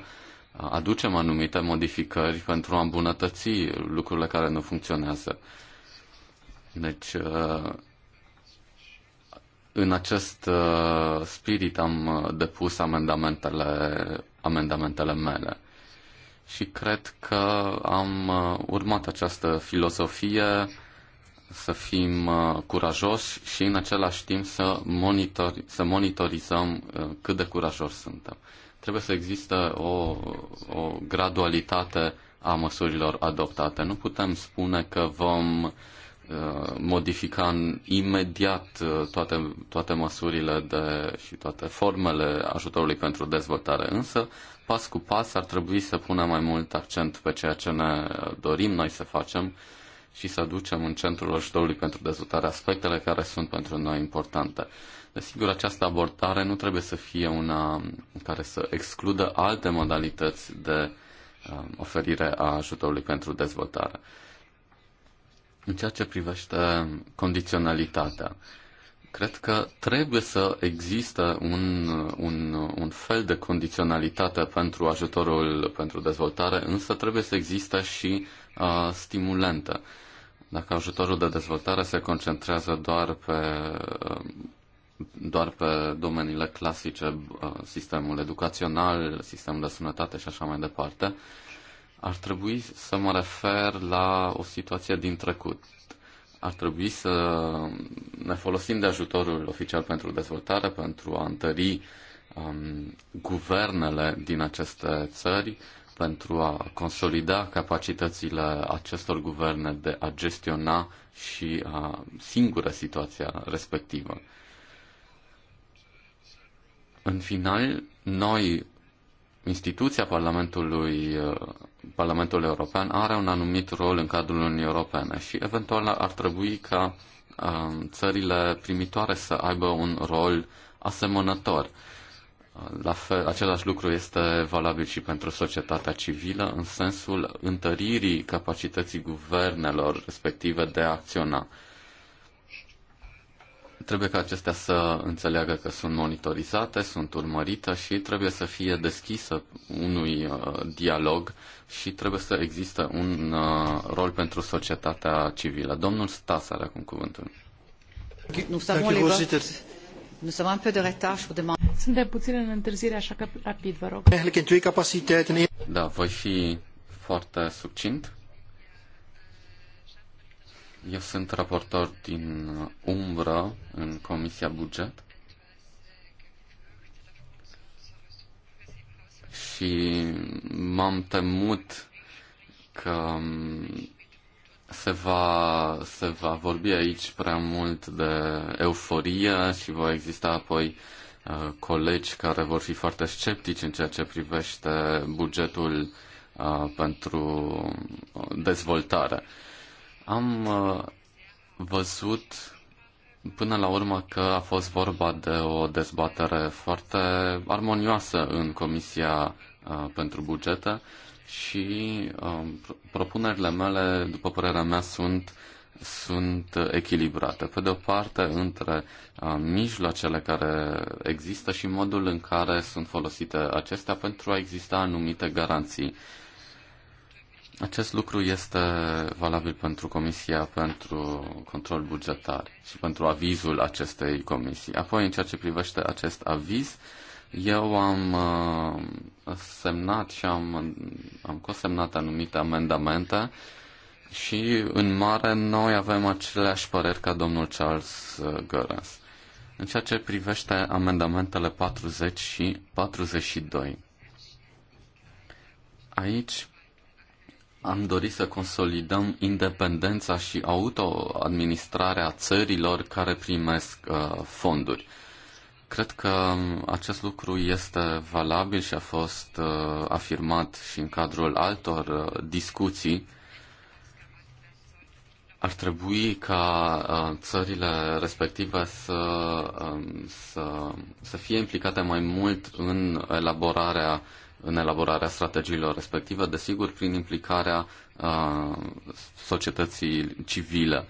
[SPEAKER 3] aducem anumite modificări pentru a îmbunătăți lucrurile care nu funcționează. Deci, în acest uh, spirit am uh, depus amendamentele amendamentele mele. Și cred că am uh, urmat această filosofie să fim uh, curajoși și în același timp să, monitor, să monitorizăm uh, cât de curajoși suntem. Trebuie să există o, o gradualitate a măsurilor adoptate. Nu putem spune că vom uh, Uh, modifica în imediat uh, toate, toate măsurile de, și toate formele ajutorului pentru dezvoltare. Însă, pas cu pas, ar trebui să punem mai mult accent pe ceea ce ne uh, dorim noi să facem și să ducem în centrul ajutorului pentru dezvoltare aspectele care sunt pentru noi importante. Desigur, această abordare nu trebuie să fie una care să excludă alte modalități de oferire a ajutorului pentru dezvoltare. În ceea ce privește condiționalitatea, cred că trebuie să există un, un, un fel de condiționalitate pentru ajutorul pentru dezvoltare, însă trebuie să existe și uh, stimulente. Dacă ajutorul de dezvoltare se concentrează doar pe, uh, doar pe domeniile clasice, uh, sistemul educațional, sistemul de sănătate și așa mai departe, uh, ar trebui să mă refer la o situație din trecut. Ar trebui să ne folosim de ajutorul oficial pentru dezvoltare, pentru a întări um, guvernele din aceste țări, pentru a consolida capacitățile acestor guverne de a gestiona și a singură situația respectivă. În final, noi, instituția Parlamentului uh, Parlamentul European are un anumit rol în cadrul Uniunii Europene și eventual ar trebui ca um, țările primitoare să aibă un rol asemănător. La fel, același lucru este valabil și pentru societatea civilă în sensul întăririi capacității guvernelor respective de a acționa trebuie ca acestea să înțeleagă că sunt monitorizate, sunt urmărite și trebuie să fie deschisă unui uh, dialog și trebuie să existe un uh, rol pentru societatea civilă. Domnul Stas are acum cuvântul.
[SPEAKER 2] de
[SPEAKER 1] puțin în întârziere, așa că rapid, vă rog.
[SPEAKER 3] Da, voi fi foarte succint. Eu sunt raportor din umbră în Comisia Buget și m-am temut că se va, se va vorbi aici prea mult de euforie și va exista apoi uh, colegi care vor fi foarte sceptici în ceea ce privește bugetul uh, pentru dezvoltare. Uh, am uh, văzut până la urmă că a fost vorba de o dezbatere foarte armonioasă în Comisia uh, pentru Bugete și uh, propunerile mele, după părerea mea, sunt sunt echilibrate. Pe de o parte, între a, mijloacele care există și modul în care sunt folosite acestea pentru a exista anumite garanții. Acest lucru este valabil pentru Comisia pentru Control Bugetar și pentru avizul acestei comisii. Apoi, în ceea ce privește acest aviz, eu am uh, semnat și am, am cosemnat anumite amendamente și, în mare, noi avem aceleași păreri ca domnul Charles uh, Gărens. În ceea ce privește amendamentele 40 și 42. Aici am dorit să consolidăm independența și autoadministrarea țărilor care primesc uh, fonduri. Cred că um, acest lucru este valabil și a fost uh, afirmat și în cadrul altor uh, discuții. Ar trebui ca uh, țările respective să, uh, să, să fie implicate mai mult în elaborarea în elaborarea strategiilor respective, desigur, prin implicarea uh, societății civile.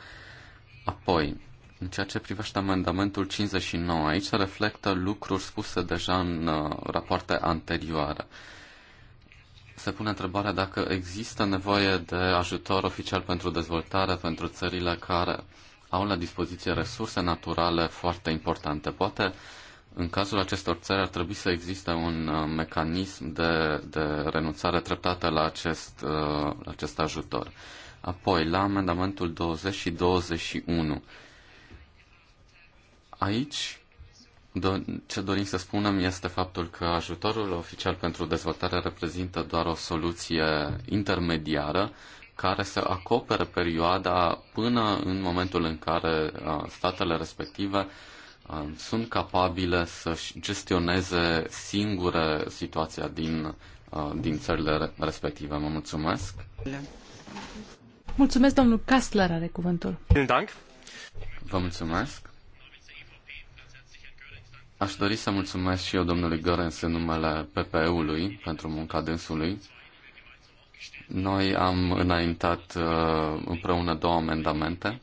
[SPEAKER 3] Apoi, în ceea ce privește amendamentul 59, aici se reflectă lucruri spuse deja în uh, rapoarte anterioare. Se pune întrebarea dacă există nevoie de ajutor oficial pentru dezvoltare pentru țările care au la dispoziție resurse naturale foarte importante. Poate uh, în cazul acestor țări ar trebui să existe un uh, mecanism de, de renunțare treptată la acest, uh, la acest ajutor. Apoi, la amendamentul 20 și 21. Aici, do- ce dorim să spunem este faptul că ajutorul oficial pentru dezvoltare reprezintă doar o soluție intermediară care să acopere perioada până în momentul în care uh, statele respective uh, sunt capabile să gestioneze singure situația din, uh, din țările respective. Mă mulțumesc.
[SPEAKER 1] Mulțumesc, domnul Kastler are cuvântul.
[SPEAKER 3] Vă mulțumesc. Aș dori să mulțumesc și eu domnului Gorens în numele PPE-ului pentru munca dânsului. Noi am înaintat uh, împreună două amendamente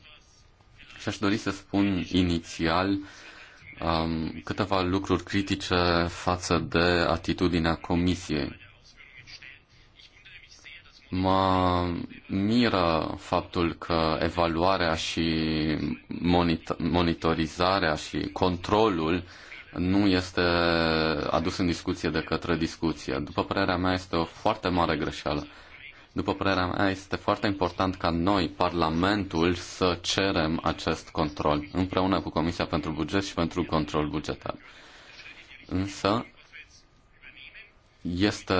[SPEAKER 3] și aș dori să spun inițial uh, um, câteva lucruri critice față de atitudinea Comisiei. Mă miră faptul că evaluarea și monitorizarea și controlul nu este adus în discuție de către discuție. După părerea mea, este o foarte mare greșeală. După părerea mea, este foarte important ca noi, Parlamentul, să cerem acest control, împreună cu Comisia pentru Buget și pentru Control Bugetar. Însă, este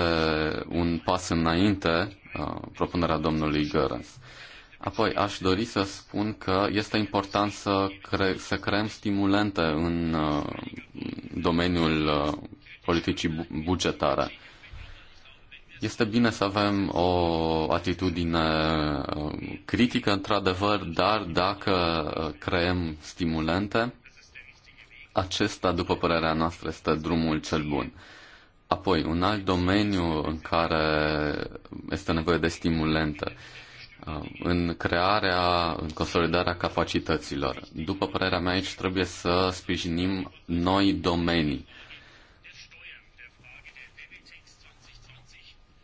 [SPEAKER 3] un pas înainte uh, propunerea domnului Gărens. Apoi, aș dori să spun că este important să, cre- să creăm stimulente în uh, domeniul uh, politicii bugetare. Este bine să avem o atitudine uh, critică, într-adevăr, dar dacă uh, creăm stimulente, acesta, după părerea noastră, este drumul cel bun. Apoi, un alt domeniu în care este nevoie de stimulente, uh, în crearea, în consolidarea capacităților. După părerea mea, aici trebuie să sprijinim noi domenii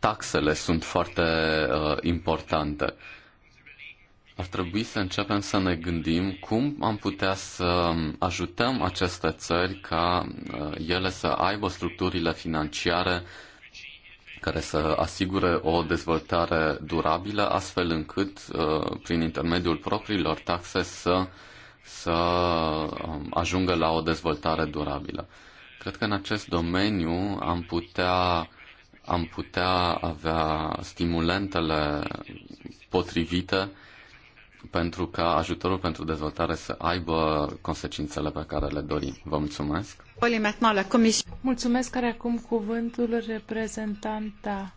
[SPEAKER 3] taxele sunt foarte uh, importante. Ar trebui să începem să ne gândim cum am putea să ajutăm aceste țări ca uh, ele să aibă structurile financiare care să asigure o dezvoltare durabilă, astfel încât, uh, prin intermediul propriilor taxe, să, să um, ajungă la o dezvoltare durabilă. Cred că în acest domeniu am putea am putea avea stimulentele potrivite pentru ca ajutorul pentru dezvoltare să aibă consecințele pe care le dorim. Vă mulțumesc!
[SPEAKER 1] Mulțumesc, care acum cuvântul reprezentanta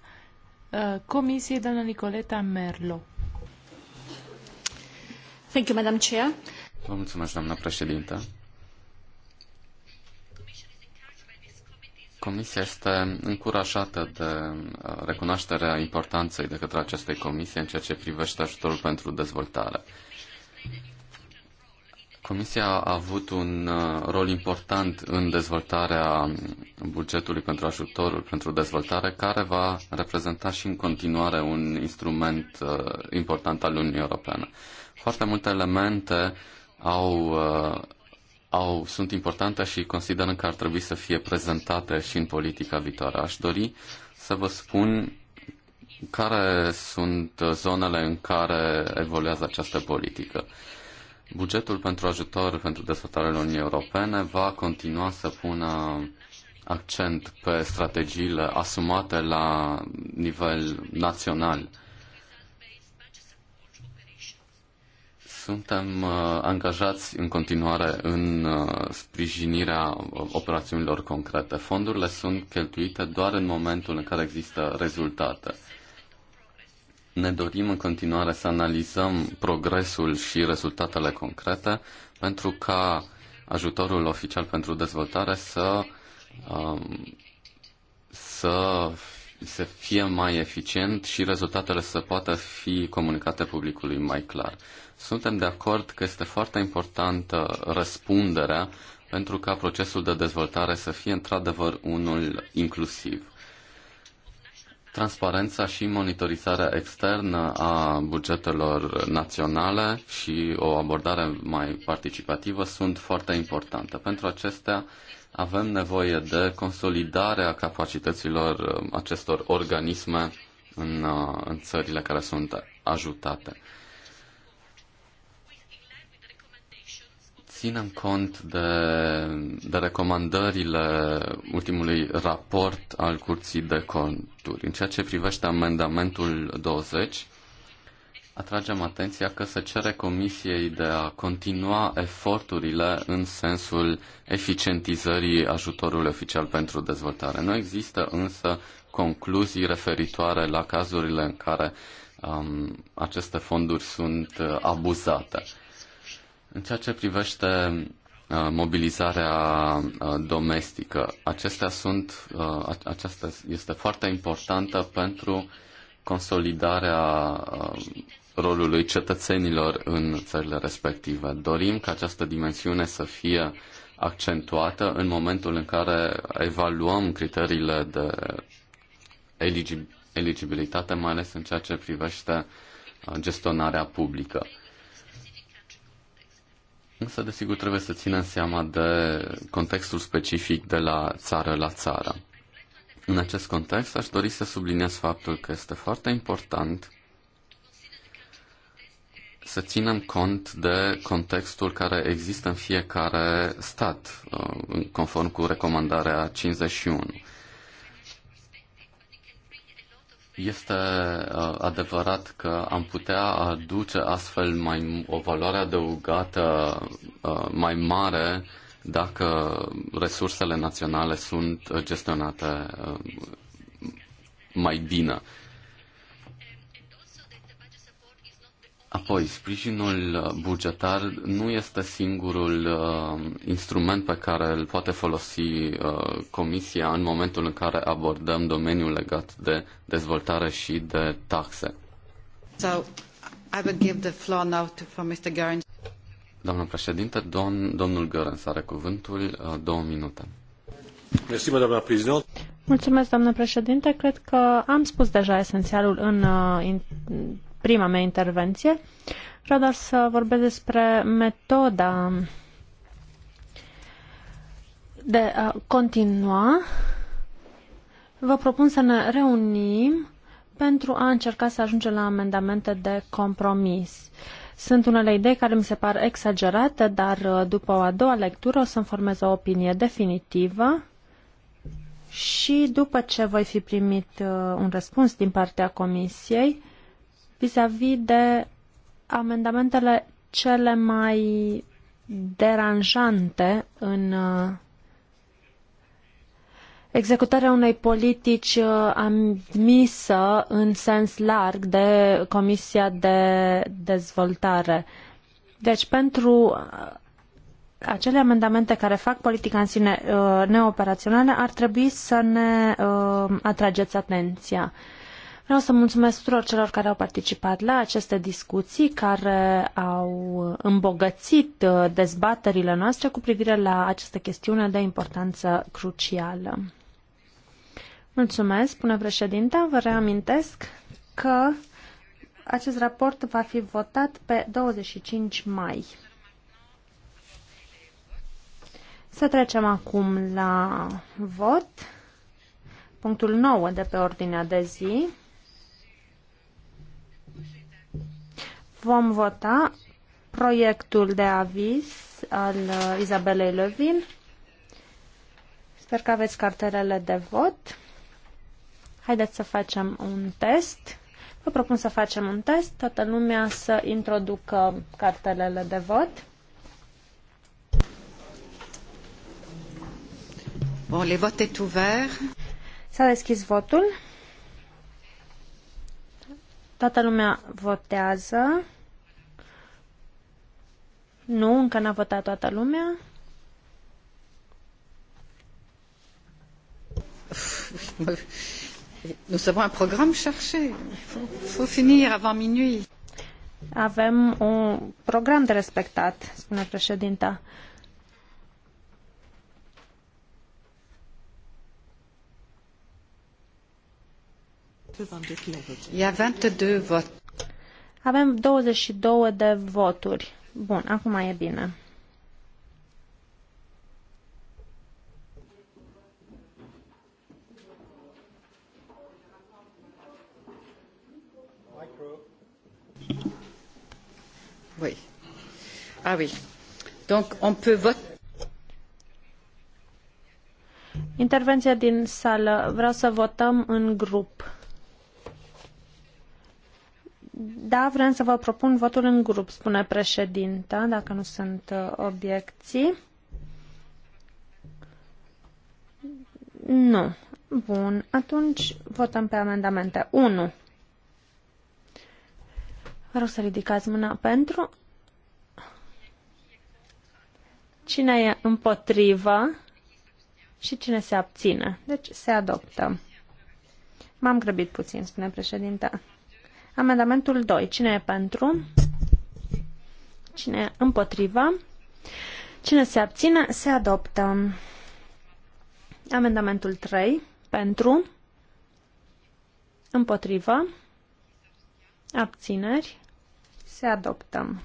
[SPEAKER 1] uh, Comisiei, doamna Nicoleta Merlo. Thank you, Madam Chair.
[SPEAKER 3] Vă mulțumesc, doamna președintă. Comisia este încurajată de uh, recunoașterea importanței de către acestei comisii în ceea ce privește ajutorul pentru dezvoltare. Comisia a avut un uh, rol important în dezvoltarea bugetului pentru ajutorul pentru dezvoltare, care va reprezenta și în continuare un instrument uh, important al Uniunii Europene. Foarte multe elemente au au, sunt importante și considerăm că ar trebui să fie prezentate și în politica viitoare. Aș dori să vă spun care sunt zonele în care evoluează această politică. Bugetul pentru ajutor pentru dezvoltarea Uniunii Europene va continua să pună accent pe strategiile asumate la nivel național Suntem uh, angajați în continuare în uh, sprijinirea uh, operațiunilor concrete. Fondurile sunt cheltuite doar în momentul în care există rezultate. Ne dorim în continuare să analizăm progresul și rezultatele concrete pentru ca ajutorul oficial pentru dezvoltare să, um, să, să fie mai eficient și rezultatele să poată fi comunicate publicului mai clar. Suntem de acord că este foarte importantă răspunderea pentru ca procesul de dezvoltare să fie într-adevăr unul inclusiv. Transparența și monitorizarea externă a bugetelor naționale și o abordare mai participativă sunt foarte importante. Pentru acestea avem nevoie de consolidarea capacităților acestor organisme în, în țările care sunt ajutate. ținem cont de, de recomandările ultimului raport al Curții de Conturi. În ceea ce privește amendamentul 20, atragem atenția că se cere Comisiei de a continua eforturile în sensul eficientizării ajutorului oficial pentru dezvoltare. Nu există însă concluzii referitoare la cazurile în care um, aceste fonduri sunt uh, abuzate. În ceea ce privește uh, mobilizarea uh, domestică, acestea sunt, uh, aceasta este foarte importantă pentru consolidarea rolului cetățenilor în țările respective. Dorim ca această dimensiune să fie accentuată în momentul în care evaluăm criteriile de eligibilitate, mai ales în ceea ce privește gestionarea publică. Însă, desigur, trebuie să ținem seama de contextul specific de la țară la țară. În acest context, aș dori să subliniez faptul că este foarte important să ținem cont de contextul care există în fiecare stat, uh, conform cu recomandarea 51. Este uh, adevărat că am putea aduce astfel mai, o valoare adăugată uh, mai mare dacă resursele naționale sunt gestionate uh, mai bine. Apoi, sprijinul bugetar nu este singurul uh, instrument pe care îl poate folosi uh, Comisia în momentul în care abordăm domeniul legat de dezvoltare și de taxe.
[SPEAKER 2] So, I will give the floor now to, for Mr. Gerens.
[SPEAKER 3] Doamna președinte, domn, domnul Gerens are cuvântul, uh, două minute. Mersi, doamna președinte.
[SPEAKER 4] Mulțumesc, doamnă președinte. Cred că am spus deja esențialul în, în uh, prima mea intervenție. Vreau doar să vorbesc despre metoda de a continua. Vă propun să ne reunim pentru a încerca să ajungem la amendamente de compromis. Sunt unele idei care mi se par exagerate, dar uh, după o a doua lectură o să-mi formez o opinie definitivă și după ce voi fi primit uh, un răspuns din partea Comisiei, vis-a-vis -vis de amendamentele cele mai deranjante în uh, executarea unei politici uh, admisă în sens larg de Comisia de Dezvoltare. Deci pentru uh, acele amendamente care fac politica în sine neoperațională ar trebui să ne atrageți atenția. Vreau să mulțumesc tuturor celor care au participat la aceste discuții, care au îmbogățit uh, dezbaterile noastre cu privire la această chestiune de importanță crucială. Mulțumesc, spune președinta. Vă reamintesc că acest raport va fi votat pe 25 mai. Să trecem acum la vot. Punctul 9 de pe ordinea de zi. vom vota proiectul de aviz al uh, Izabelei Levin. Sper că aveți cartelele de vot. Haideți să facem un test. Vă propun să facem un test. Toată lumea să introducă cartelele de vot. Bon, le vot est ouvert. S-a deschis votul. Toată lumea votează. Nu, încă n-a votat toată lumea. [LAUGHS] Nous
[SPEAKER 2] avons un programme cherché.
[SPEAKER 4] Faut, faut finir avant minuit. Avem un program de respectat, spune președinta.
[SPEAKER 1] Il y a 22
[SPEAKER 4] Avem 22 de voturi. Bun, acum e bine.
[SPEAKER 2] Oui. Ah oui. Donc on peut vote.
[SPEAKER 4] Intervenția din sală. Vreau să votăm în grup. Da, vrem să vă propun votul în grup, spune președinta, dacă nu sunt uh, obiecții. Nu. Bun, atunci votăm pe amendamente. 1. Vă rog să ridicați mâna pentru. Cine e împotrivă și cine se abține. Deci se adoptă. M-am grăbit puțin, spune președinta. Amendamentul 2. Cine e pentru? Cine e împotrivă? Cine se abține? Se adoptă. Amendamentul 3. Pentru? Împotrivă? Abțineri? Se adoptă.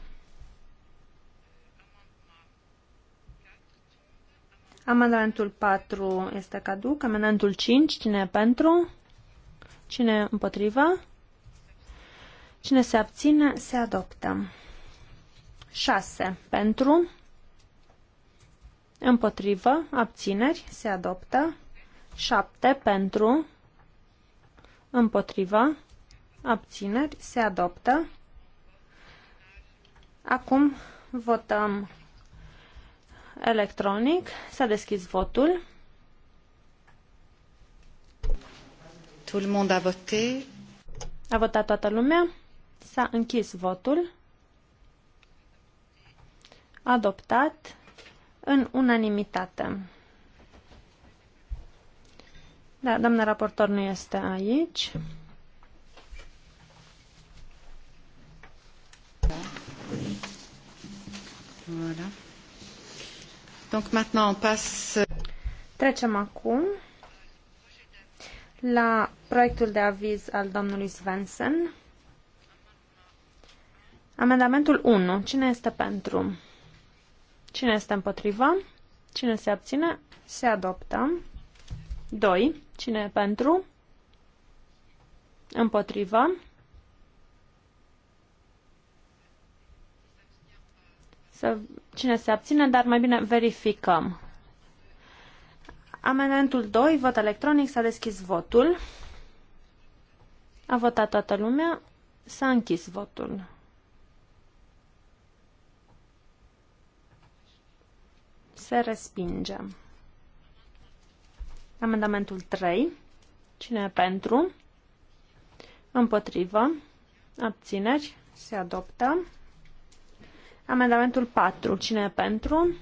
[SPEAKER 4] Amendamentul 4 este caduc. Amendamentul 5, cine e pentru? Cine e împotriva? Cine se abține, se adoptă. 6. Pentru. Împotrivă. Abțineri. Se adoptă. 7. Pentru. Împotrivă. Abțineri. Se adoptă. Acum votăm electronic. S-a deschis votul. Tout le monde a voté. A votat toată lumea. S-a închis votul. Adoptat în unanimitate. Da, doamna raportor nu este aici. Voilà. Donc maintenant on passe... Trecem acum la proiectul de aviz al domnului Svensson. Amendamentul 1. Cine este pentru? Cine este împotrivă? Cine se abține? Se adoptă. 2. Cine e pentru? Împotrivă. Să, cine se abține, dar mai bine verificăm. Amendamentul 2, vot electronic, s-a deschis votul. A votat toată lumea, s-a închis votul. Se respinge. Amendamentul 3. Cine e pentru? Împotrivă. Abțineri. Se adoptă. Amendamentul 4. Cine e pentru?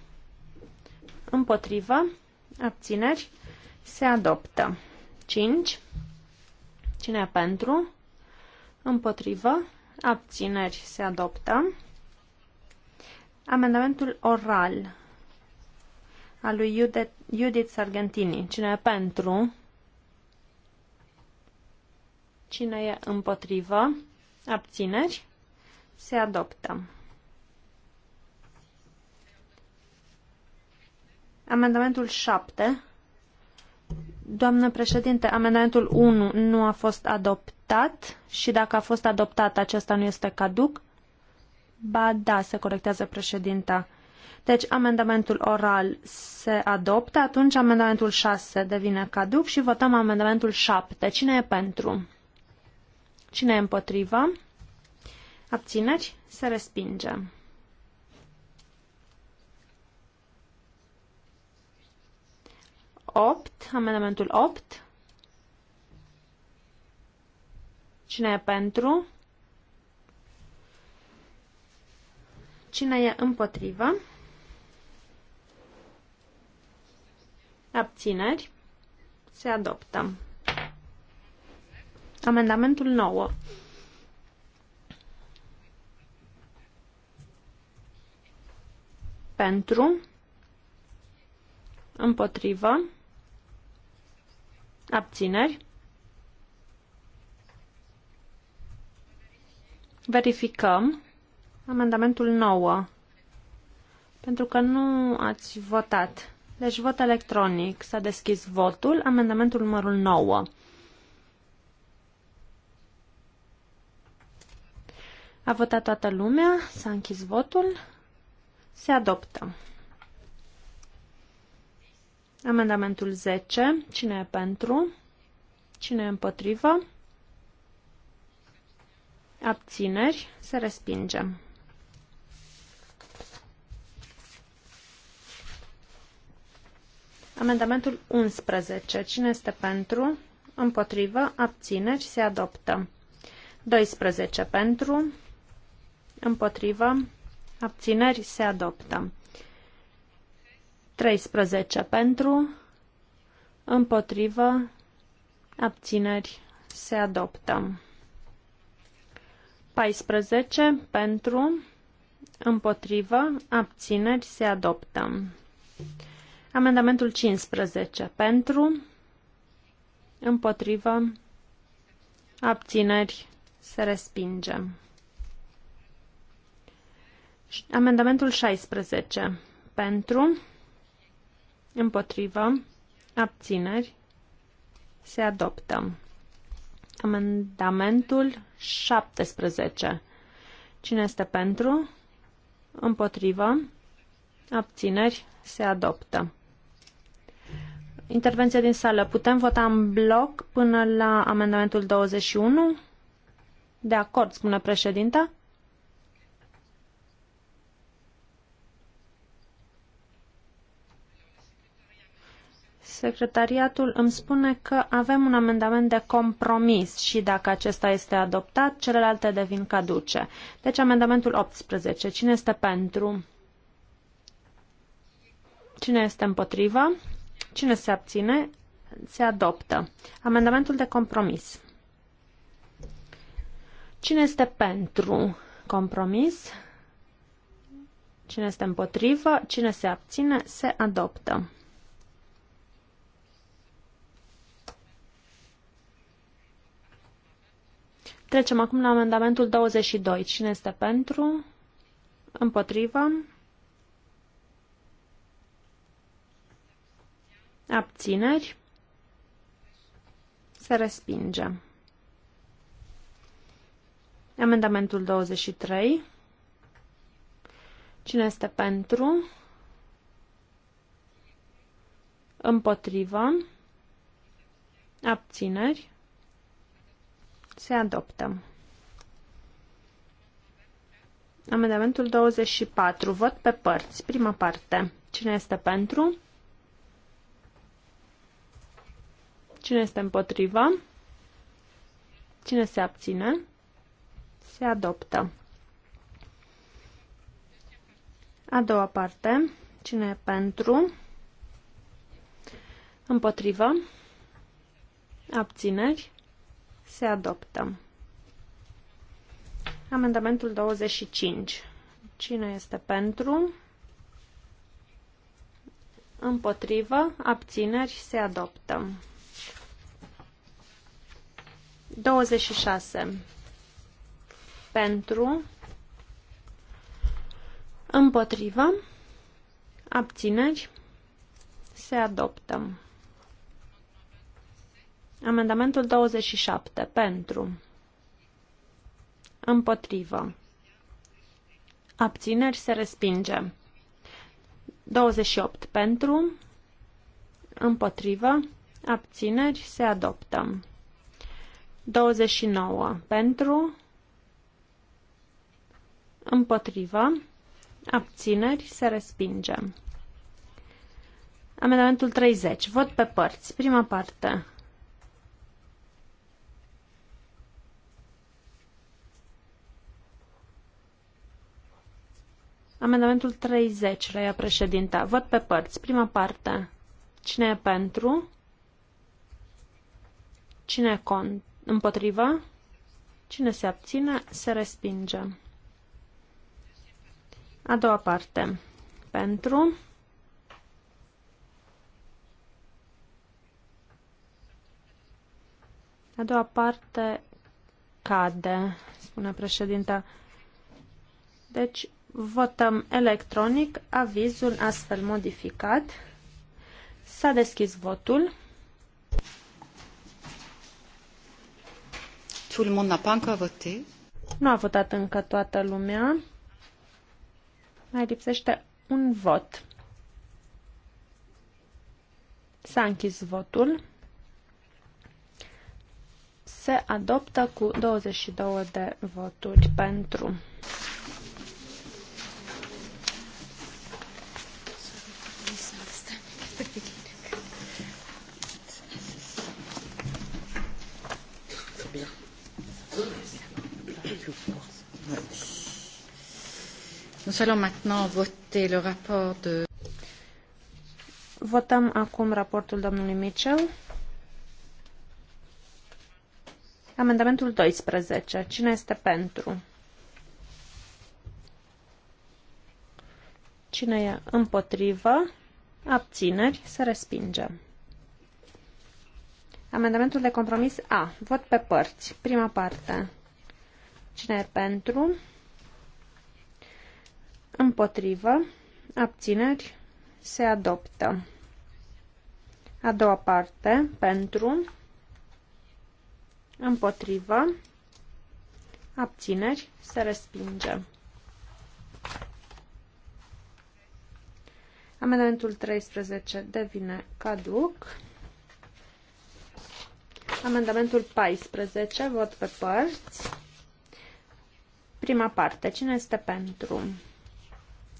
[SPEAKER 4] Împotrivă. Abțineri. Se adoptă. 5. Cine e pentru? Împotrivă. Abțineri. Se adoptă. Amendamentul oral al lui Judith Sargentini. Cine e pentru? Cine e împotrivă? Abțineri? Se adoptă. Amendamentul 7. Doamnă președinte, amendamentul 1 nu a fost adoptat și dacă a fost adoptat, acesta nu este caduc? Ba da, se corectează președinta. Deci amendamentul oral se adoptă, atunci amendamentul 6 devine caduc și votăm amendamentul 7. Cine e pentru? Cine e împotrivă? Abțineri? Se respinge. Opt, amendamentul 8. Cine e pentru? Cine e împotrivă? Abțineri. Se adoptă. Amendamentul 9. Pentru. Împotrivă. Abțineri. Verificăm amendamentul 9. Pentru că nu ați votat. Deci vot electronic. S-a deschis votul. Amendamentul numărul 9. A votat toată lumea. S-a închis votul. Se adoptă. Amendamentul 10. Cine e pentru? Cine e împotrivă? Abțineri. Se respinge. Amendamentul 11. Cine este pentru? Împotrivă. Abțineri. Se adoptă. 12. Pentru. Împotrivă. Abțineri. Se adoptă. 13. Pentru. Împotrivă. Abțineri. Se adoptă. 14. Pentru. Împotrivă. Abțineri. Se adoptă. Amendamentul 15. Pentru, împotrivă, abțineri, se respinge. Amendamentul 16. Pentru, împotrivă, abțineri, se adoptă. Amendamentul 17. Cine este pentru? Împotrivă? Abțineri? Se adoptă. Intervenție din sală. Putem vota în bloc până la amendamentul 21? De acord, spune președinta. Secretariatul îmi spune că avem un amendament de compromis și dacă acesta este adoptat, celelalte devin caduce. Deci amendamentul 18. Cine este pentru? Cine este împotriva? Cine se abține? Se adoptă. Amendamentul de compromis. Cine este pentru compromis? Cine este împotrivă? Cine se abține? Se adoptă. Trecem acum la amendamentul 22. Cine este pentru? Împotrivă? abțineri, se respinge. Amendamentul 23. Cine este pentru? Împotrivă. Abțineri. Se adoptă. Amendamentul 24. Vot pe părți. Prima parte. Cine este pentru? Cine este împotriva? Cine se abține? Se adoptă. A doua parte. Cine e pentru? Împotrivă. Abțineri. Se adoptă. Amendamentul 25. Cine este pentru? Împotrivă. Abțineri. Se adoptă. 26. Pentru. Împotrivă. Abțineri. Se adoptă. Amendamentul 27. Pentru. Împotrivă. Abțineri se respinge. 28. Pentru. Împotrivă. Abțineri se adoptă. 29 pentru, împotrivă, abțineri, se respinge. Amendamentul 30. Vot pe părți. Prima parte. Amendamentul 30, ea președinta. Vot pe părți. Prima parte. Cine e pentru? Cine e cont? Împotrivă. Cine se abține, se respinge. A doua parte. Pentru. A doua parte cade, spune președinta. Deci, votăm electronic avizul astfel modificat. S-a deschis votul. Tout le monde n'a pas encore voté. Nu a votat încă toată lumea. Mai lipsește un vot. S-a închis votul. Se adoptă cu 22 de voturi pentru. Nous allons maintenant voter le rapport de... Votăm acum raportul domnului Mitchell. Amendamentul 12. Cine este pentru? Cine e împotrivă? Abțineri? Se respinge. Amendamentul de compromis A. Vot pe părți. Prima parte. Cine e pentru? Pentru. Împotrivă. Abțineri. Se adoptă. A doua parte. Pentru. Împotrivă. Abțineri. Se respinge. Amendamentul 13 devine caduc. Amendamentul 14, vot pe părți. Prima parte, cine este pentru?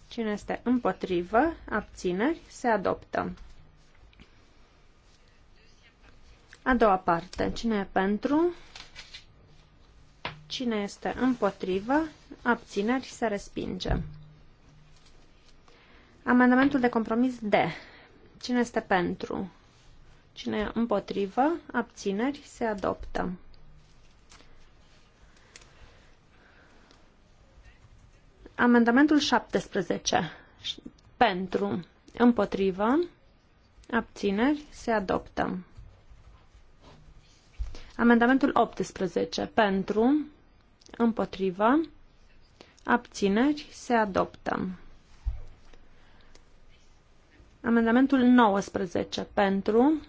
[SPEAKER 4] Cine este împotrivă, abțineri, se adoptă. A doua parte. Cine e pentru? Cine este împotrivă? Abțineri se respinge. Amendamentul de compromis D. Cine este pentru? Cine e împotrivă? Abțineri se adoptă. Amendamentul 17. Pentru. Împotrivă. Abțineri. Se adoptă. Amendamentul 18. Pentru. Împotrivă. Abțineri. Se adoptă. Amendamentul 19. Pentru.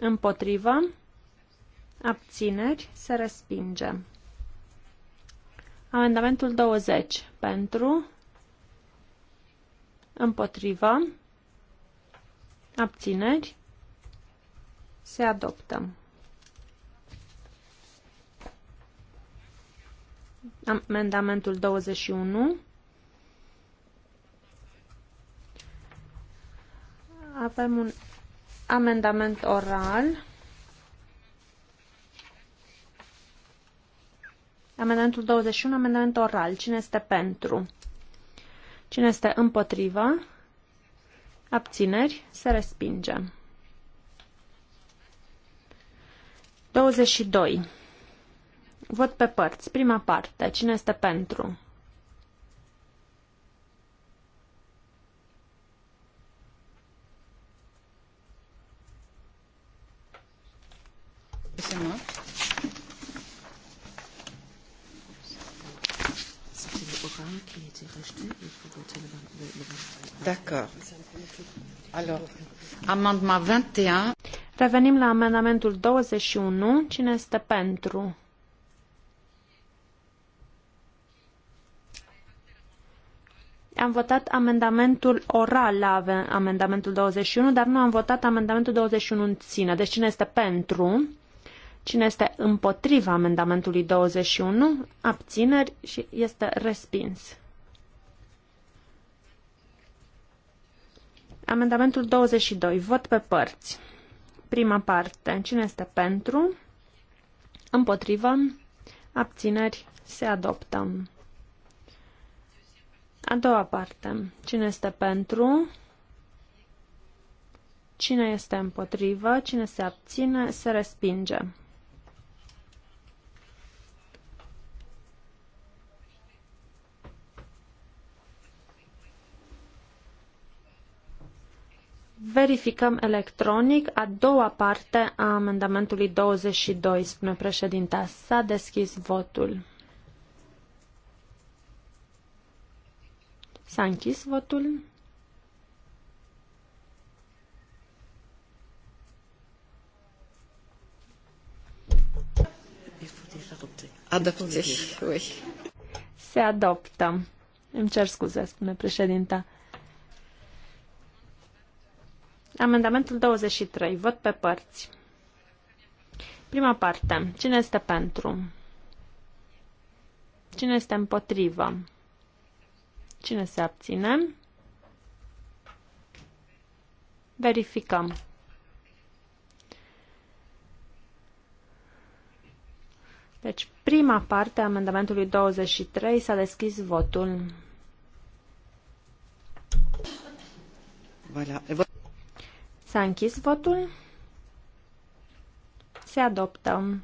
[SPEAKER 4] Împotrivă. Abțineri. Se respinge. Amendamentul 20 pentru, împotriva, abțineri, se adoptă. Amendamentul 21 avem un amendament oral Amendamentul 21, amendament oral. Cine este pentru? Cine este împotrivă? Abțineri? Se respinge. 22. Vot pe părți. Prima parte. Cine este pentru? Să D'accord. Alors, amendement 21. Revenim la amendamentul 21. Cine este pentru? Am votat amendamentul oral la amendamentul 21, dar nu am votat amendamentul 21 în ține. Deci cine este pentru? Cine este împotriva amendamentului 21? Abțineri și este respins. Amendamentul 22. Vot pe părți. Prima parte. Cine este pentru? Împotrivă. Abțineri. Se adoptă. A doua parte. Cine este pentru? Cine este împotrivă? Cine se abține? Se respinge. Verificăm electronic a doua parte a amendamentului 22, spune președinta. S-a deschis votul. S-a închis votul. Se adoptă. Îmi cer scuze, spune președinta. Amendamentul 23. Vot pe părți. Prima parte. Cine este pentru? Cine este împotrivă? Cine se abține? Verificăm. Deci, prima parte a amendamentului 23 s-a deschis votul. Voilà. S-a închis votul. Se adoptă.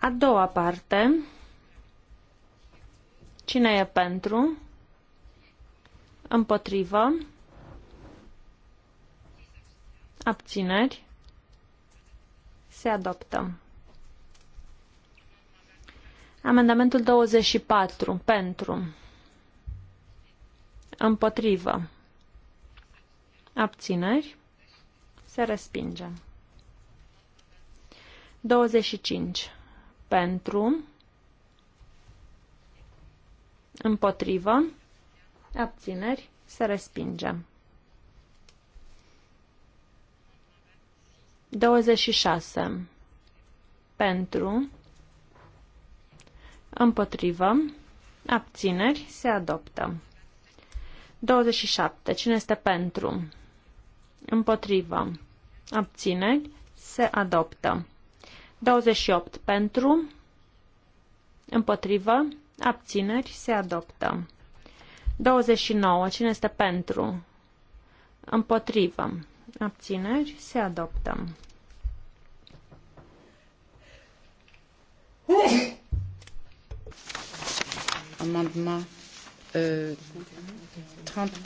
[SPEAKER 4] A doua parte. Cine e pentru? Împotrivă? Abțineri? Se adoptă. Amendamentul 24. Pentru. Împotrivă. Abțineri. Se respinge. 25. Pentru. Împotrivă. Abțineri. Se respinge. 26. Pentru. Împotrivă. Abțineri. Se adoptă. 27. Cine este pentru? Împotrivă. Abțineri. Se adoptă. 28. Pentru. Împotrivă. Abțineri. Se adoptă. 29. Cine este pentru? Împotrivă. Abțineri. Se adoptă. Amendement 31.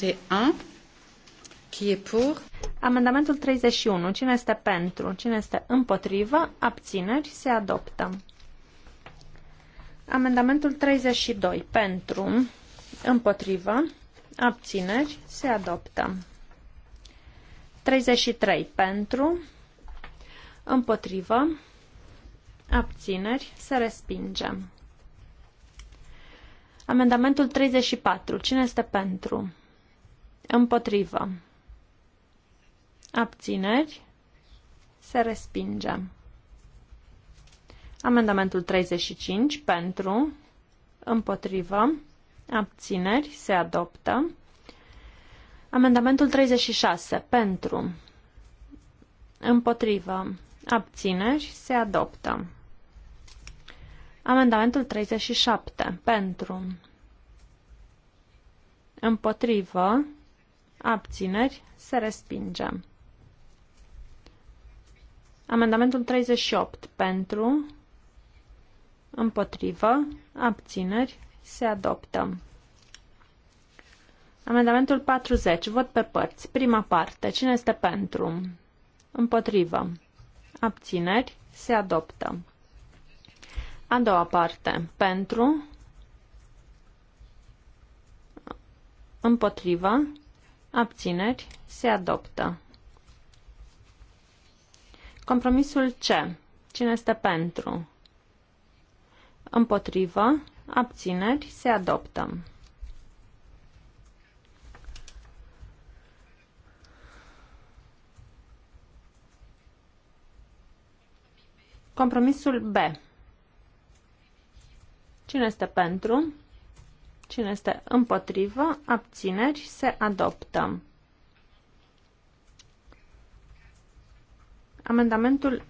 [SPEAKER 4] Euh, Qui est pour? Amendamentul 31. Cine este pentru? Cine este împotrivă? Abțineri? Se adoptă. Amendamentul 32. Pentru? Împotrivă? Abțineri? Se adoptă. 33. Pentru? Împotrivă? Abțineri? Se respinge. Amendamentul 34. Cine este pentru? Împotrivă. Abțineri. Se respinge. Amendamentul 35. Pentru. Împotrivă. Abțineri. Se adoptă. Amendamentul 36. Pentru. Împotrivă. Abțineri. Se adoptă. Amendamentul 37. Pentru. Împotrivă. Abțineri. Se respinge. Amendamentul 38. Pentru. Împotrivă. Abțineri. Se adoptă. Amendamentul 40. Vot pe părți. Prima parte. Cine este pentru? Împotrivă. Abțineri. Se adoptă. A doua parte. Pentru. împotriva Abțineri. Se adoptă. Compromisul C. Cine este pentru? împotriva Abțineri. Se adoptă. Compromisul B. Cine este pentru? Cine este împotrivă? Abțineri? Se adoptă. Amendamentul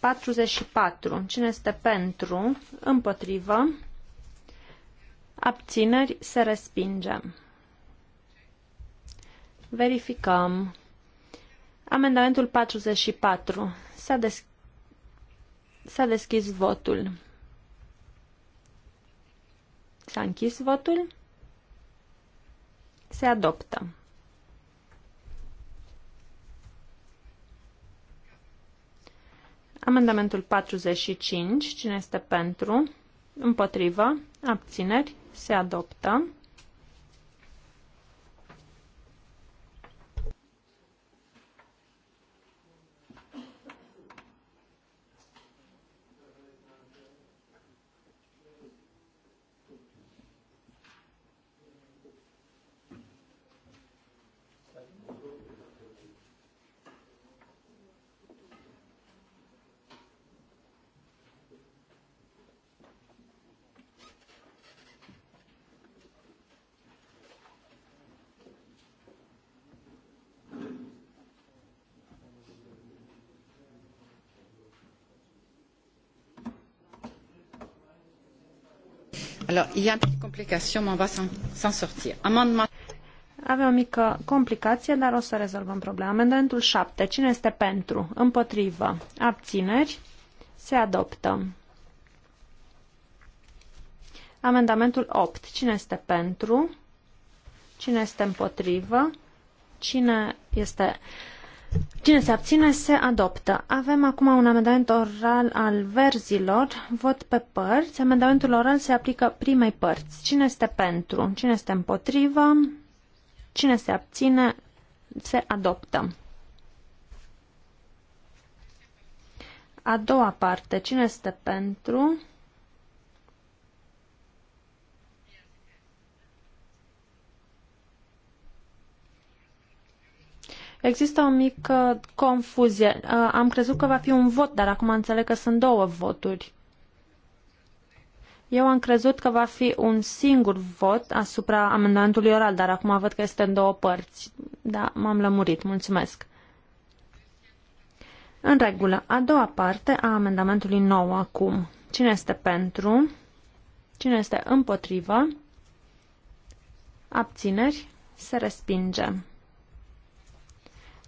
[SPEAKER 4] 44. Cine este pentru? Împotrivă? Abțineri? Se respinge. Verificăm. Amendamentul 44. S-a des deschis votul. S-a închis votul. Se adoptă. Amendamentul 45. Cine este pentru? Împotrivă? Abțineri? Se adoptă.
[SPEAKER 2] Alors, il y a une petite complication, mais on va s'en sortir.
[SPEAKER 4] Amendement... Avem o mică complicație, dar o să rezolvăm problema. Amendamentul 7. Cine este pentru? Împotrivă. Abțineri. Se adoptă. Amendamentul 8. Cine este pentru? Cine este împotrivă? Cine este Cine se abține, se adoptă. Avem acum un amendament oral al verzilor. Vot pe părți. Amendamentul oral se aplică primei părți. Cine este pentru? Cine este împotrivă? Cine se abține, se adoptă. A doua parte. Cine este pentru? Există o mică confuzie. Uh, am crezut că va fi un vot, dar acum înțeleg că sunt două voturi. Eu am crezut că va fi un singur vot asupra amendamentului oral, dar acum văd că este în două părți. Da, m-am lămurit. Mulțumesc. În regulă, a doua parte a amendamentului nou acum. Cine este pentru? Cine este împotrivă? Abțineri? Se respinge.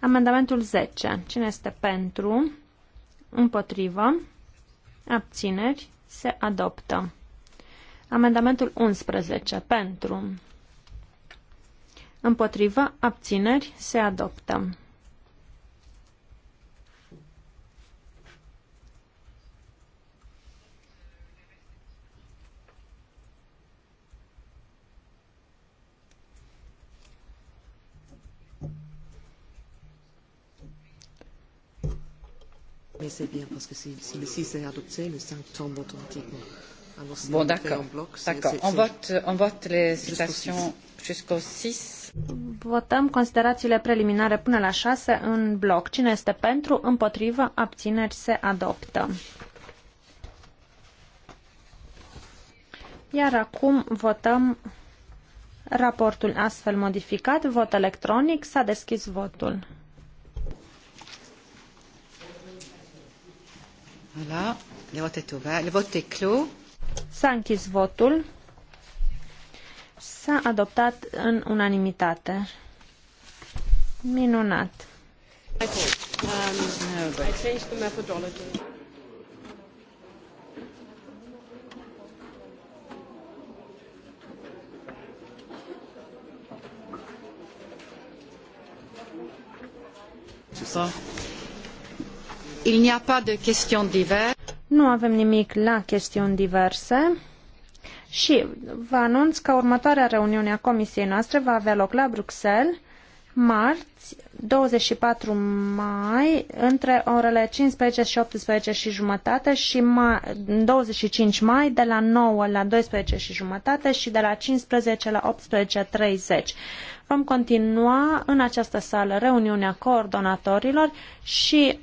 [SPEAKER 4] Amendamentul 10. Cine este pentru? Împotrivă. Abțineri. Se adoptă. Amendamentul 11. Pentru. Împotrivă. Abțineri. Se adoptă.
[SPEAKER 2] Mais c'est bien parce que si, si, adopté, le 5 tombe automatiquement. Alors, si bon, d'accord. D'accord. On vote, on vote les citations
[SPEAKER 4] jusqu'au 6. Votăm considerațiile preliminare până la 6 în bloc. Cine este pentru, împotrivă, abțineri, se adoptă. Iar acum votăm raportul astfel modificat. Vot electronic. S-a deschis votul. Voilà, le vot est ouvert. Le vot est clos. S-a închis votul. S-a adoptat în unanimitate. Minunat.
[SPEAKER 3] I
[SPEAKER 2] changed
[SPEAKER 4] nu avem nimic la chestiuni diverse. Și vă anunț că următoarea reuniune a comisiei noastre va avea loc la Bruxelles, marți, 24 mai, între orele 15 și 18 și jumătate și ma 25 mai de la 9 la 12 și jumătate și de la 15 la 18.30. Vom continua în această sală reuniunea coordonatorilor și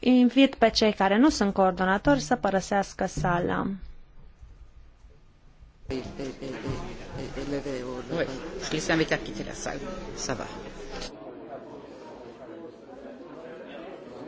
[SPEAKER 4] invit pe cei care nu sunt coordonatori să părăsească sala.
[SPEAKER 2] Oui, je les invite à quitter la salle. Ça va.